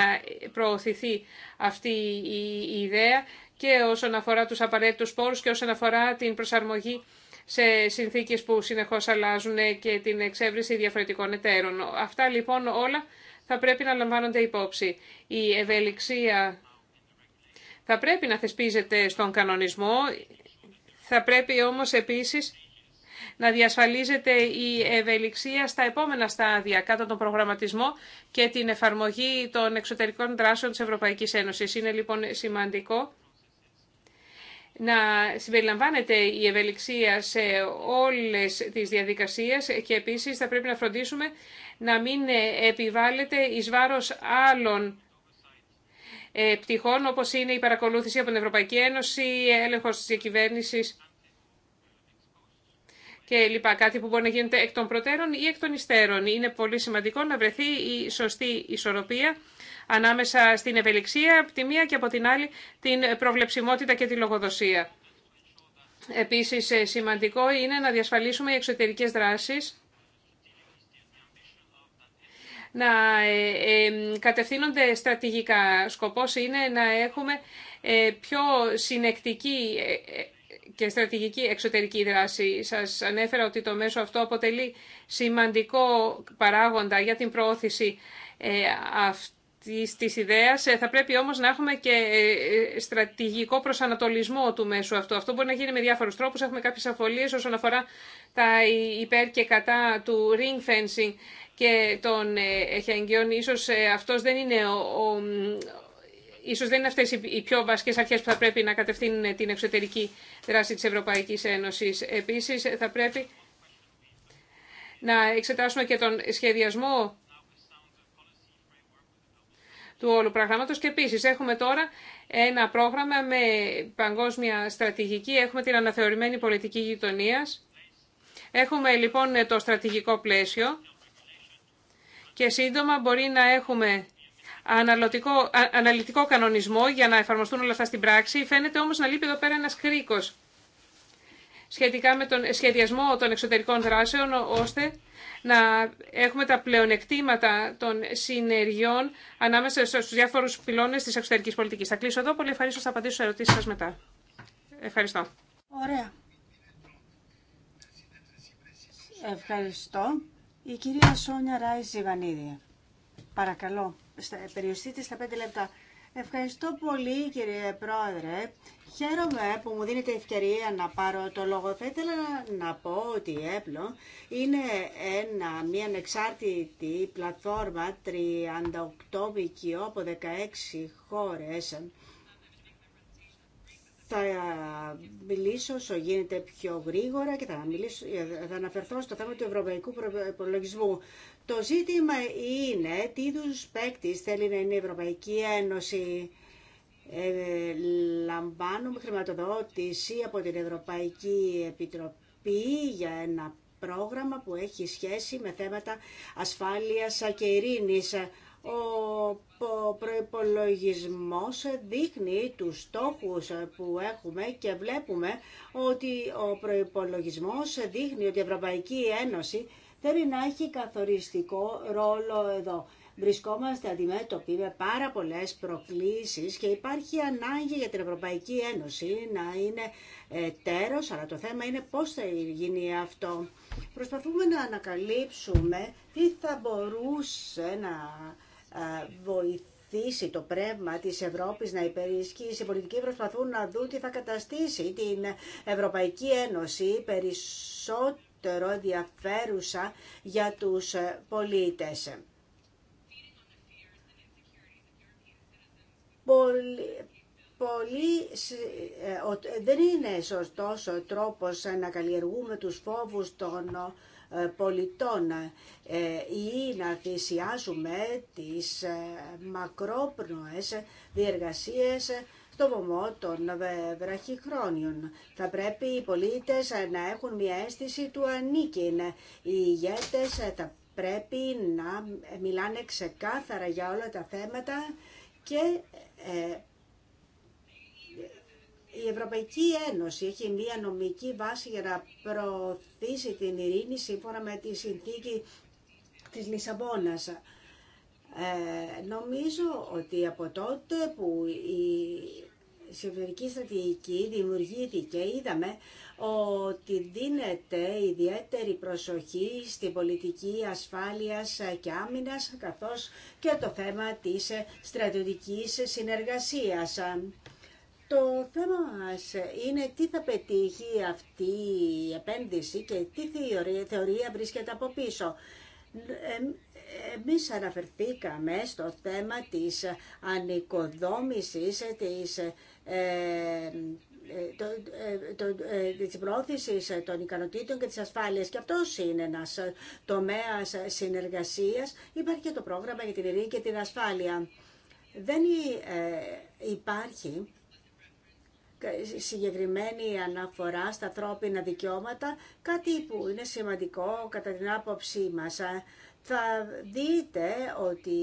προωθηθεί αυτή η ιδέα και όσον αφορά τους απαραίτητους πόρους και όσον αφορά την προσαρμογή σε συνθήκες που συνεχώς αλλάζουν και την εξέβριση διαφορετικών εταίρων. Αυτά λοιπόν όλα θα πρέπει να λαμβάνονται υπόψη. Η ευελιξία θα πρέπει να θεσπίζεται στον κανονισμό, θα πρέπει όμως επίσης να διασφαλίζεται η ευελιξία στα επόμενα στάδια κατά τον προγραμματισμό και την εφαρμογή των εξωτερικών δράσεων της Ευρωπαϊκής Ένωσης. Είναι λοιπόν σημαντικό να συμπεριλαμβάνεται η ευελιξία σε όλες τις διαδικασίες και επίσης θα πρέπει να φροντίσουμε να μην επιβάλλεται εις βάρος άλλων ε, πτυχών όπως είναι η παρακολούθηση από την Ευρωπαϊκή Ένωση, έλεγχος της και λοιπά. Κάτι που μπορεί να γίνεται εκ των προτέρων ή εκ των υστέρων. Είναι πολύ σημαντικό να βρεθεί η σωστή ισορροπία ανάμεσα στην ευελιξία από τη μία και από την άλλη την προβλεψιμότητα και τη λογοδοσία. Επίσης ε, σημαντικό είναι να διασφαλίσουμε οι εξωτερικές δράσεις να ε, ε, κατευθύνονται στρατηγικά. Σκοπός είναι να έχουμε πιο συνεκτική και στρατηγική εξωτερική δράση. Σας ανέφερα ότι το μέσο αυτό αποτελεί σημαντικό παράγοντα για την προώθηση αυτή της ιδέας. Ε, θα πρέπει όμως να έχουμε και ε, ε, στρατηγικό προσανατολισμό του μέσου αυτού. Αυτό μπορεί να γίνει με διάφορους τρόπους. Έχουμε κάποιες αφολίες όσον αφορά τα υπέρ και κατά του ring fencing και των εχεγγιών. Ίσως αυτός δεν είναι ο... Ίσως δεν είναι αυτές οι πιο βασικές αρχές που θα πρέπει να κατευθύνουν την εξωτερική δράση της Ευρωπαϊκής Ένωσης. Επίσης, θα πρέπει να εξετάσουμε και τον σχεδιασμό του όλου προγράμματο. Και επίση έχουμε τώρα ένα πρόγραμμα με παγκόσμια στρατηγική, έχουμε την αναθεωρημένη πολιτική γειτονία. Έχουμε λοιπόν το στρατηγικό πλαίσιο και σύντομα μπορεί να έχουμε αναλυτικό κανονισμό για να εφαρμοστούν όλα αυτά στην πράξη. Φαίνεται όμως να λείπει εδώ πέρα ένας κρίκος σχετικά με τον σχεδιασμό των εξωτερικών δράσεων, ώστε να έχουμε τα πλεονεκτήματα των συνεργειών ανάμεσα στους διάφορους πυλώνες της εξωτερικής πολιτικής. Θα κλείσω εδώ. Πολύ ευχαρίστω θα απαντήσω σε ερωτήσεις σας μετά. Ευχαριστώ. Ωραία. Ευχαριστώ. Η κυρία Σόνια Ράιζη Ζιβανίδη. Παρακαλώ, περιοριστείτε στα πέντε λεπτά. Ευχαριστώ πολύ κύριε Πρόεδρε. Χαίρομαι που μου δίνετε ευκαιρία να πάρω το λόγο. Θα ήθελα να πω ότι η Έπλο είναι ένα, μια ανεξάρτητη πλατφόρμα 38 ΒΚΟ από 16 χώρες. Θα μιλήσω όσο γίνεται πιο γρήγορα και θα, μιλήσω, θα αναφερθώ στο θέμα του ευρωπαϊκού προπολογισμού. Το ζήτημα είναι τι είδου παίκτη θέλει να είναι η Ευρωπαϊκή Ένωση. Ε, λαμβάνουμε χρηματοδότηση από την Ευρωπαϊκή Επιτροπή για ένα πρόγραμμα που έχει σχέση με θέματα ασφάλειας και ειρήνης. Ο προϋπολογισμός δείχνει τους στόχους που έχουμε και βλέπουμε ότι ο προϋπολογισμός δείχνει ότι η Ευρωπαϊκή Ένωση Θέλει να έχει καθοριστικό ρόλο εδώ. Βρισκόμαστε αντιμέτωποι με πάρα πολλές προκλήσεις και υπάρχει ανάγκη για την Ευρωπαϊκή Ένωση να είναι ε, τέρος, αλλά το θέμα είναι πώς θα γίνει αυτό. Προσπαθούμε να ανακαλύψουμε τι θα μπορούσε να ε, βοηθήσει το πρέμα τη Ευρώπη να υπερισχύσει. Οι πολιτικοί προσπαθούν να δουν τι θα καταστήσει την Ευρωπαϊκή Ένωση περισσότερο ιδιαίτερο ενδιαφέρουσα για τους ε, πολίτες. Πολύ, πολύ, ε, δεν είναι σωστός ο τρόπος να καλλιεργούμε τους φόβους των ε, πολιτών ή να θυσιάζουμε τις μακρόπνοες διεργασίες το βωμό των βραχυχρόνιων. Θα πρέπει οι πολίτες να έχουν μια αίσθηση του ανήκειν. Οι ηγέτες θα πρέπει να μιλάνε ξεκάθαρα για όλα τα θέματα και ε, η Ευρωπαϊκή Ένωση έχει μία νομική βάση για να προωθήσει την ειρήνη σύμφωνα με τη συνθήκη της Λισαβόνας. Ε, νομίζω ότι από τότε που η σοβιετική στρατηγική δημιουργήθηκε, είδαμε ότι δίνεται ιδιαίτερη προσοχή στην πολιτική ασφάλειας και άμυνας, καθώς και το θέμα της στρατιωτικής συνεργασίας. Το θέμα μας είναι τι θα πετύχει αυτή η επένδυση και τι θεωρία, θεωρία βρίσκεται από πίσω. Ε, εμείς αναφερθήκαμε στο θέμα της ανοικοδόμησης, της ε, ε, το, ε, το, της πρόθεσης των ικανοτήτων και της ασφάλειας. Και αυτός είναι ένας τομέας συνεργασίας. Υπάρχει και το πρόγραμμα για την ειρήνη και την ασφάλεια. Δεν υπάρχει συγκεκριμένη αναφορά στα ανθρώπινα δικαιώματα, κάτι που είναι σημαντικό κατά την άποψή μας θα δείτε ότι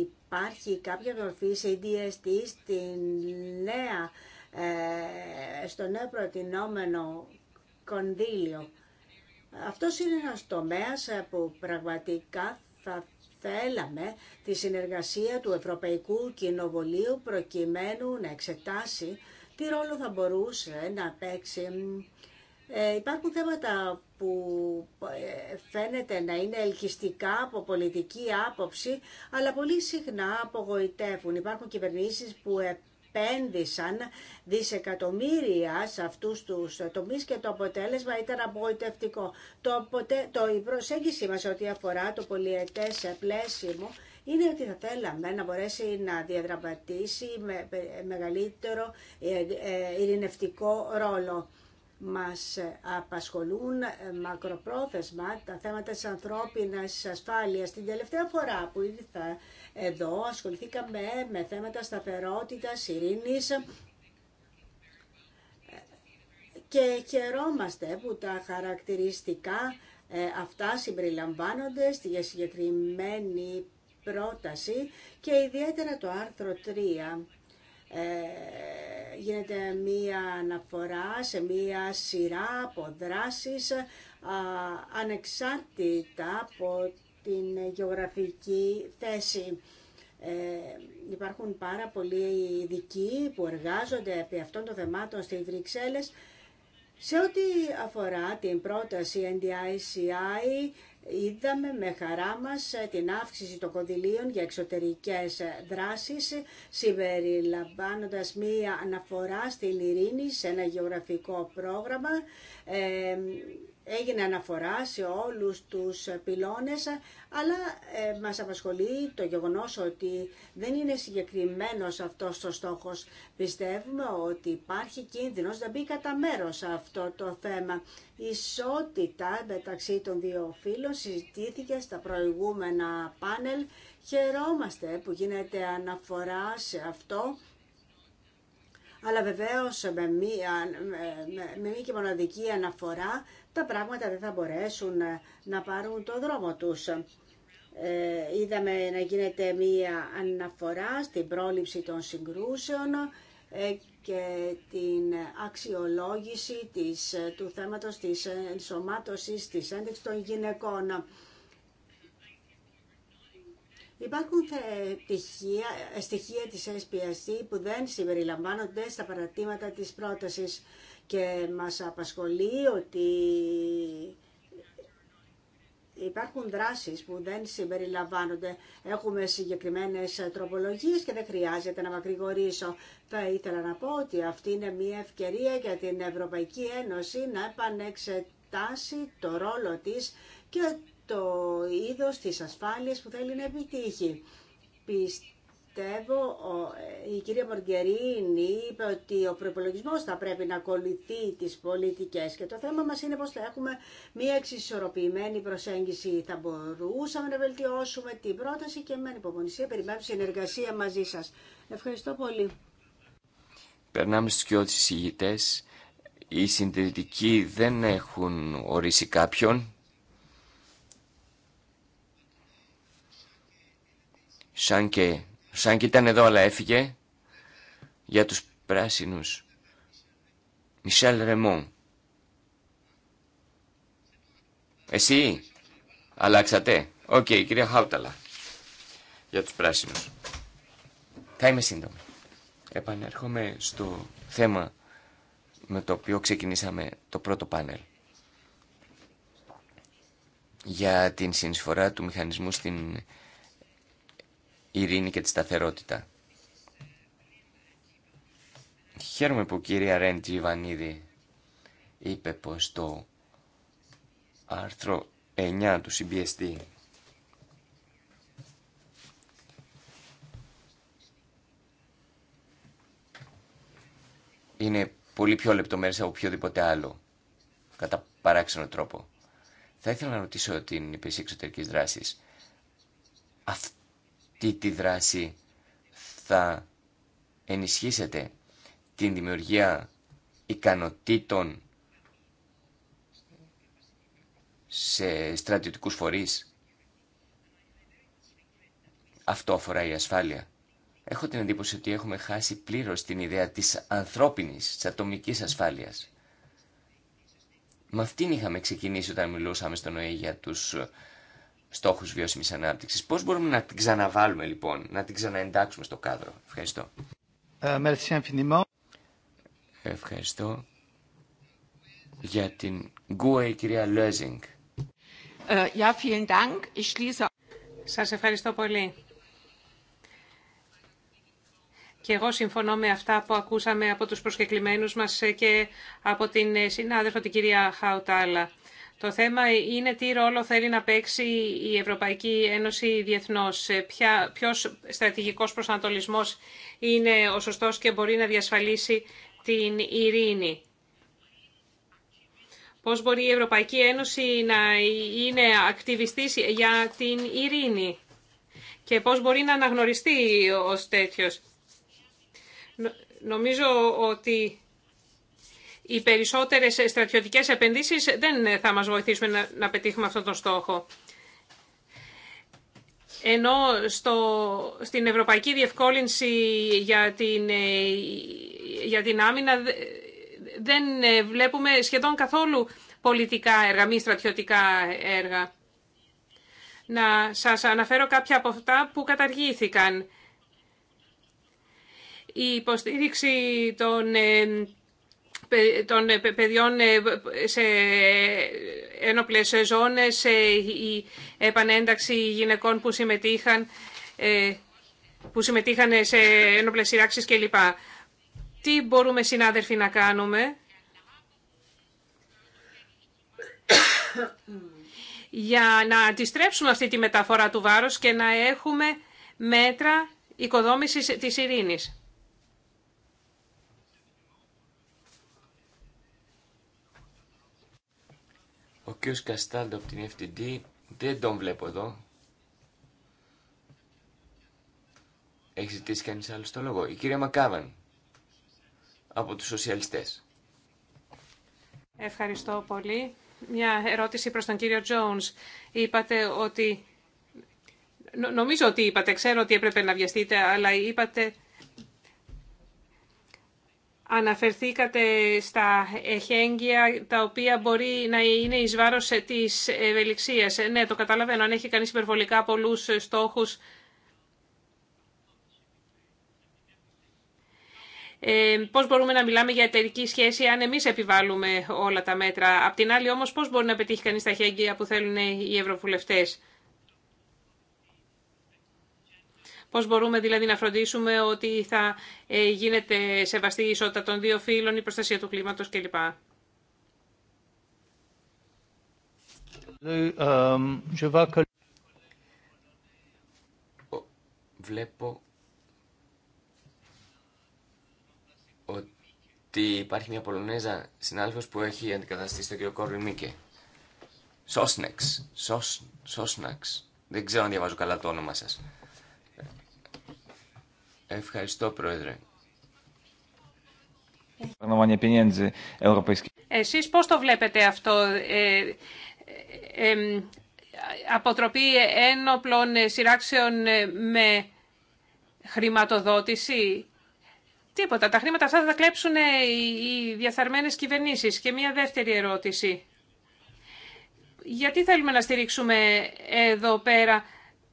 υπάρχει κάποια δορφή σε DST στην νέα, ε, στο νέο προτινόμενο κονδύλιο. Αυτό είναι ένας τομέας ε, που πραγματικά θα θέλαμε τη συνεργασία του Ευρωπαϊκού Κοινοβουλίου προκειμένου να εξετάσει τι ρόλο θα μπορούσε να παίξει. Ε, υπάρχουν θέματα που ε, φαίνεται να είναι ελκυστικά από πολιτική άποψη, αλλά πολύ συχνά απογοητεύουν. Υπάρχουν κυβερνήσεις που επένδυσαν δισεκατομμύρια σε αυτούς τους τομείς και το αποτέλεσμα ήταν απογοητευτικό. Το, το... Η προσέγγιση μας ό,τι αφορά το πολιετές πλαίσιμο είναι ότι θα θέλαμε να μπορέσει να διαδραματίσει με μεγαλύτερο ε, ε, ειρηνευτικό ρόλο μας απασχολούν μακροπρόθεσμα τα θέματα της ανθρώπινας ασφάλειας. Την τελευταία φορά που ήρθα εδώ ασχοληθήκαμε με θέματα σταθερότητας, ειρήνης και χαιρόμαστε που τα χαρακτηριστικά ε, αυτά συμπεριλαμβάνονται στη συγκεκριμένη πρόταση και ιδιαίτερα το άρθρο 3 ε, γίνεται μία αναφορά σε μία σειρά από δράσεις ανεξάρτητα από την γεωγραφική θέση. Ε, υπάρχουν πάρα πολλοί ειδικοί που εργάζονται επί αυτών των θεμάτων στη Βρυξέλλες. Σε ό,τι αφορά την πρόταση NDICI, Είδαμε με χαρά μας ε, την αύξηση των κονδυλίων για εξωτερικές ε, δράσεις, συμπεριλαμβάνοντας μία αναφορά στην ειρήνη σε ένα γεωγραφικό πρόγραμμα, ε, έγινε αναφορά σε όλους τους πυλώνες, αλλά ε, μας απασχολεί το γεγονός ότι δεν είναι συγκεκριμένος αυτός ο στόχος. Πιστεύουμε ότι υπάρχει κίνδυνος να μπει κατά μέρο αυτό το θέμα. Η ισότητα μεταξύ των δύο φίλων συζητήθηκε στα προηγούμενα πάνελ. Χαιρόμαστε που γίνεται αναφορά σε αυτό αλλά βεβαίως με μία, με και μοναδική αναφορά τα πράγματα δεν θα μπορέσουν ε, να πάρουν το δρόμο τους. Ε, είδαμε να γίνεται μία αναφορά στην πρόληψη των συγκρούσεων ε, και την αξιολόγηση της, του θέματος της ενσωμάτωσης της ένταξης των γυναικών. Υπάρχουν στοιχεία, ε, στοιχεία της SPSC που δεν συμπεριλαμβάνονται στα παρατήματα της πρότασης και μας απασχολεί ότι υπάρχουν δράσεις που δεν συμπεριλαμβάνονται. Έχουμε συγκεκριμένες τροπολογίες και δεν χρειάζεται να μακρηγορήσω. Θα ήθελα να πω ότι αυτή είναι μια ευκαιρία για την Ευρωπαϊκή Ένωση να επανεξετάσει το ρόλο της και το είδος της ασφάλειας που θέλει να επιτύχει. Πιστεύω, ε, η κυρία Μοργκερίνη είπε ότι ο προπολογισμό θα πρέπει να ακολουθεί τις πολιτικές και το θέμα μας είναι πως θα έχουμε μια εξισορροπημένη προσέγγιση. Θα μπορούσαμε να βελτιώσουμε την πρόταση και με ανυπομονησία περιμένουμε συνεργασία μαζί σας. Ευχαριστώ πολύ. Περνάμε στους κοιότητες ηγητές. Οι συντηρητικοί δεν έχουν ορίσει κάποιον. Σαν και, σαν και ήταν εδώ αλλά έφυγε για τους πράσινους. Μισελ Ρεμόν. Εσύ αλλάξατε. Οκ, okay, κυρία Χάουταλα. Για τους πράσινους. Θα είμαι σύντομη. Επανέρχομαι στο θέμα με το οποίο ξεκινήσαμε το πρώτο πάνελ. Για την συνεισφορά του μηχανισμού στην ειρήνη και τη σταθερότητα. Χαίρομαι που η κυρία Ρέντ Ιβανίδη είπε πως το άρθρο 9 του CBSD είναι πολύ πιο λεπτομέρειες από οποιοδήποτε άλλο, κατά παράξενο τρόπο. Θα ήθελα να ρωτήσω την υπηρεσία εξωτερικής δράσης. Αυτό αυτή τη δράση θα ενισχύσετε την δημιουργία ικανοτήτων σε στρατιωτικούς φορείς. Αυτό αφορά η ασφάλεια. Έχω την εντύπωση ότι έχουμε χάσει πλήρως την ιδέα της ανθρώπινης, της ατομικής ασφάλειας. Με αυτήν είχαμε ξεκινήσει όταν μιλούσαμε στον ΟΕ για τους στόχους βιώσιμης ανάπτυξης. Πώς μπορούμε να την ξαναβάλουμε λοιπόν, να την ξαναεντάξουμε στο κάδρο. Ευχαριστώ. Ε, ευχαριστώ για την Γκουέ, η κυρία Λέζινγκ. Ε, Σας ευχαριστώ πολύ. Και εγώ συμφωνώ με αυτά που ακούσαμε από τους προσκεκλημένους μας και από την συνάδελφο την κυρία Χαουτάλα. Το θέμα είναι τι ρόλο θέλει να παίξει η Ευρωπαϊκή Ένωση διεθνώς, ε, Ποιο στρατηγικό στρατηγικός είναι ο σωστός και μπορεί να διασφαλίσει την ειρήνη. Πώς μπορεί η Ευρωπαϊκή Ένωση να είναι ακτιβιστή για την ειρήνη και πώς μπορεί να αναγνωριστεί ως τέτοιος. Νομίζω ότι οι περισσότερες στρατιωτικές επενδύσεις δεν θα μας βοηθήσουν να πετύχουμε αυτόν τον στόχο. Ενώ στο, στην Ευρωπαϊκή Διευκόλυνση για την, ε, για την άμυνα δεν ε, βλέπουμε σχεδόν καθόλου πολιτικά έργα, μη στρατιωτικά έργα. Να σας αναφέρω κάποια από αυτά που καταργήθηκαν. Η υποστήριξη των ε, των ε, παιδιών ε, σε ένοπλες ζώνες, ε, η επανένταξη γυναικών που συμμετείχαν, που συμμετείχαν σε ένοπλες σειράξεις κλπ. Τι μπορούμε συνάδελφοι να κάνουμε για να αντιστρέψουμε αυτή τη μεταφορά του βάρους και να έχουμε μέτρα οικοδόμησης της ειρήνης. Ο κ. Καστάλτο από την FTD δεν τον βλέπω εδώ. Έχει ζητήσει κανεί άλλο το λόγο. Η κυρία Μακάβαν από του σοσιαλιστές. Ευχαριστώ πολύ. Μια ερώτηση προς τον κύριο Τζόουνς. Είπατε ότι... Νομίζω ότι είπατε, ξέρω ότι έπρεπε να βιαστείτε, αλλά είπατε Αναφερθήκατε στα εχέγγυα τα οποία μπορεί να είναι εις βάρος ε, της ευελιξίας. Ε, ναι, το καταλαβαίνω. Αν έχει κανείς υπερβολικά πολλούς ε, στόχους, Ε, πώς μπορούμε να μιλάμε για εταιρική σχέση αν εμείς επιβάλλουμε όλα τα μέτρα. Απ' την άλλη όμως πώς μπορεί να πετύχει κανείς τα εχέγγυα που θέλουν οι ευρωβουλευτές. Πώς μπορούμε δηλαδή να φροντίσουμε ότι θα ε, γίνεται σεβαστή η ισότητα των δύο φύλων, η προστασία του κλίματος κλπ. Ε, βλέπω ότι υπάρχει μια Πολωνέζα συνάδελφος που έχει αντικαταστήσει τον κύριο Κόρβι Μίκε. Σόσνεξ. Σόσ, σόσναξ. Δεν ξέρω αν διαβάζω καλά το όνομά σας. Ευχαριστώ, Πρόεδρε. Εσείς πώς το βλέπετε αυτό, ε, ε, ε, ε αποτροπή ένοπλων σειράξεων ε, με χρηματοδότηση. Τίποτα, τα χρήματα αυτά θα τα κλέψουν ε, οι διαθαρμένες κυβερνήσεις. Και μια δεύτερη ερώτηση. Γιατί θέλουμε να στηρίξουμε εδώ πέρα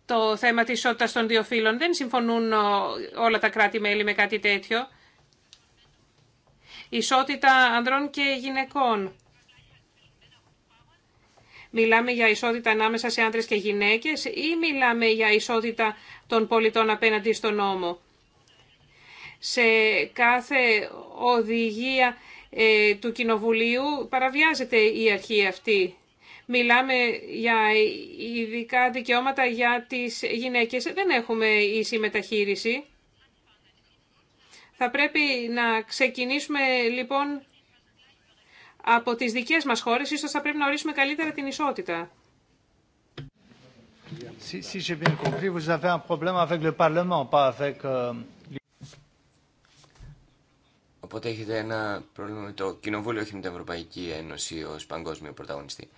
το θέμα της ισότητας των δύο φύλων. Δεν συμφωνούν όλα τα κράτη-μέλη με κάτι τέτοιο. Ισότητα ανδρών και γυναικών. Μιλάμε για ισότητα ανάμεσα σε άντρες και γυναίκες ή μιλάμε για ισότητα των πολιτών απέναντι στον νόμο. Σε κάθε οδηγία ε, του Κοινοβουλίου παραβιάζεται η αρχή αυτή μιλάμε για ειδικά δικαιώματα για τις γυναίκες. Δεν έχουμε ίση μεταχείριση. Θα πρέπει να ξεκινήσουμε λοιπόν από τις δικές μας χώρες, ίσως θα πρέπει να ορίσουμε καλύτερα την ισότητα. Οπότε έχετε ένα πρόβλημα με το Κοινοβούλιο, όχι με την Ευρωπαϊκή Ένωση ως παγκόσμιο πρωταγωνιστή.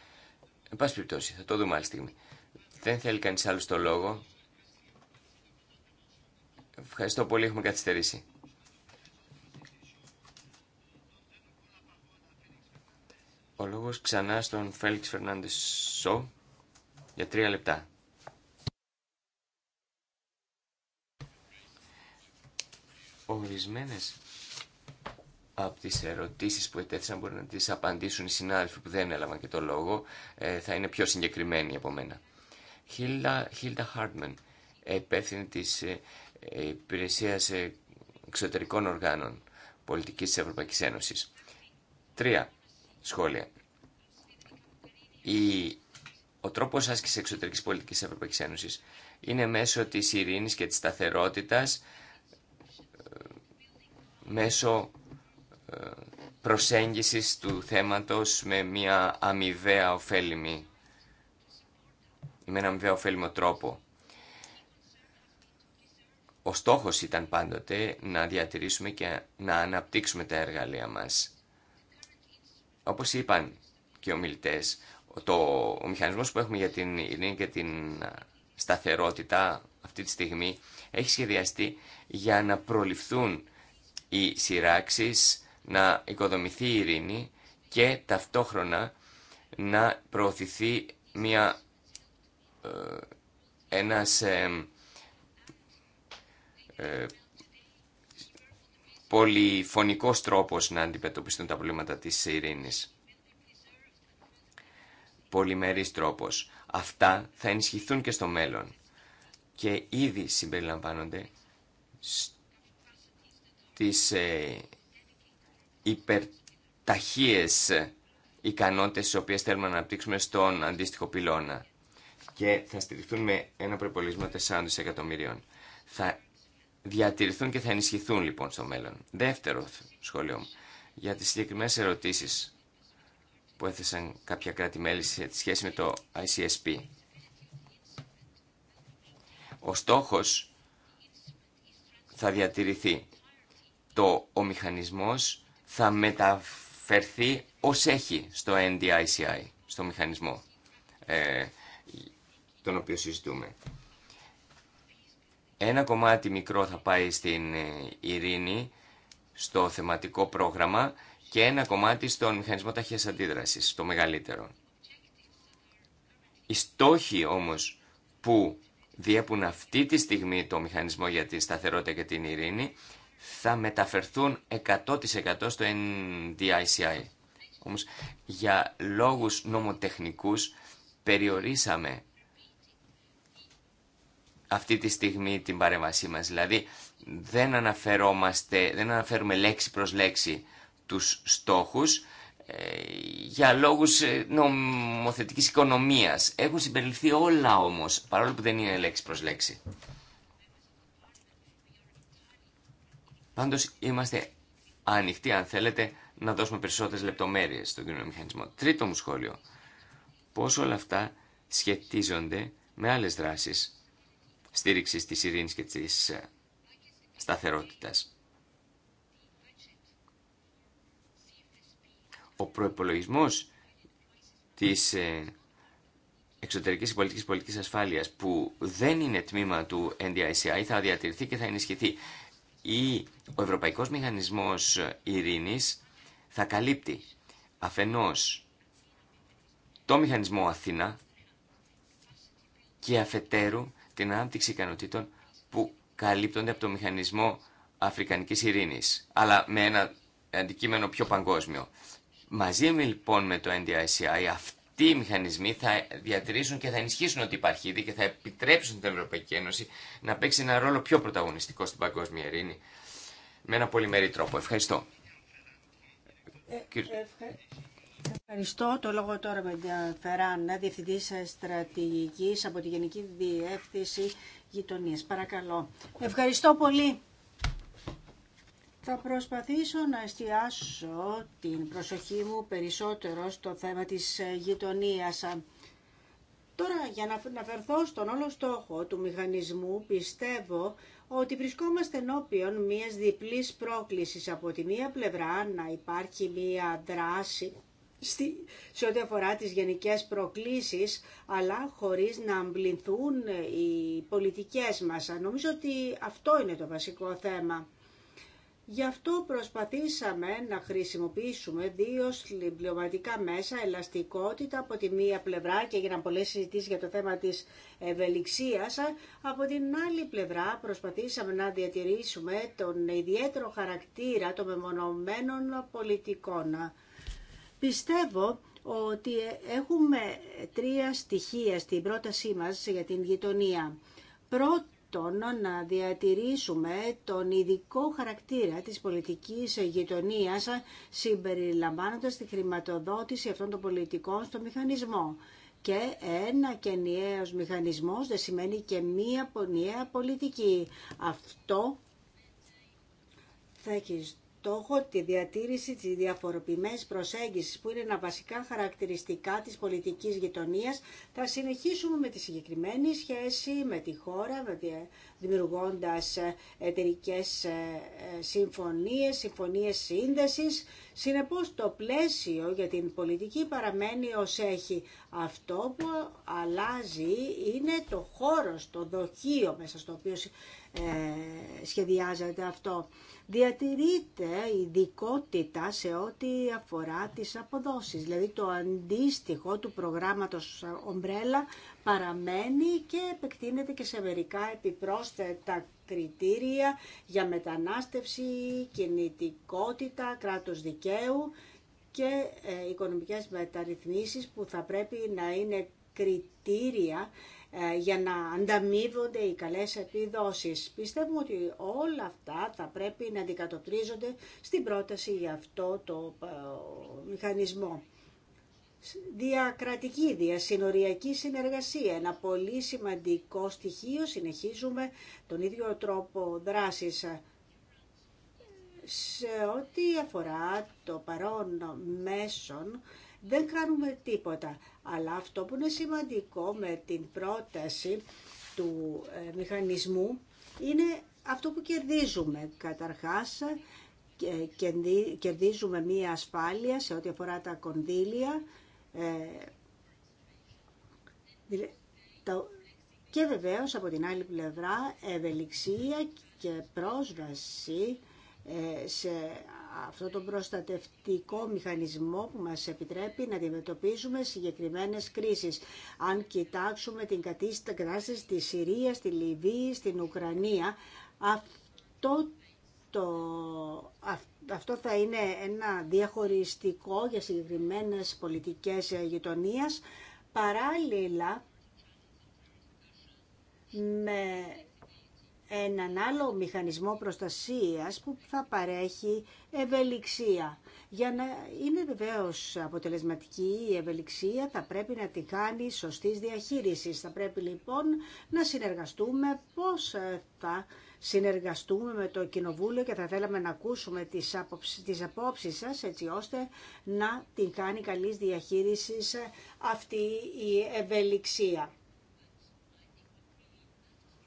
Εν πάση περιπτώσει, θα το δούμε άλλη στιγμή. Δεν θέλει κανεί άλλο το λόγο. Ευχαριστώ πολύ, έχουμε καθυστερήσει. Ο λόγος ξανά στον Φέλιξ Φερνάντες Σο για τρία λεπτά. Ορισμένες από τις ερωτήσεις που ετέθησαν μπορεί να τις απαντήσουν οι συνάδελφοι που δεν έλαβαν και το λόγο, ε, θα είναι πιο συγκεκριμένοι από μένα. Χίλτα Χάρτμαν, υπεύθυνη της ε, ε, υπηρεσία εξωτερικών οργάνων πολιτικής της Ευρωπαϊκής Ένωσης. Τρία σχόλια. Η, ο τρόπος άσκησης εξωτερικής πολιτικής της Ευρωπαϊκής Ένωσης είναι μέσω της ειρήνης και της σταθερότητας, μέσω προσέγγισης του θέματος με μια αμοιβαία ωφέλιμη με ένα αμοιβαίο ωφέλιμο τρόπο. Ο στόχος ήταν πάντοτε να διατηρήσουμε και να αναπτύξουμε τα εργαλεία μας. Όπως είπαν και οι ομιλητές, το, ο μηχανισμός που έχουμε για την ειρήνη και την σταθερότητα αυτή τη στιγμή έχει σχεδιαστεί για να προληφθούν οι σειράξεις, να οικοδομηθεί η ειρήνη και ταυτόχρονα να προωθηθεί μια, ε, ένας ε, ε, πολυφωνικός τρόπος να αντιμετωπιστούν τα προβλήματα της ειρήνης. Πολυμερής τρόπος. Αυτά θα ενισχυθούν και στο μέλλον και ήδη συμπεριλαμβάνονται στις ε, υπερταχείες ικανότητες τις οποίες θέλουμε να αναπτύξουμε στον αντίστοιχο πυλώνα και θα στηριχθούν με ένα προπολισμό 4 δισεκατομμυρίων. Θα διατηρηθούν και θα ενισχυθούν λοιπόν στο μέλλον. Δεύτερο σχόλιο μου, για τις συγκεκριμένε ερωτήσεις που έθεσαν κάποια κράτη-μέλη σε σχέση με το ICSP. Ο στόχος θα διατηρηθεί. Το, ο μηχανισμός θα μεταφερθεί ως έχει στο NDICI, στο μηχανισμό ε, τον οποίο συζητούμε. Ένα κομμάτι μικρό θα πάει στην ε, ειρήνη, στο θεματικό πρόγραμμα και ένα κομμάτι στον μηχανισμό ταχείας αντίδρασης, το μεγαλύτερο. Οι στόχοι όμως που διέπουν αυτή τη στιγμή το μηχανισμό για τη σταθερότητα και την ειρήνη θα μεταφερθούν 100% στο NDICI. Όμως για λόγους νομοτεχνικούς περιορίσαμε αυτή τη στιγμή την παρέμβασή μας. Δηλαδή δεν, αναφερόμαστε, δεν αναφέρουμε λέξη προς λέξη τους στόχους ε, για λόγους ε, νομοθετικής οικονομίας. Έχουν συμπεριληφθεί όλα όμως, παρόλο που δεν είναι λέξη προς λέξη. Πάντως είμαστε ανοιχτοί, αν θέλετε, να δώσουμε περισσότερες λεπτομέρειες στον κοινωνικό μηχανισμό. Τρίτο μου σχόλιο. Πώς όλα αυτά σχετίζονται με άλλες δράσεις στήριξης της ειρήνης και της ε, σταθερότητας. Ο προϋπολογισμός της ε, εξωτερικής και πολιτικής πολιτικής ασφάλειας που δεν είναι τμήμα του NDICI θα διατηρηθεί και θα ενισχυθεί ή ο Ευρωπαϊκός Μηχανισμός Ειρήνης θα καλύπτει αφενός το μηχανισμό Αθήνα και αφετέρου την ανάπτυξη ικανοτήτων που καλύπτονται από το μηχανισμό Αφρικανικής Ειρήνης, αλλά με ένα αντικείμενο πιο παγκόσμιο. Μαζί με λοιπόν με το NDICI αυτό τι μηχανισμοί θα διατηρήσουν και θα ενισχύσουν ότι υπάρχει ήδη και θα επιτρέψουν την Ευρωπαϊκή Ένωση να παίξει ένα ρόλο πιο πρωταγωνιστικό στην παγκόσμια ειρήνη με ένα πολυμερή τρόπο. Ευχαριστώ. Ε, ευχαριστώ. Το λόγο τώρα με την Φεράνα, ε, Διευθυντή ε, Στρατηγική από τη Γενική Διεύθυνση Γειτονία. Παρακαλώ. Ευχαριστώ πολύ. Θα προσπαθήσω να εστιάσω την προσοχή μου περισσότερο στο θέμα της ε, γειτονίας. Τώρα, για να φερθώ στον όλο στόχο του μηχανισμού, πιστεύω ότι βρισκόμαστε ενώπιον μιας διπλής πρόκλησης. Από τη μία πλευρά να υπάρχει μία δράση σε ό,τι αφορά τις γενικές προκλήσεις, αλλά χωρίς να αμπληθούν ε, οι πολιτικές μας. Νομίζω ότι αυτό είναι το βασικό θέμα. Γι' αυτό προσπαθήσαμε να χρησιμοποιήσουμε δύο συμπληρωματικά μέσα, ελαστικότητα από τη μία πλευρά και έγιναν πολλές συζητήσεις για το θέμα της ευελιξίας. Από την άλλη πλευρά προσπαθήσαμε να διατηρήσουμε τον ιδιαίτερο χαρακτήρα των μεμονωμένων πολιτικών. Πιστεύω ότι έχουμε τρία στοιχεία στην πρότασή μας για την γειτονία. Πρώτο, να διατηρήσουμε τον ειδικό χαρακτήρα της πολιτικής γειτονίας συμπεριλαμβάνοντας τη χρηματοδότηση αυτών των πολιτικών στο μηχανισμό. Και ένα και μηχανισμός δεν σημαίνει και μία πονιαία πολιτική. Αυτό θα έχει στόχο τη διατήρηση της διαφοροποιημένης προσέγγισης που είναι ένα βασικά χαρακτηριστικά της πολιτικής γειτονίας. Θα συνεχίσουμε με τη συγκεκριμένη σχέση με τη χώρα, δημιουργώντας ε, εταιρικέ ε, ε, συμφωνίες, συμφωνίες σύνδεσης. Συνεπώς το πλαίσιο για την πολιτική παραμένει ως έχει. Αυτό που αλλάζει είναι το χώρο, το δοχείο μέσα στο οποίο σχεδιάζεται αυτό διατηρείται δικότητα σε ό,τι αφορά τις αποδόσεις. Δηλαδή το αντίστοιχο του προγράμματος ομπρέλα παραμένει και επεκτείνεται και σε μερικά επιπρόσθετα κριτήρια για μετανάστευση, κινητικότητα, κράτος δικαίου και ε, οικονομικές μεταρρυθμίσεις που θα πρέπει να είναι κριτήρια ε, για να ανταμείβονται οι καλές επιδόσεις. Πιστεύουμε ότι όλα αυτά θα πρέπει να αντικατοπτρίζονται στην πρόταση για αυτό το ε, μηχανισμό. Διακρατική, διασυνοριακή συνεργασία, ένα πολύ σημαντικό στοιχείο, συνεχίζουμε τον ίδιο τρόπο δράσης σε ό,τι αφορά το παρόν μέσον δεν κάνουμε τίποτα. Αλλά αυτό που είναι σημαντικό με την πρόταση του ε, μηχανισμού είναι αυτό που κερδίζουμε. Καταρχάς, ε, κερδίζουμε μία ασφάλεια σε ό,τι αφορά τα κονδύλια ε, και βεβαίως από την άλλη πλευρά ευελιξία και πρόσβαση σε αυτό το προστατευτικό μηχανισμό που μας επιτρέπει να αντιμετωπίζουμε συγκεκριμένες κρίσεις. Αν κοιτάξουμε την κατάσταση στη Συρία, στη Λιβύη, στην Ουκρανία, αυτό αυτό θα είναι ένα διαχωριστικό για συγκεκριμένες πολιτικές γειτονίας, παράλληλα με έναν άλλο μηχανισμό προστασίας που θα παρέχει ευελιξία. Για να είναι βεβαίω αποτελεσματική η ευελιξία θα πρέπει να τη κάνει σωστής διαχείρισης. Θα πρέπει λοιπόν να συνεργαστούμε πώς θα συνεργαστούμε με το Κοινοβούλιο και θα θέλαμε να ακούσουμε τις, απόψεις, τις απόψεις σας έτσι ώστε να την κάνει καλής διαχείρισης αυτή η ευελιξία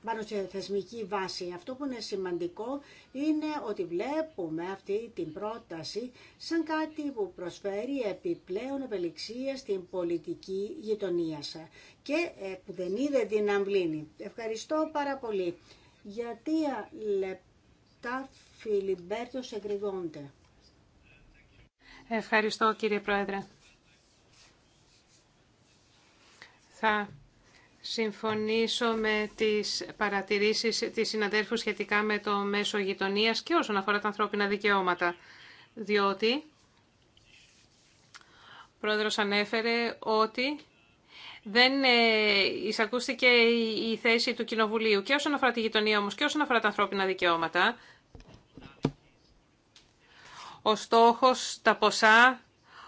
πάνω σε θεσμική βάση. Αυτό που είναι σημαντικό είναι ότι βλέπουμε αυτή την πρόταση σαν κάτι που προσφέρει επιπλέον ευελιξία στην πολιτική γειτονία και ε, που δεν είδε την αμβλήνη. Ευχαριστώ πάρα πολύ. Γιατί λεπτά Φιλιμπέρτος εγκριγόνται. Ευχαριστώ κύριε Πρόεδρε. Θα συμφωνήσω με τις παρατηρήσεις της συναδέλφου σχετικά με το μέσο γειτονία και όσον αφορά τα ανθρώπινα δικαιώματα. Διότι ο Πρόεδρος ανέφερε ότι δεν ε, εισακούστηκε η θέση του Κοινοβουλίου και όσον αφορά τη γειτονία όμως και όσον αφορά τα ανθρώπινα δικαιώματα. Ο στόχος, τα ποσά,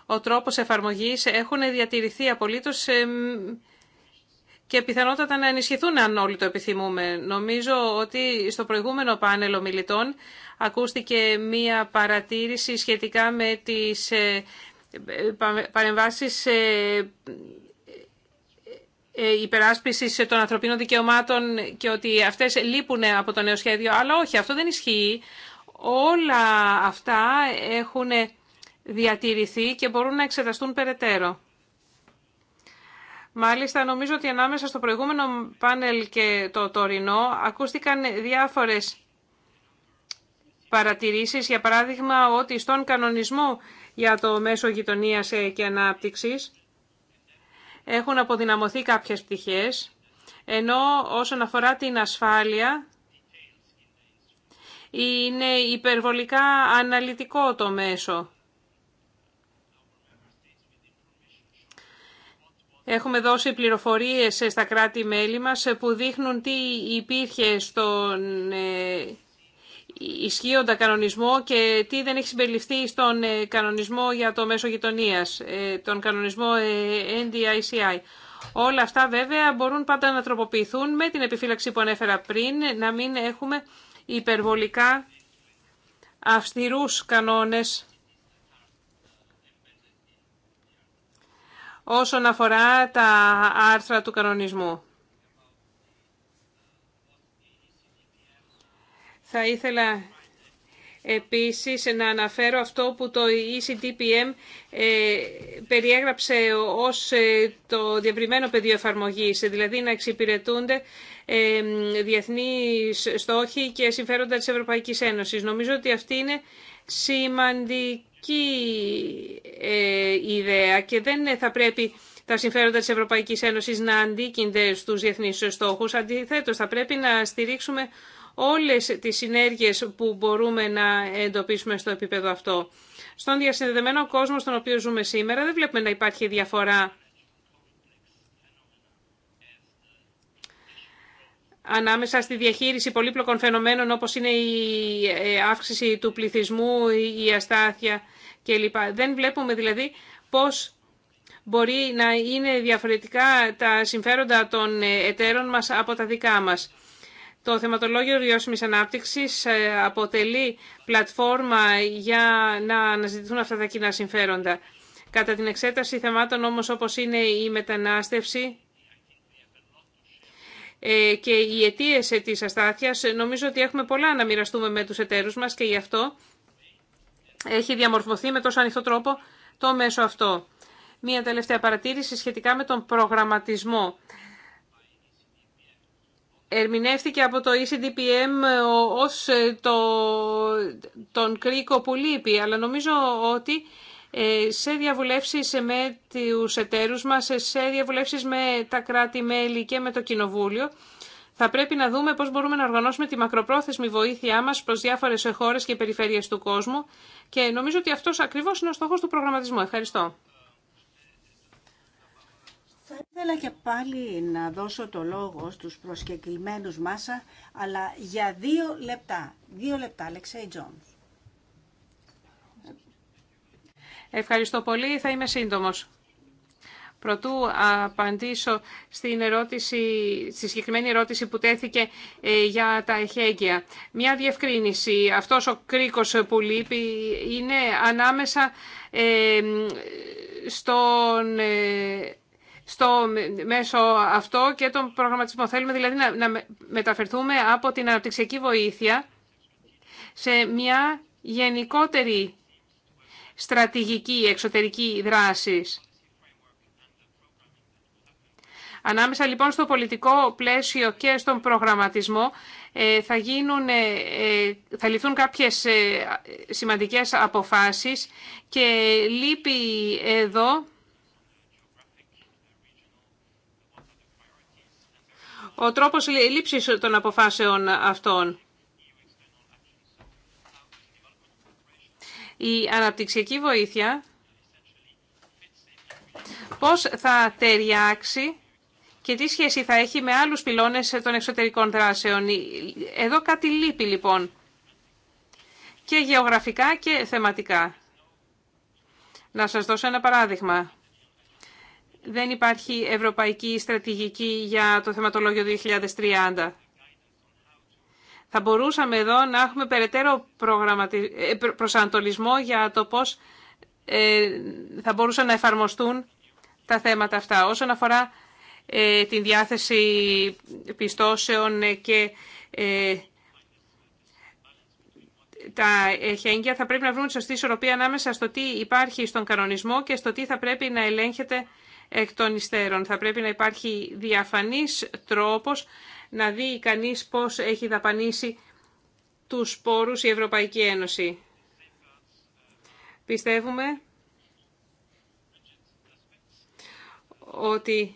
ο τρόπος εφαρμογής έχουν διατηρηθεί απολύτως και πιθανότατα να ενισχυθούν αν όλοι το επιθυμούμε. Νομίζω ότι στο προηγούμενο πάνελ ομιλητών ακούστηκε μία παρατήρηση σχετικά με τις ε, παρεμβάσεις ε, ε, υπεράσπισης των ανθρωπίνων δικαιωμάτων και ότι αυτές λείπουν από το νέο σχέδιο, αλλά όχι, αυτό δεν ισχύει. Όλα αυτά έχουν διατηρηθεί και μπορούν να εξεταστούν περαιτέρω. Μάλιστα, νομίζω ότι ανάμεσα στο προηγούμενο πάνελ και το τωρινό ακούστηκαν διάφορες παρατηρήσεις, για παράδειγμα ότι στον κανονισμό για το μέσο γειτονίας και ανάπτυξης έχουν αποδυναμωθεί κάποιες πτυχές, ενώ όσον αφορά την ασφάλεια είναι υπερβολικά αναλυτικό το μέσο. Έχουμε δώσει πληροφορίες στα κράτη-μέλη μας που δείχνουν τι υπήρχε στον ε, ισχύοντα κανονισμό και τι δεν έχει συμπεριληφθεί στον ε, κανονισμό για το μέσο γειτονία, ε, τον κανονισμό NDICI. Όλα αυτά βέβαια μπορούν πάντα να τροποποιηθούν με την επιφύλαξη που ανέφερα πριν, να μην έχουμε υπερβολικά αυστηρούς κανόνες όσον αφορά τα άρθρα του κανονισμού. Θα ήθελα επίσης να αναφέρω αυτό που το ECDPM ε, περιέγραψε ως ε, το διευρυμένο πεδίο εφαρμογής, δηλαδή να εξυπηρετούνται ε, διεθνείς στόχοι και συμφέροντα της Ευρωπαϊκής Ένωσης. Νομίζω ότι αυτή είναι σημαντική η ε, ιδέα και δεν θα πρέπει τα συμφέροντα της Ευρωπαϊκής Ένωσης να αντίκυνται στους διεθνείς στόχους. Αντιθέτως, θα πρέπει να στηρίξουμε όλες τις συνέργειες που μπορούμε να εντοπίσουμε στο επίπεδο αυτό. Στον διασυνδεδεμένο κόσμο στον οποίο ζούμε σήμερα δεν βλέπουμε να υπάρχει διαφορά ανάμεσα στη διαχείριση πολύπλοκων φαινομένων όπως είναι η ε, αύξηση του πληθυσμού, η αστάθεια κλπ. Δεν βλέπουμε δηλαδή πώς μπορεί να είναι διαφορετικά τα συμφέροντα των ε, εταίρων μας από τα δικά μας. Το θεματολόγιο βιώσιμη ανάπτυξη ε, αποτελεί πλατφόρμα για να αναζητηθούν αυτά τα κοινά συμφέροντα. Κατά την εξέταση θεμάτων όμως όπως είναι η μετανάστευση, ε, και οι αιτίε τη αστάθειας νομίζω ότι έχουμε πολλά να μοιραστούμε με του εταίρου μας και γι' αυτό έχει διαμορφωθεί με τόσο ανοιχτό τρόπο το μέσο αυτό. Μία τελευταία παρατήρηση σχετικά με τον προγραμματισμό. Ερμηνεύτηκε από το ECDPM ε, ως ε, το, τον κρίκο που λείπει, αλλά νομίζω ότι ε, σε διαβουλεύσεις με τους εταίρους μας, σε διαβουλεύσεις με τα κράτη-μέλη και με το Κοινοβούλιο. Θα πρέπει να δούμε πώς μπορούμε να οργανώσουμε τη μακροπρόθεσμη βοήθειά μας προς διάφορες χώρες και περιφέρειες του κόσμου και νομίζω ότι αυτός ακριβώς είναι ο στόχος του προγραμματισμού. Ευχαριστώ. Θα ήθελα και πάλι να δώσω το λόγο στους προσκεκλημένους μας, αλλά για δύο λεπτά. Δύο λεπτά, Αλεξέη Τζόνς. Ευχαριστώ πολύ. Θα είμαι σύντομος. Προτού απαντήσω στην, ερώτηση, στη συγκεκριμένη ερώτηση που τέθηκε ε, για τα εχέγγυα. Μια διευκρίνηση. Αυτός ο κρίκος που λείπει είναι ανάμεσα ε, στον ε, στο μέσο αυτό και τον προγραμματισμό. Θέλουμε δηλαδή να μεταφερθούμε από την αναπτυξιακή βοήθεια σε μια γενικότερη στρατηγική εξωτερική δράσης. Ανάμεσα λοιπόν στο πολιτικό πλαίσιο και στον προγραμματισμό ε, θα, γίνουν, ε, ε, θα ληφθούν κάποιες σημαντικές αποφάσεις και λείπει εδώ ο τρόπος λήψης των αποφάσεων αυτών. Η αναπτυξιακή βοήθεια πώς θα ταιριάξει και τι σχέση θα έχει με άλλους πυλώνες των εξωτερικών δράσεων. Εδώ κάτι λείπει λοιπόν και γεωγραφικά και θεματικά. Να σας δώσω ένα παράδειγμα. Δεν υπάρχει ευρωπαϊκή στρατηγική για το θεματολόγιο 2030. Θα μπορούσαμε εδώ να έχουμε περαιτέρω ε, προσανατολισμό για το πώς ε, θα μπορούσαν να εφαρμοστούν τα θέματα αυτά. Όσον αφορά ε, την διάθεση πιστώσεων και τα εχέγγυα, θα πρέπει να βρούμε τη σωστή ισορροπία ανάμεσα στο τι υπάρχει στον κανονισμό και στο τι θα πρέπει να ελέγχεται εκ των υστέρων. Θα πρέπει να υπάρχει διαφανής τρόπος να δει κανείς πώς έχει δαπανίσει τους σπόρους η Ευρωπαϊκή Ένωση. Πιστεύουμε ότι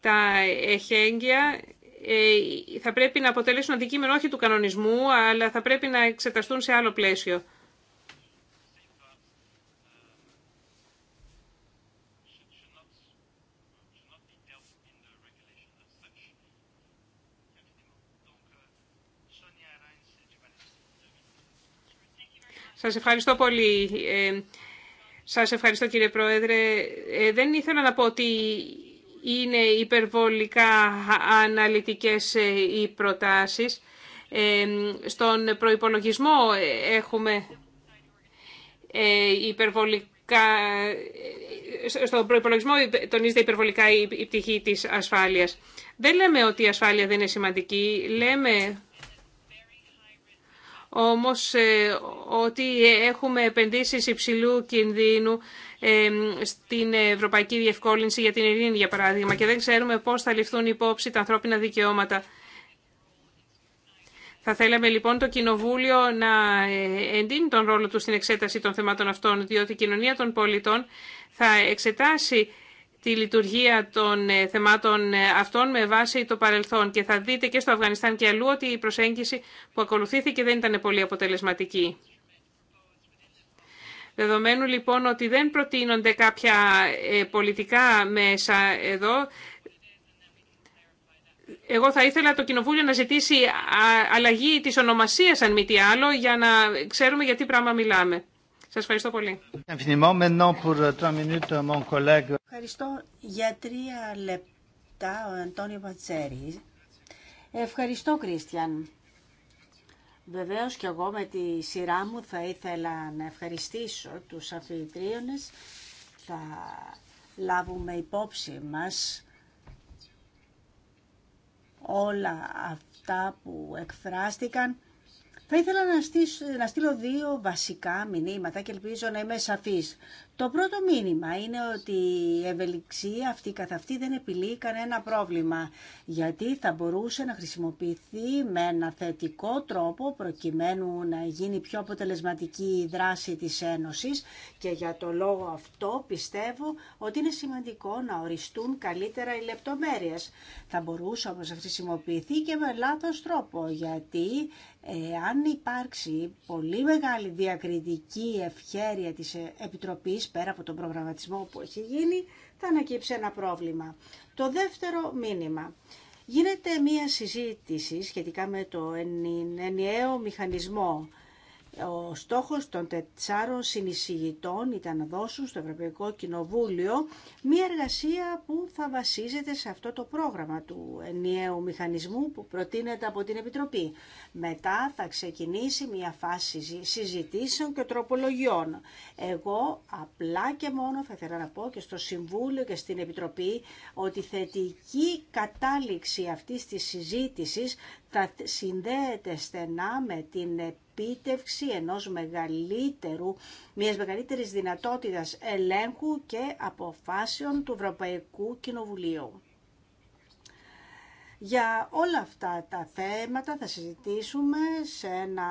τα εχέγγυα ε, θα πρέπει να αποτελέσουν αντικείμενο όχι του κανονισμού, αλλά θα πρέπει να εξεταστούν σε άλλο πλαίσιο. Σας ευχαριστώ πολύ. Ε, σας ευχαριστώ κύριε Πρόεδρε. Ε, δεν ήθελα να πω ότι είναι υπερβολικά αναλυτικές ε, οι προτάσεις. Στον προϋπολογισμό έχουμε υπερβολικά... Στον προϋπολογισμό τονίζεται υπερβολικά η πτυχή της ασφάλειας. Δεν λέμε ότι η ασφάλεια δεν είναι σημαντική. Λέμε όμως ε, ότι έχουμε επενδύσει υψηλού κινδύνου ε, στην Ευρωπαϊκή Διευκόλυνση για την Ειρήνη, για παράδειγμα, και δεν ξέρουμε πώς θα ληφθούν υπόψη τα ανθρώπινα δικαιώματα. Θα θέλαμε λοιπόν το Κοινοβούλιο να ε, εντείνει τον ρόλο του στην εξέταση των θεμάτων αυτών, διότι η κοινωνία των πολιτών θα εξετάσει τη λειτουργία των ε, θεμάτων ε, αυτών με βάση το παρελθόν. Και θα δείτε και στο Αφγανιστάν και αλλού ότι η προσέγγιση που ακολουθήθηκε δεν ήταν πολύ αποτελεσματική. Δεδομένου λοιπόν ότι δεν προτείνονται κάποια ε, πολιτικά μέσα εδώ, εγώ θα ήθελα το Κοινοβούλιο να ζητήσει αλλαγή της ονομασίας αν μη τι άλλο για να ξέρουμε γιατί πράγμα μιλάμε. Σα ευχαριστώ πολύ. Euh, euh, ευχαριστώ για τρία λεπτά ο Αντώνιο Πατσέρη. Ευχαριστώ Κρίστιαν. Βεβαίω και εγώ με τη σειρά μου θα ήθελα να ευχαριστήσω τους αφιτρίωνε. Θα λάβουμε υπόψη μας όλα αυτά που εκφράστηκαν θα ήθελα να, στήσω, να στείλω δύο βασικά μηνύματα και ελπίζω να είμαι σαφής. Το πρώτο μήνυμα είναι ότι η ευελιξία αυτή καθ' αυτή δεν επιλύει κανένα πρόβλημα, γιατί θα μπορούσε να χρησιμοποιηθεί με ένα θετικό τρόπο προκειμένου να γίνει πιο αποτελεσματική η δράση της Ένωσης και για το λόγο αυτό πιστεύω ότι είναι σημαντικό να οριστούν καλύτερα οι λεπτομέρειες. Θα μπορούσε όμως να χρησιμοποιηθεί και με λάθος τρόπο, γιατί αν υπάρξει πολύ μεγάλη διακριτική ευχέρεια της ε, Επιτροπής, πέρα από τον προγραμματισμό που έχει γίνει, θα ανακύψει ένα πρόβλημα. Το δεύτερο μήνυμα. Γίνεται μία συζήτηση σχετικά με το ενιαίο μηχανισμό. Ο στόχος των τετσάρων συνεισηγητών ήταν να δώσουν στο Ευρωπαϊκό Κοινοβούλιο μία εργασία που θα βασίζεται σε αυτό το πρόγραμμα του ενιαίου μηχανισμού που προτείνεται από την Επιτροπή. Μετά θα ξεκινήσει μια φάση συζητήσεων και τροπολογιών. Εγώ απλά και μόνο θα ήθελα να πω και στο Συμβούλιο και στην Επιτροπή ότι η θετική κατάληξη αυτής της συζήτησης θα συνδέεται στενά με την επίτευξη ενός μεγαλύτερου, μιας μεγαλύτερης δυνατότητας ελέγχου και αποφάσεων του Ευρωπαϊκού Κοινοβουλίου. Για όλα αυτά τα θέματα θα συζητήσουμε σε ένα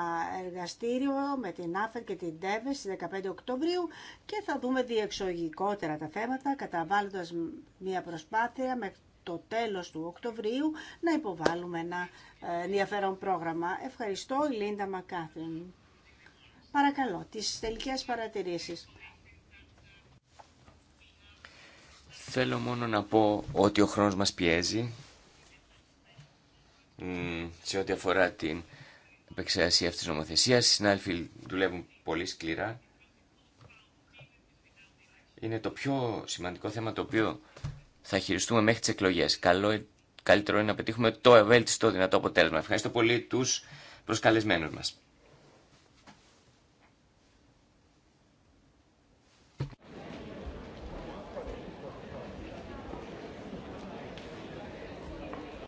εργαστήριο με την ΑΦΕΡ και την ΤΕΒΕ στις 15 Οκτωβρίου και θα δούμε διεξογικότερα τα θέματα καταβάλλοντας μια προσπάθεια με το τέλος του Οκτωβρίου να υποβάλουμε ένα ενδιαφέρον πρόγραμμα. Ευχαριστώ, Λίντα Μακάθιν. Παρακαλώ, τις τελικές παρατηρήσεις. Θέλω μόνο να πω ότι ο χρόνος μας πιέζει σε ό,τι αφορά την επεξεργασία αυτής της νομοθεσίας. Οι συνάδελφοι δουλεύουν πολύ σκληρά. Είναι το πιο σημαντικό θέμα το οποίο θα χειριστούμε μέχρι τις εκλογές. Καλό, καλύτερο είναι να πετύχουμε το ευέλτιστο δυνατό αποτέλεσμα. Ευχαριστώ πολύ τους προσκαλεσμένους μας.